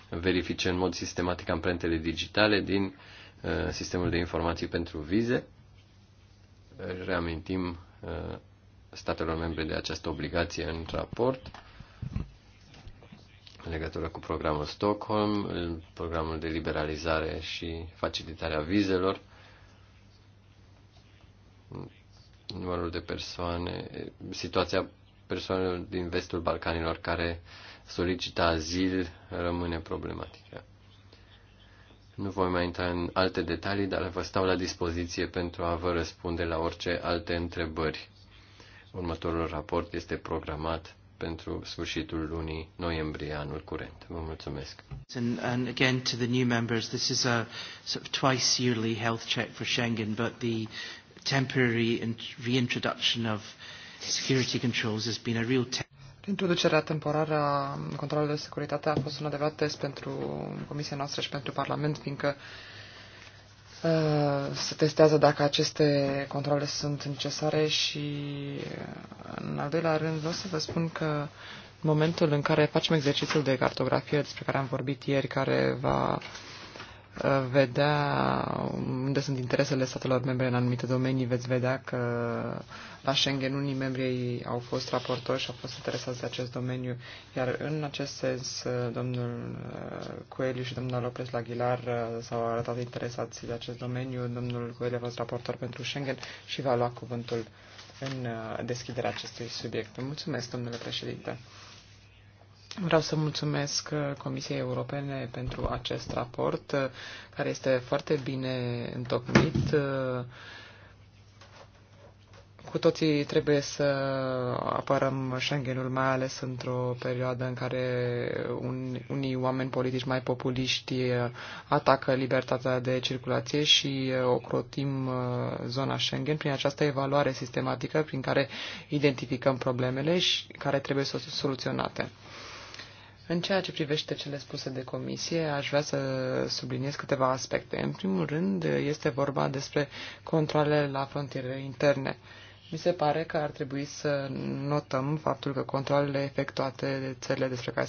verifice în mod sistematic amprentele digitale din uh, sistemul de informații pentru vize. Reamintim uh, statelor membre de această obligație în raport în legătură cu programul Stockholm, programul de liberalizare și facilitarea vizelor, numărul de persoane, situația persoanelor din vestul Balcanilor care solicită azil rămâne problematică. Nu voi mai intra în alte detalii, dar vă stau la dispoziție pentru a vă răspunde la orice alte întrebări. Următorul raport este programat pentru sfârșitul lunii noiembrie anul curent. Vă mulțumesc. And, and again to the new members, this is a sort of twice yearly health check for Schengen, but the temporary reintroduction of security controls has been a real Introducerea temporară a controlului de securitate a fost un adevărat test pentru Comisia noastră și pentru Parlament, fiindcă uh, Uh, se testează dacă aceste controle sunt necesare și, uh, în al doilea rând, vreau să vă spun că în momentul în care facem exercițiul de cartografie despre care am vorbit ieri, care va vedea unde sunt interesele statelor membre în anumite domenii, veți vedea că la Schengen unii membrii au fost raportori și au fost interesați de acest domeniu, iar în acest sens domnul uh, Coelho și domnul Lopez Laghilar uh, s-au arătat interesați de acest domeniu, domnul Coelho a fost raportor pentru Schengen și va lua cuvântul în uh, deschiderea acestui subiect. Mulțumesc, domnule președinte. Vreau să mulțumesc uh, Comisiei Europene pentru acest raport, uh, care este foarte bine întocmit. Uh, cu toții trebuie să apărăm Schengenul, mai ales într-o perioadă în care un, unii oameni politici mai populiști atacă libertatea de circulație și ocrotim zona Schengen prin această evaluare sistematică prin care identificăm problemele și care trebuie soluționate. În ceea ce privește cele spuse de comisie, aș vrea să subliniez câteva aspecte. În primul rând, este vorba despre controlele la frontierele interne. Mi se pare că ar trebui să notăm faptul că controlele efectuate de țările despre care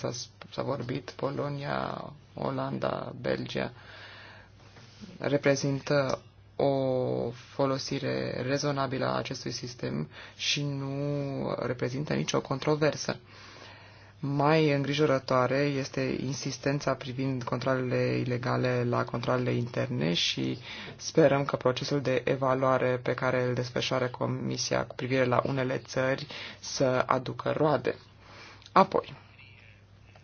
s-a, vorbit, Polonia, Olanda, Belgia, reprezintă o folosire rezonabilă a acestui sistem și nu reprezintă nicio controversă. Mai îngrijorătoare este insistența privind controlele ilegale la controlele interne și sperăm că procesul de evaluare pe care îl desfășoară Comisia cu privire la unele țări să aducă roade. Apoi,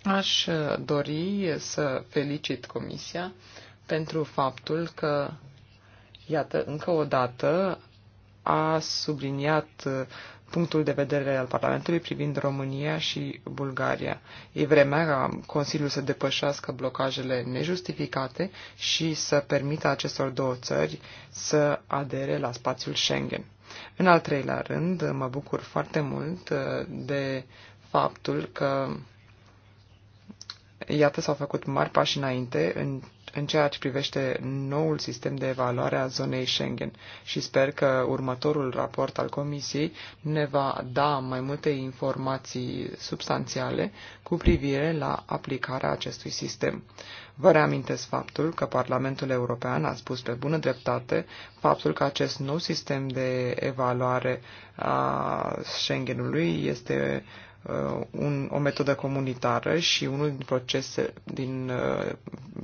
aș dori să felicit Comisia pentru faptul că, iată, încă o dată a subliniat punctul de vedere al Parlamentului privind România și Bulgaria. E vremea ca Consiliul să depășească blocajele nejustificate și să permită acestor două țări să adere la spațiul Schengen. În al treilea rând, mă bucur foarte mult uh, de faptul că iată s-au făcut mari pași înainte în în ceea ce privește noul sistem de evaluare a zonei Schengen și sper că următorul raport al Comisiei ne va da mai multe informații substanțiale cu privire la aplicarea acestui sistem. Vă reamintesc faptul că Parlamentul European a spus pe bună dreptate faptul că acest nou sistem de evaluare a Schengenului este Uh, un, o metodă comunitară și unul din, procese, din uh,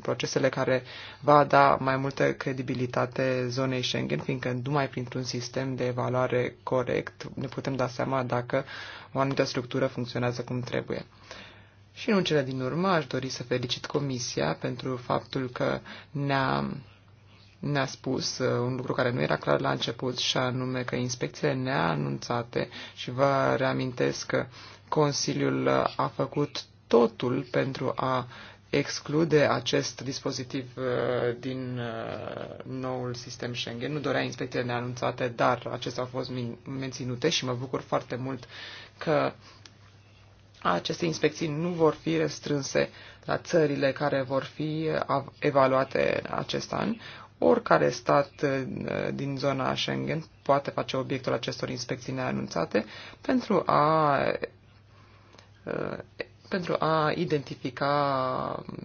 procesele care va da mai multă credibilitate zonei Schengen, fiindcă numai printr-un sistem de evaluare corect ne putem da seama dacă o anumită structură funcționează cum trebuie. Și în cele din urmă aș dori să felicit Comisia pentru faptul că ne-a ne-a spus uh, un lucru care nu era clar la început, și anume că inspecțiile neanunțate, și vă reamintesc că Consiliul a făcut totul pentru a exclude acest dispozitiv uh, din uh, noul sistem Schengen. Nu dorea inspecțiile neanunțate, dar acestea au fost menținute și mă bucur foarte mult că aceste inspecții nu vor fi restrânse la țările care vor fi uh, evaluate acest an. Oricare stat din zona Schengen poate face obiectul acestor inspecții neanunțate pentru a Uh, pentru a identifica um,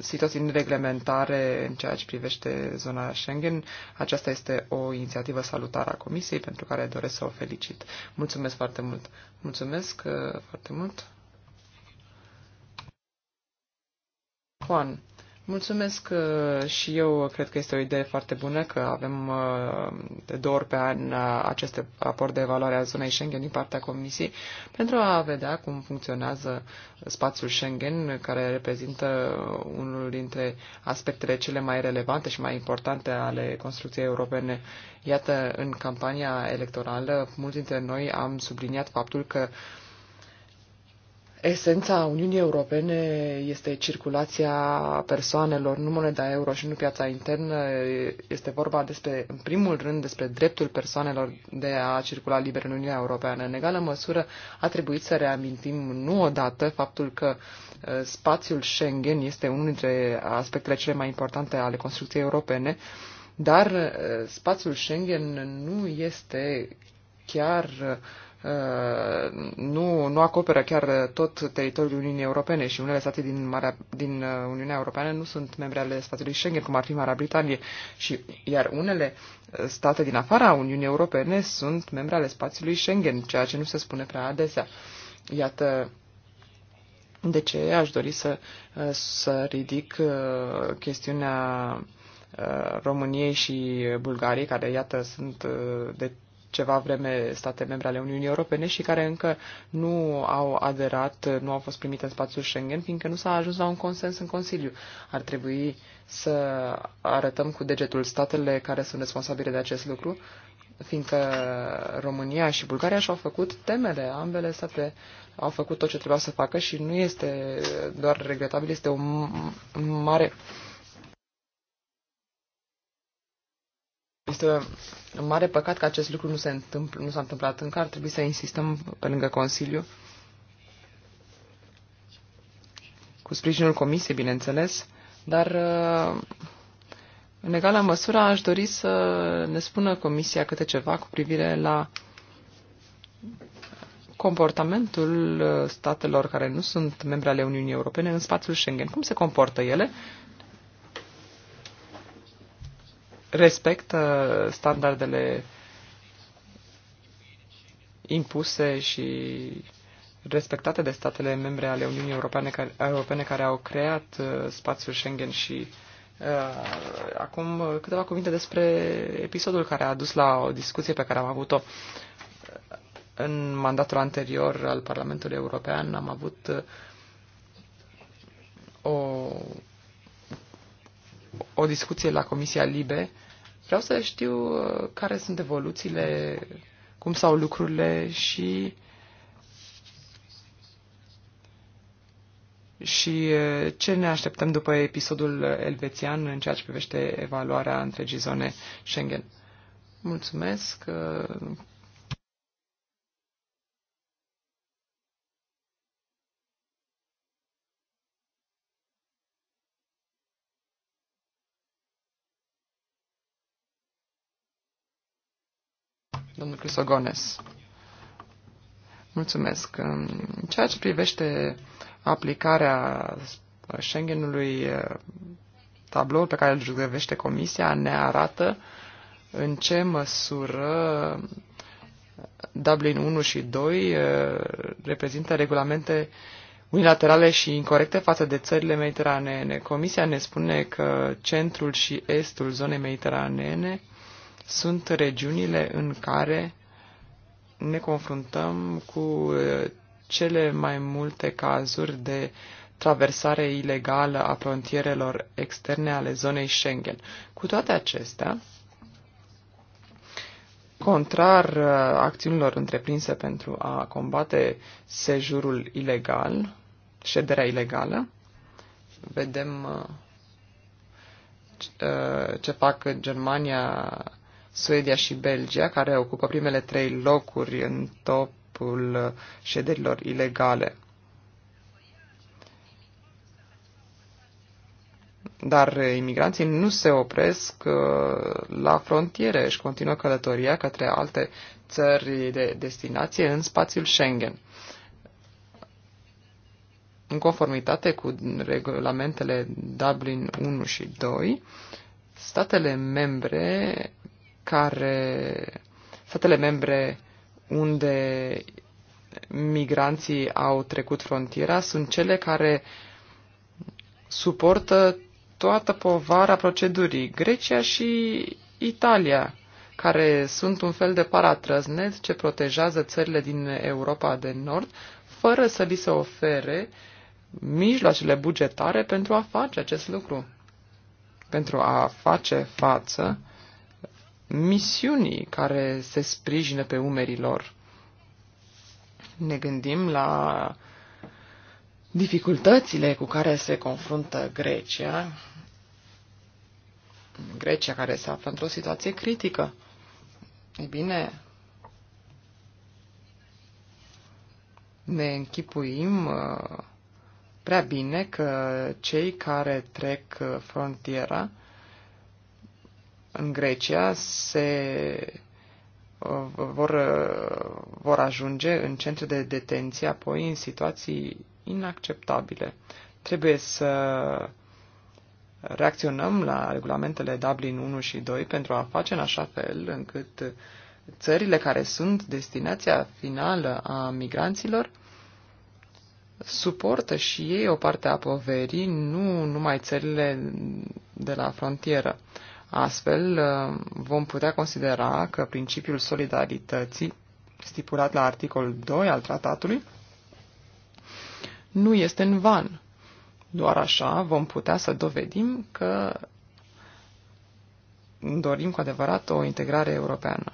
situații reglementare în ceea ce privește zona Schengen. Aceasta este o inițiativă salutară a Comisiei pentru care doresc să o felicit. Mulțumesc foarte mult! Mulțumesc uh, foarte mult! Juan. Mulțumesc uh, și eu cred că este o idee foarte bună că avem uh, de două ori pe an uh, acest raport de evaluare a zonei Schengen din partea Comisiei pentru a vedea cum funcționează spațiul Schengen, care reprezintă unul dintre aspectele cele mai relevante și mai importante ale construcției europene. Iată, în campania electorală, mulți dintre noi am subliniat faptul că uh, Esența Uniunii Europene este circulația persoanelor, nu moneda euro și nu piața internă. Este vorba despre, în primul rând, despre dreptul persoanelor de a circula liber în Uniunea Europeană. În egală măsură a trebuit să reamintim nu odată faptul că uh, spațiul Schengen este unul dintre aspectele cele mai importante ale construcției europene, dar uh, spațiul Schengen nu este chiar uh, Uh, nu, nu acoperă chiar tot teritoriul Uniunii Europene și unele state din, Marea, din uh, Uniunea Europeană nu sunt membre ale spațiului Schengen, cum ar fi Marea Britanie, și, iar unele state din afara Uniunii Europene sunt membre ale spațiului Schengen, ceea ce nu se spune prea adesea. Iată de ce aș dori să, uh, să ridic chestiunea României și Bulgariei, care, iată, sunt de ceva vreme state membre ale Uniunii Europene și care încă nu au aderat, nu au fost primite în spațiul Schengen, fiindcă nu s-a ajuns la un consens în Consiliu. Ar trebui să arătăm cu degetul statele care sunt responsabile de acest lucru, fiindcă România și Bulgaria și-au făcut temele, ambele state au făcut tot ce trebuia să facă și nu este doar regretabil, este o mare Este un mare păcat că acest lucru nu, se întâmpl, nu s-a întâmplat încă. Ar trebui să insistăm pe lângă Consiliu. Cu sprijinul Comisiei, bineînțeles. Dar, uh, în egală măsură, aș dori să ne spună Comisia câte ceva cu privire la comportamentul uh, statelor care nu sunt membre ale Uniunii Europene în spațiul Schengen. Cum se comportă ele respectă standardele impuse și respectate de statele membre ale Uniunii Europene care, Europene care au creat uh, spațiul Schengen și uh, acum uh, câteva cuvinte despre episodul care a dus la o discuție pe care am avut-o în mandatul anterior al Parlamentului European. Am avut uh, o, o discuție la Comisia Libe Vreau să știu uh, care sunt evoluțiile, cum s-au lucrurile și și uh, ce ne așteptăm după episodul elvețian în ceea ce privește evaluarea întregii zone Schengen. Mulțumesc. Uh, domnul Crisogones. Mulțumesc. În ceea ce privește aplicarea Schengenului, eh, tabloul pe care îl judevește Comisia ne arată în ce măsură Dublin 1 și 2 eh, reprezintă regulamente unilaterale și incorrecte față de țările mediteraneene. Comisia ne spune că centrul și estul zonei mediteraneene sunt regiunile în care ne confruntăm cu uh, cele mai multe cazuri de traversare ilegală a frontierelor externe ale zonei Schengen. Cu toate acestea, contrar uh, acțiunilor întreprinse pentru a combate sejurul ilegal, șederea ilegală, vedem uh, ce fac Germania, Suedia și Belgia, care ocupă primele trei locuri în topul șederilor ilegale. Dar imigranții nu se opresc uh, la frontiere, își continuă călătoria către alte țări de destinație în spațiul Schengen. În conformitate cu regulamentele Dublin 1 și 2, statele membre care statele membre unde migranții au trecut frontiera sunt cele care suportă toată povara procedurii. Grecia și Italia, care sunt un fel de paratrăznet ce protejează țările din Europa de Nord, fără să li se ofere mijloacele bugetare pentru a face acest lucru, pentru a face față misiunii care se sprijină pe umerii lor. Ne gândim la dificultățile cu care se confruntă Grecia, Grecia care se află într-o situație critică. Ei bine, ne închipuim uh, prea bine că cei care trec uh, frontiera în Grecia se vor, vor ajunge în centre de detenție, apoi în situații inacceptabile. Trebuie să reacționăm la regulamentele Dublin 1 și 2 pentru a face în așa fel încât țările care sunt destinația finală a migranților suportă și ei o parte a poverii, nu numai țările de la frontieră. Astfel, uh, vom putea considera că principiul solidarității, stipulat la articolul 2 al tratatului, nu este în van. Doar așa vom putea să dovedim că dorim cu adevărat o integrare europeană.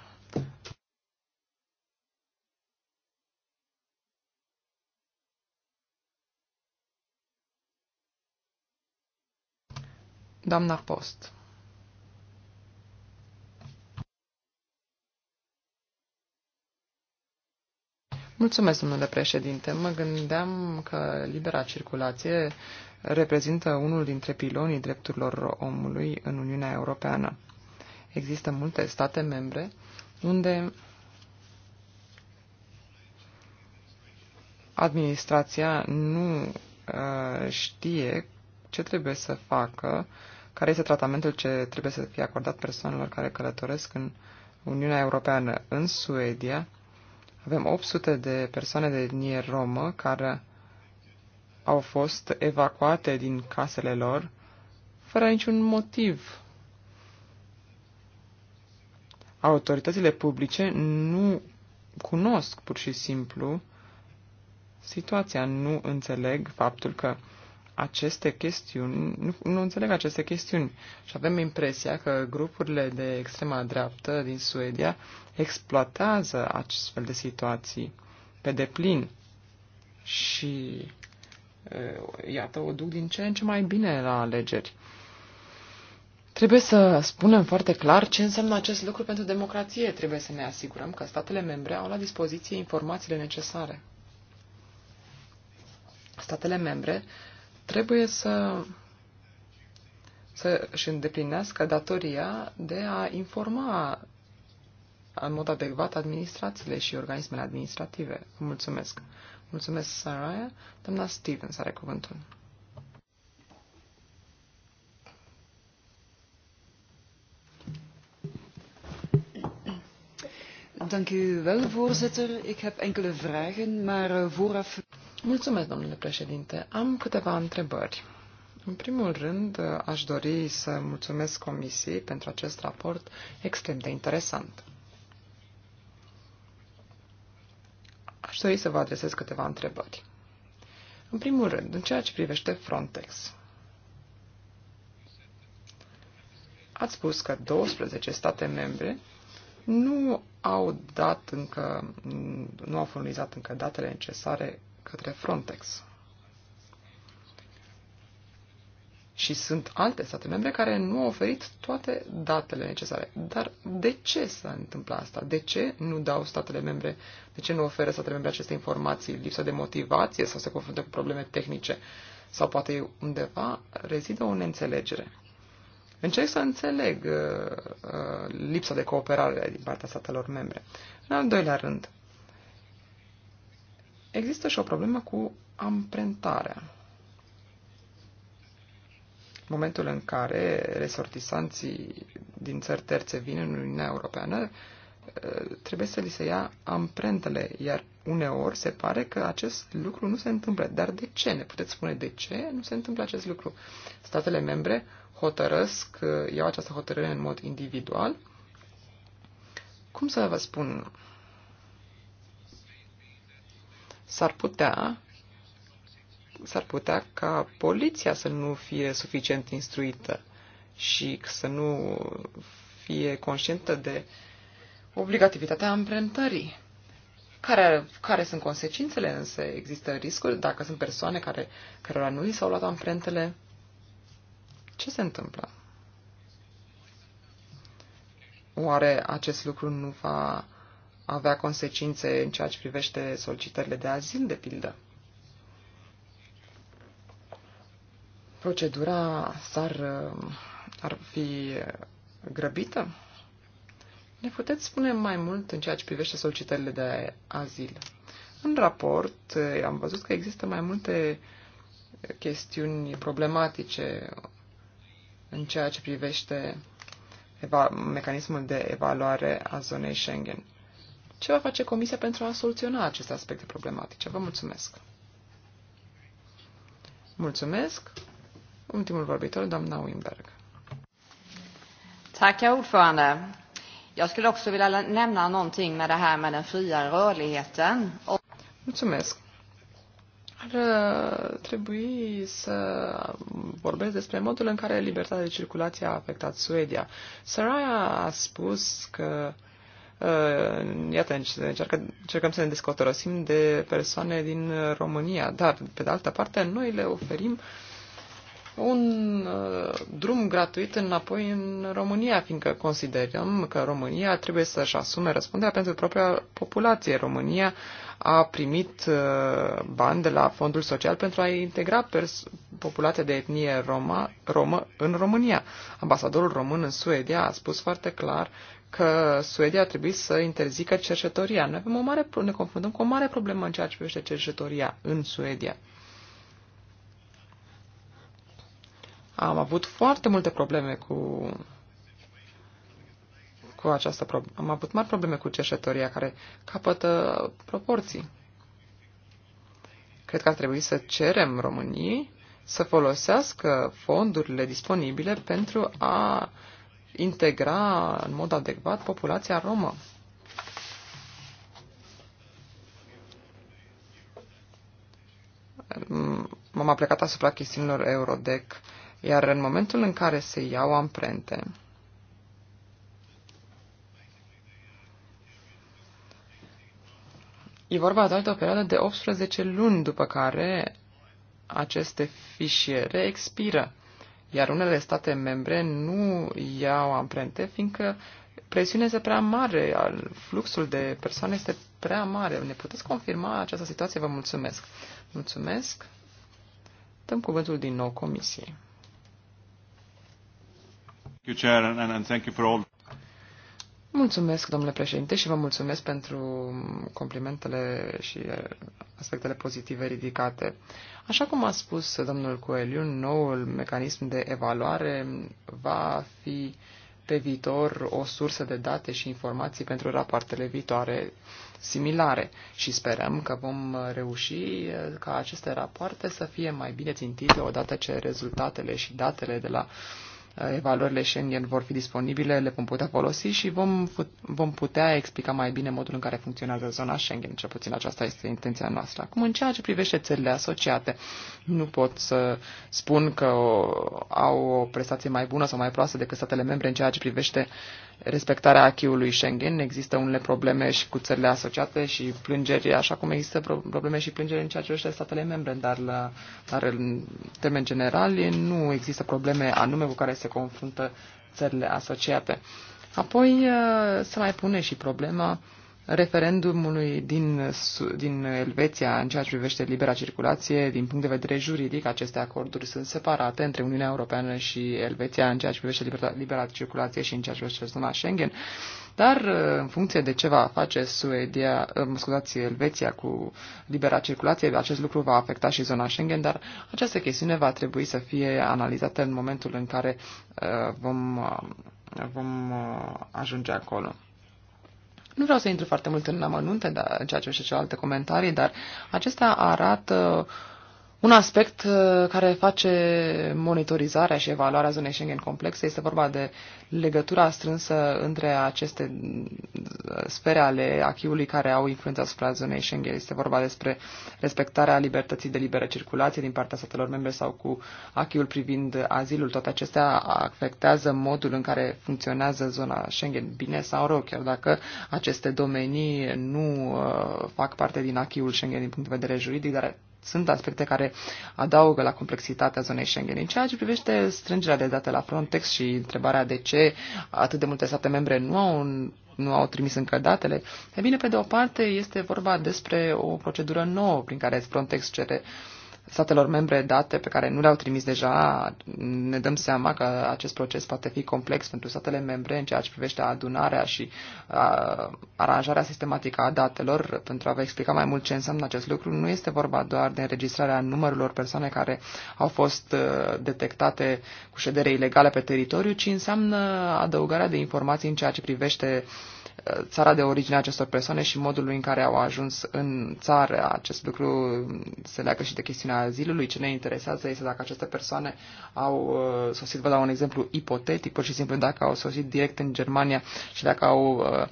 Doamna Post. Mulțumesc, domnule președinte. Mă gândeam că libera circulație reprezintă unul dintre pilonii drepturilor omului în Uniunea Europeană. Există multe state membre unde administrația nu uh, știe ce trebuie să facă, care este tratamentul ce trebuie să fie acordat persoanelor care călătoresc în Uniunea Europeană. În Suedia, avem 800 de persoane de etnie romă care au fost evacuate din casele lor fără niciun motiv. Autoritățile publice nu cunosc pur și simplu situația, nu înțeleg faptul că aceste chestiuni, nu, nu înțeleg aceste chestiuni și avem impresia că grupurile de extrema dreaptă din Suedia exploatează astfel de situații pe deplin și iată, o duc din ce în ce mai bine la alegeri. Trebuie să spunem foarte clar ce înseamnă acest lucru pentru democrație. Trebuie să ne asigurăm că statele membre au la dispoziție informațiile necesare. Statele membre trebuie să, să își îndeplinească datoria de a informa în mod adecvat administrațiile și organismele administrative. Mulțumesc! Mulțumesc, Saraya. Doamna Stevens are cuvântul. voorzitter. Ik heb enkele vragen, maar eh, vooraf... Mulțumesc, domnule președinte. Am câteva întrebări. În primul rând, eh, aș dori să mulțumesc Comisiei pentru acest raport extrem de interesant. Aș dori să vă adresez câteva întrebări. În primul rând, în ceea ce privește Frontex. Ați spus că 12 state membre nu au dat încă, nu au furnizat încă datele necesare către Frontex. Și sunt alte state membre care nu au oferit toate datele necesare. Dar de ce s-a întâmplat asta? De ce nu dau statele membre, de ce nu oferă statele membre aceste informații? Lipsa de motivație sau se confruntă cu probleme tehnice? Sau poate undeva rezidă o neînțelegere. Încerc să înțeleg uh, uh, lipsa de cooperare din partea statelor membre. În al doilea rând, există și o problemă cu amprentarea. Momentul în care resortisanții din țări terțe vin în Uniunea Europeană, uh, trebuie să li se ia amprentele, iar uneori se pare că acest lucru nu se întâmplă. Dar de ce? Ne puteți spune de ce nu se întâmplă acest lucru? Statele membre hotărăsc, uh, iau această hotărâre în mod individual. Cum să vă spun? S-ar putea s-ar putea ca poliția să nu fie suficient instruită și să nu fie conștientă de obligativitatea amprentării. Care, care sunt consecințele însă? Există riscuri dacă sunt persoane care, care nu li s-au luat amprentele ce se întâmplă? Oare acest lucru nu va avea consecințe în ceea ce privește solicitările de azil, de pildă? Procedura s-ar ar fi grăbită? Ne puteți spune mai mult în ceea ce privește solicitările de azil? În raport am văzut că există mai multe chestiuni problematice în ceea ce privește mecanismul de evaluare a zonei Schengen. Ce va face Comisia pentru a soluționa aceste aspecte problematice? Vă mulțumesc! Mulțumesc! Ultimul vorbitor, doamna Wimberg. Tack, ordförande. Jag skulle också vilja nämna någonting med det här med den fria rörligheten. Mulțumesc! Ar uh, trebui să vorbesc despre modul în care libertatea de circulație a afectat Suedia. Saraya a spus că uh, iată, încercă, încercăm să ne descotorosim de persoane din România, dar, pe de altă parte, noi le oferim uh, un uh, drum gratuit înapoi în România, fiindcă considerăm că România trebuie să-și asume răspunderea pentru propria populație. România a primit uh, bani de la Fondul Social pentru a integra populația de etnie Roma, romă în România. Ambasadorul român în Suedia a spus foarte clar că Suedia a trebuit să interzică cercetoria. Noi avem o mare, ne confruntăm cu o mare problemă în ceea ce privește cercetoria în Suedia. Am avut foarte multe probleme cu, cu această problemă. Am avut mari probleme cu cerșătoria care capătă proporții. Cred că ar trebui să cerem României să folosească fondurile disponibile pentru a integra în mod adecvat populația romă. M-am aplicat asupra chestiunilor Eurodec iar în momentul în care se iau amprente, E vorba de altă perioadă de 18 luni după care aceste fișiere expiră, iar unele state membre nu iau amprente, fiindcă presiunea este prea mare, fluxul de persoane este prea mare. Ne puteți confirma această situație? Vă mulțumesc. Mulțumesc. Dăm cuvântul din nou comisiei. Mulțumesc, domnule președinte, și vă mulțumesc pentru complimentele și uh, aspectele pozitive ridicate. Așa cum a spus domnul Coeliu, noul mecanism de evaluare va fi pe viitor o sursă de date și informații pentru rapoartele viitoare similare și sperăm că vom reuși uh, ca aceste rapoarte să fie mai bine țintite odată ce rezultatele și datele de la uh, evaluările Schengen vor fi disponibile, le vom putea folosi și vom, vom putea explica mai bine modul în care funcționează zona Schengen. Cel puțin aceasta este intenția noastră. Acum, în ceea ce privește țările asociate, nu pot să spun că au o prestație mai bună sau mai proastă decât statele membre în ceea ce privește uh, respectarea achiului Schengen. Există unele probleme și cu țările asociate și plângeri, așa cum există probleme și plângeri în ceea ce privește statele membre, dar, la, dar în termen general nu există probleme anume cu care se confruntă țările asociate. Apoi eh, se mai pune și problema referendumului din, din Elveția în ceea ce privește libera circulație, din punct de vedere juridic, aceste acorduri sunt separate între Uniunea Europeană și Elveția în ceea ce privește libera, libera circulație și în ceea ce privește zona Schengen. Dar uh, în funcție de ce va face Suedia, uh, mă scuzați, Elveția cu libera circulație, acest lucru va afecta și zona Schengen, dar această chestiune va trebui să fie analizată în momentul în care uh, vom, vom ajunge acolo. Nu vreau să intru foarte mult în amănunte, dar, în ceea ce și celelalte comentarii, dar acestea arată uh, un aspect uh, care face monitorizarea și evaluarea zonei Schengen complexe este vorba de legătura strânsă între aceste uh, sfere ale achiului care au influența asupra zonei Schengen. Este vorba despre respectarea libertății de liberă circulație din partea statelor membre sau cu achiul privind azilul. Toate acestea afectează modul în care funcționează zona Schengen, bine sau rău, chiar dacă aceste domenii nu uh, fac parte din achiul Schengen din punct de vedere juridic, dar sunt aspecte care adaugă la complexitatea zonei Schengen. În ceea ce privește strângerea de date la Frontex și întrebarea de ce atât de multe state membre nu au un nu au trimis încă datele. E bine, pe de o parte, este vorba despre o procedură nouă prin care Frontex cere uh, statelor membre date pe care nu le-au trimis deja, ne dăm seama că acest proces poate fi complex pentru statele membre în ceea ce privește adunarea și uh, aranjarea sistematică a datelor. Pentru a vă explica mai mult ce înseamnă acest lucru, nu este vorba doar de înregistrarea numărurilor persoane care au fost uh, detectate cu ședere ilegală pe teritoriu, ci înseamnă adăugarea de informații în ceea ce privește uh, țara de origine a acestor persoane și modul în care au ajuns în țară. Acest lucru se leagă și de chestiunea azilului. Ce ne interesează este dacă aceste persoane au uh, sosit, vă dau un exemplu ipotetic, pur și simplu dacă au sosit direct în Germania și dacă au uh,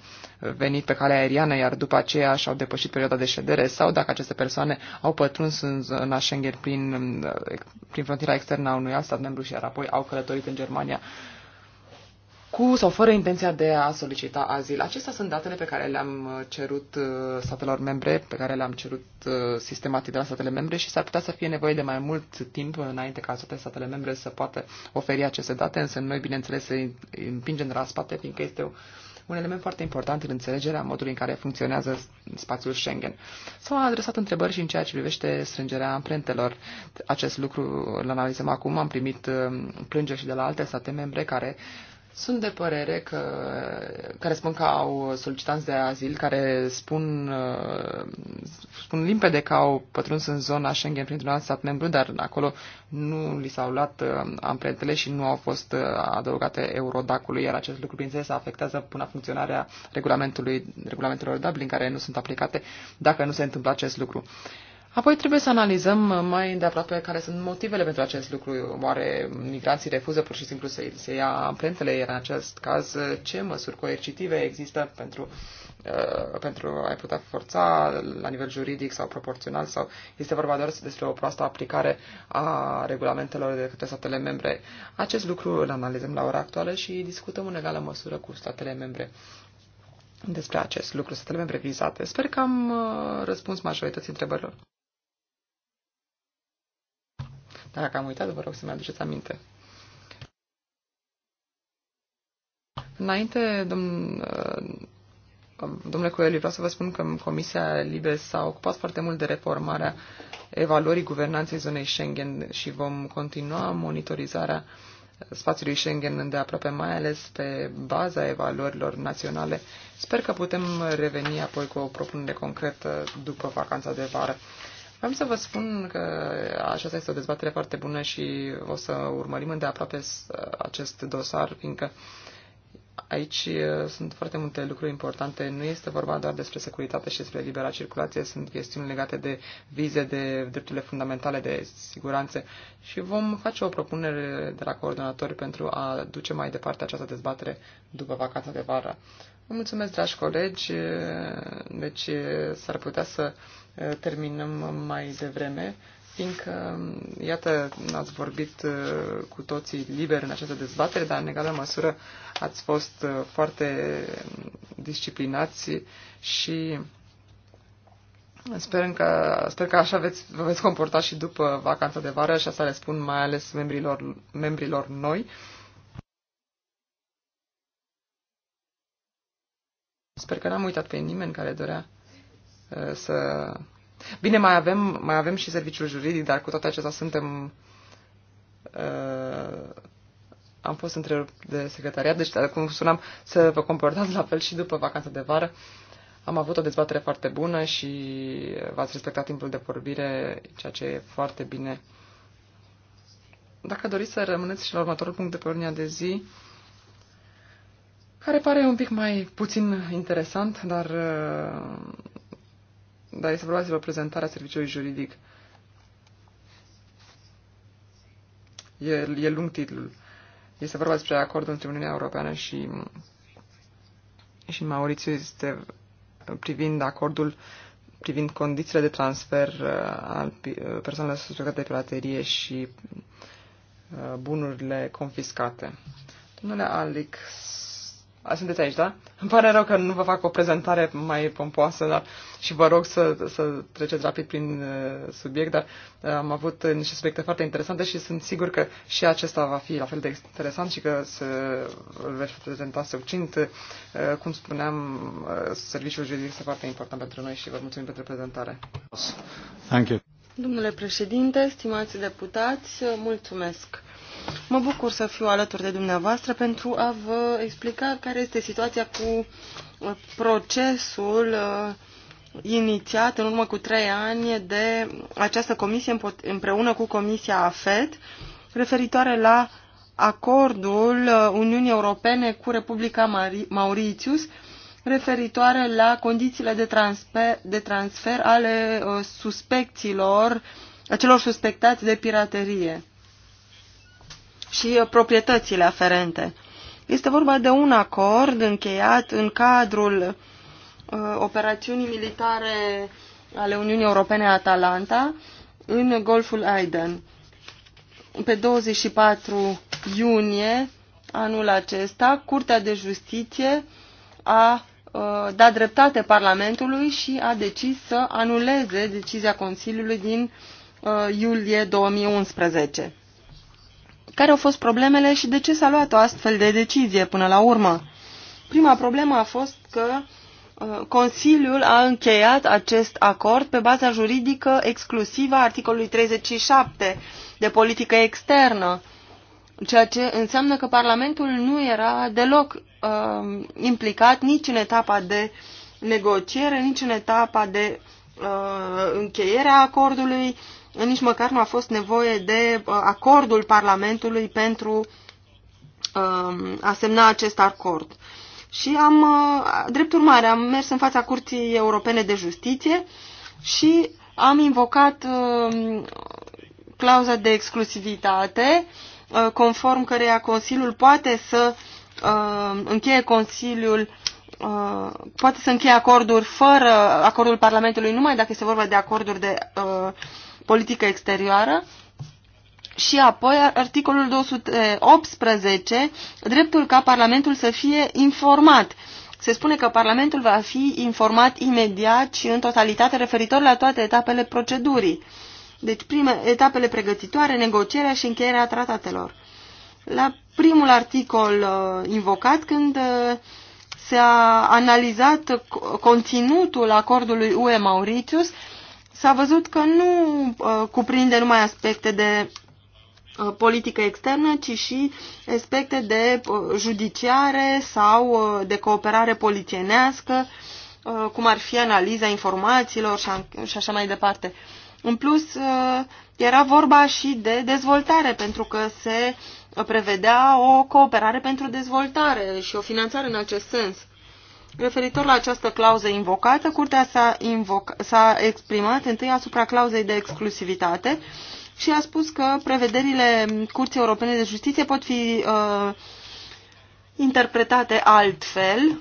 venit pe calea aeriană, iar după aceea și-au depășit perioada de ședere, sau dacă aceste persoane au pătruns în zona Schengen prin, uh, prin frontiera externă a unui alt stat membru și iar apoi au călătorit în Germania uh, cu sau fără intenția de a solicita azil. Acestea sunt datele pe care le-am uh, cerut uh, statelor membre, pe care le-am cerut uh, sistematic de la statele membre și s-ar putea să fie nevoie de mai mult timp înainte ca toate statele membre să poată oferi aceste date, însă noi, bineînțeles, să împingem de la spate, fiindcă este un element foarte important în înțelegerea modului în care funcționează spațiul Schengen. S-au adresat întrebări și în ceea ce privește strângerea amprentelor. Acest lucru îl analizăm acum. Am primit plângeri și de la alte state membre care uh, sunt de părere că, care spun că au solicitanți de azil, care spun, uh, spun limpede că au pătruns în zona Schengen printr-un alt stat membru, dar acolo nu li s-au luat uh, amprentele și nu au fost uh, adăugate eurodacului, iar acest lucru, bineînțeles, afectează până funcționarea regulamentului, regulamentelor Dublin, care nu sunt aplicate dacă nu se întâmplă acest lucru. Uh, Apoi trebuie să analizăm mai de aproape care sunt motivele pentru acest lucru. Oare migranții refuză pur și simplu să, să ia amprentele, iar în acest caz ce măsuri coercitive există pentru, uh, pentru a-i putea forța la nivel juridic sau proporțional sau este vorba doar despre o proastă aplicare a regulamentelor de către statele membre. Acest lucru îl analizăm la ora actuală și discutăm în egală măsură cu statele membre despre acest lucru, statele membre vizate. Sper că am uh, răspuns majorității întrebărilor. Dacă am uitat, vă rog să-mi aduceți aminte. Înainte, domn, uh, domnule Coelho, vreau să vă spun că Comisia Libe s-a ocupat foarte mult de reformarea evaluării guvernanței zonei Schengen și vom continua monitorizarea spațiului Schengen îndeaproape, mai ales pe baza evaluărilor naționale. Sper că putem reveni apoi cu o propunere concretă după vacanța de vară. Vreau să vă spun că aceasta este o dezbatere foarte bună și o să urmărim îndeaproape acest dosar, fiindcă aici sunt foarte multe lucruri importante. Nu este vorba doar despre securitate și despre libera circulație, sunt chestiuni legate de vize, de drepturile fundamentale, de siguranțe și vom face o propunere de la coordonatori pentru a duce mai departe această dezbatere după vacanța de vară. Vă mulțumesc, dragi colegi, deci s-ar putea să terminăm mai devreme, fiindcă, iată, ați vorbit uh, cu toții liber în această dezbatere, dar în egală măsură ați fost uh, foarte disciplinați și Sper că, sper că așa veți, vă veți comporta și după vacanța de vară și asta le spun mai ales membrilor, membrilor noi. Sper că n-am uitat pe nimeni care dorea Uh, să... Bine, mai avem, mai avem și serviciul juridic, dar cu toate acestea suntem... Uh, am fost întrerupt de secretariat, deci uh, cum sunam să vă comportați la fel și după vacanța de vară. Am avut o dezbatere foarte bună și v-ați respectat timpul de vorbire, ceea ce e foarte bine. Dacă doriți să rămâneți și la următorul punct de pe ordinea de zi, care pare un pic mai puțin interesant, dar uh, dar este vorba despre prezentarea serviciului juridic. E, e lung titlul. Este vorba despre acordul între Uniunea Europeană și, și Maurițiu este privind acordul privind condițiile de transfer uh, al uh, persoanelor suspectate de piraterie și uh, bunurile confiscate. Domnule Alex sunteți aici, da? Îmi pare rău că nu vă fac o prezentare mai pompoasă dar, și vă rog să, să treceți rapid prin uh, subiect, dar uh, am avut niște subiecte foarte interesante și sunt sigur că și acesta va fi la fel de interesant și că să îl veți prezenta succint. Uh, cum spuneam, serviciul juridic este foarte important pentru noi și vă mulțumim pentru prezentare. Thank you. Domnule președinte, stimați deputați, mulțumesc. Mă bucur să fiu alături de dumneavoastră pentru a vă explica care este situația cu uh, procesul uh, inițiat în urmă cu trei ani de această comisie împreună cu Comisia AFET referitoare la acordul uh, Uniunii Europene cu Republica Mauritius referitoare la condițiile de transfer, de transfer ale suspecților, acelor suspectați de piraterie și proprietățile aferente. Este vorba de un acord încheiat în cadrul uh, operațiunii militare ale Uniunii Europene Atalanta în Golful Aiden. Pe 24 iunie anul acesta, Curtea de Justiție a uh, dat dreptate Parlamentului și a decis să anuleze decizia Consiliului din uh, iulie 2011. Care au fost problemele și de ce s-a luat o astfel de decizie până la urmă? Prima problemă a fost că uh, Consiliul a încheiat acest acord pe baza juridică exclusivă a articolului 37 de politică externă, ceea ce înseamnă că Parlamentul nu era deloc uh, implicat nici în etapa de negociere, nici în etapa de uh, încheiere a acordului, nici măcar nu a fost nevoie de uh, acordul Parlamentului pentru um, a semna acest acord. Și am, uh, drept urmare, am mers în fața Curții Europene de Justiție și am invocat um, clauza de exclusivitate, uh, conform căreia Consiliul poate să încheie Consiliul poate să încheie acorduri fără acordul Parlamentului numai dacă este vorba de acorduri de uh, politică exterioară, și apoi articolul 218, dreptul ca Parlamentul să fie informat. Se spune că Parlamentul va fi informat imediat și în totalitate referitor la toate etapele procedurii. Deci prime, etapele pregătitoare, negocierea și încheierea tratatelor. La primul articol uh, invocat, când uh, s-a analizat conținutul acordului UE-Mauritius, uh, s-a văzut că nu uh, cuprinde numai aspecte de uh, politică externă, ci și aspecte de uh, judiciare sau uh, de cooperare polițienească, cum ar fi analiza informațiilor și, așa mai departe. În plus, era vorba și de dezvoltare, pentru că se prevedea o cooperare pentru dezvoltare și o finanțare în acest sens. Referitor la această clauză invocată, Curtea s-a, invoc- exprimat întâi asupra clauzei de exclusivitate și a spus că prevederile Curții Europene de Justiție pot fi uh, interpretate altfel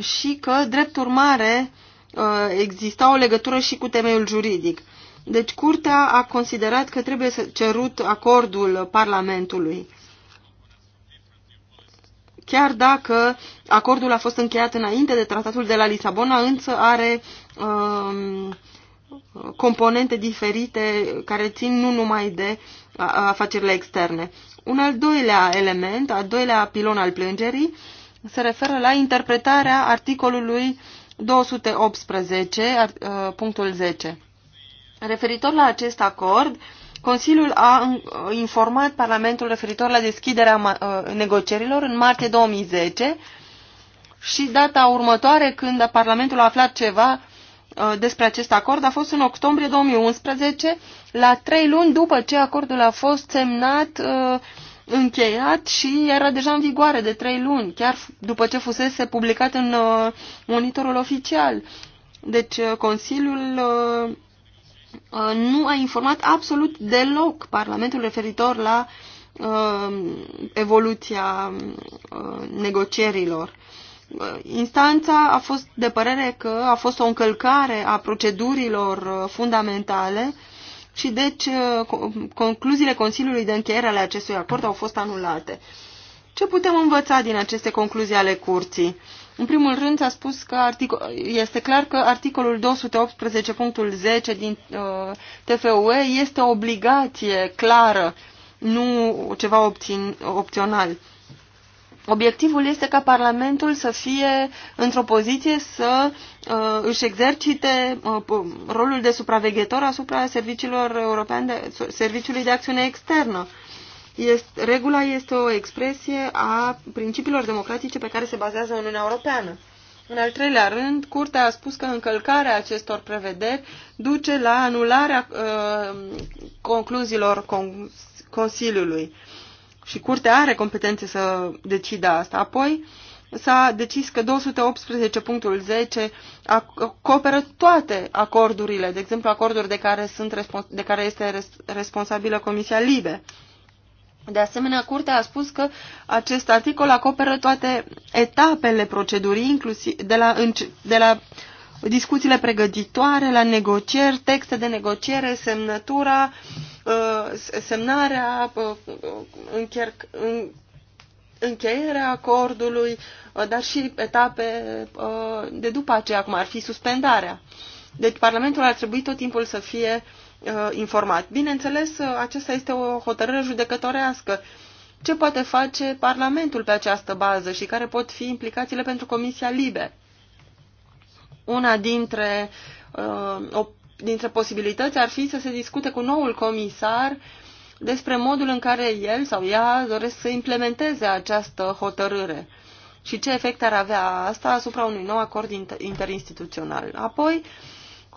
și că, drept urmare, uh, exista o legătură și cu temeiul juridic. Deci Curtea a considerat că trebuie să cerut acordul Parlamentului chiar dacă acordul a fost încheiat înainte de tratatul de la Lisabona, însă are um, componente diferite care țin nu numai de afacerile externe. Un al doilea element, al doilea pilon al plângerii, se referă la interpretarea articolului 218, uh, punctul 10. Referitor la acest acord, Consiliul a informat Parlamentul referitor la deschiderea negocierilor în martie 2010 și data următoare când Parlamentul a aflat ceva despre acest acord a fost în octombrie 2011, la trei luni după ce acordul a fost semnat, încheiat și era deja în vigoare de trei luni, chiar după ce fusese publicat în monitorul oficial. Deci Consiliul Uh, nu a informat absolut deloc Parlamentul referitor la uh, evoluția uh, negocierilor. Instanța a fost de părere că a fost o încălcare a procedurilor fundamentale și deci concluziile Consiliului de încheiere ale acestui acord au fost anulate. Ce putem învăța din aceste concluzii ale curții? În primul rând s-a spus că este clar că articolul 218.10 din uh, TFUE este o obligație clară, nu ceva obțin, opțional. Obiectivul este ca Parlamentul să fie într-o poziție să uh, își exercite uh, rolul de supraveghetor asupra serviciilor european de, Serviciului de Acțiune Externă. Uh, este, regula este o expresie a principiilor democratice pe care se bazează Uniunea Europeană. În al treilea rând, Curtea a spus că încălcarea acestor prevederi duce la anularea uh, concluziilor con Consiliului. Și Curtea are competențe să decidă asta. Apoi s-a decis că 218.10 acoperă toate acordurile, de exemplu acorduri de care, sunt, de care este responsabilă Comisia Libe. De asemenea, Curtea a spus că acest articol acoperă toate etapele procedurii, inclusiv de la, de la discuțiile pregătitoare, la negocieri, texte de negociere, semnătura, uh, semnarea, uh, încheierea acordului, uh, dar și etape de după aceea, cum ar fi suspendarea. Deci Parlamentul ar trebui tot timpul să fie uh, Uh, informat. Bineînțeles, uh, aceasta este o hotărâre judecătorească. Ce poate face Parlamentul pe această bază și care pot fi implicațiile pentru Comisia Libe? Una dintre, uh, o, dintre posibilități ar fi să se discute cu noul comisar despre modul în care el sau ea doresc să implementeze această hotărâre și ce efect ar avea asta asupra unui nou acord interinstituțional. Apoi, uh,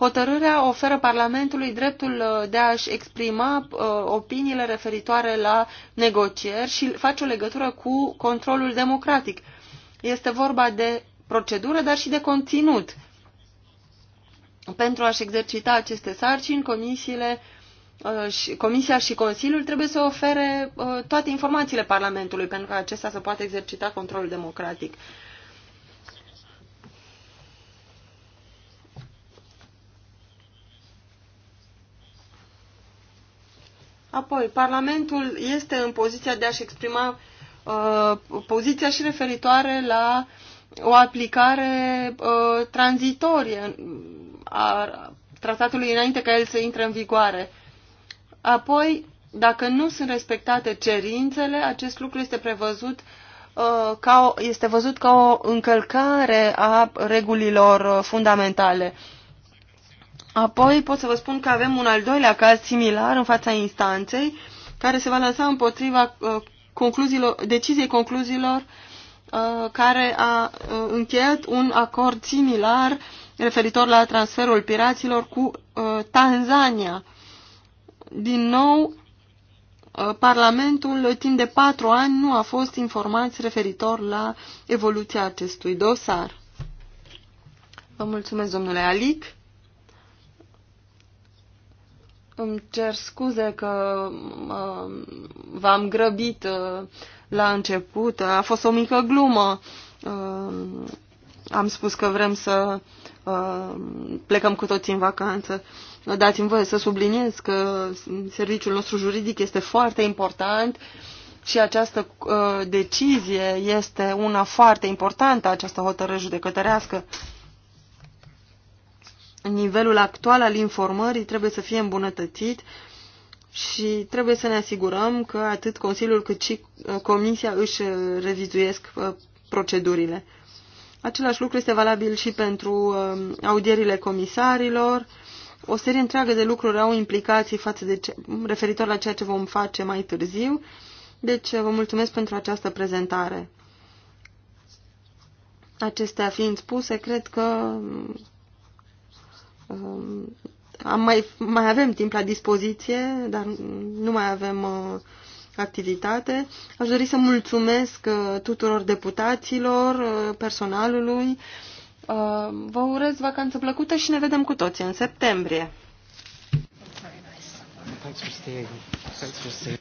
Hotărârea oferă Parlamentului dreptul uh, de a-și exprima uh, opiniile referitoare la negocieri și face o legătură cu controlul democratic. Este vorba de procedură, dar și de conținut. Pentru a-și exercita aceste sarcini, comisiile uh, Comisia și Consiliul trebuie să ofere toate informațiile Parlamentului pentru ca acesta să poată exercita controlul democratic. Apoi, Parlamentul este în poziția de a-și exprima uh, poziția și referitoare la o aplicare uh, tranzitorie a tratatului înainte ca el să intre în vigoare. Apoi, dacă nu sunt respectate cerințele, acest lucru este prevăzut uh, ca o, este văzut ca o încălcare a regulilor uh, fundamentale. Uh, Apoi pot să vă spun că avem un al doilea caz similar în fața instanței, care se va lansa împotriva uh, concluziilor, deciziei concluziilor uh, care a uh, încheiat un acord similar referitor la transferul piraților cu Tanzania. Din nou, Parlamentul timp de patru ani nu a fost informat referitor la evoluția acestui dosar. Vă mulțumesc, domnule Alic. Îmi cer scuze că v-am grăbit uh, la început. A fost o mică glumă. Uh, am spus că vrem să uh, plecăm cu toții în vacanță. Dați-mi voie să subliniez că serviciul nostru juridic este foarte important și această decizie este una foarte importantă, această hotărâre judecătărească nivelul actual al informării trebuie să fie îmbunătățit și trebuie să ne asigurăm că atât Consiliul cât și uh, Comisia își revizuiesc uh, procedurile. Același lucru este valabil și pentru uh, audierile comisarilor. O serie întreagă de lucruri au implicații față de ce, referitor la ceea ce vom face mai târziu. Deci vă mulțumesc pentru această prezentare. Acestea fiind spuse, cred că Um, am mai, mai avem timp la dispoziție, dar nu mai avem uh, activitate. Aș dori să mulțumesc uh, tuturor deputaților, uh, personalului. Uh, vă urez vacanță plăcută și ne vedem cu toții în septembrie. Thanks for staying. Thanks for staying.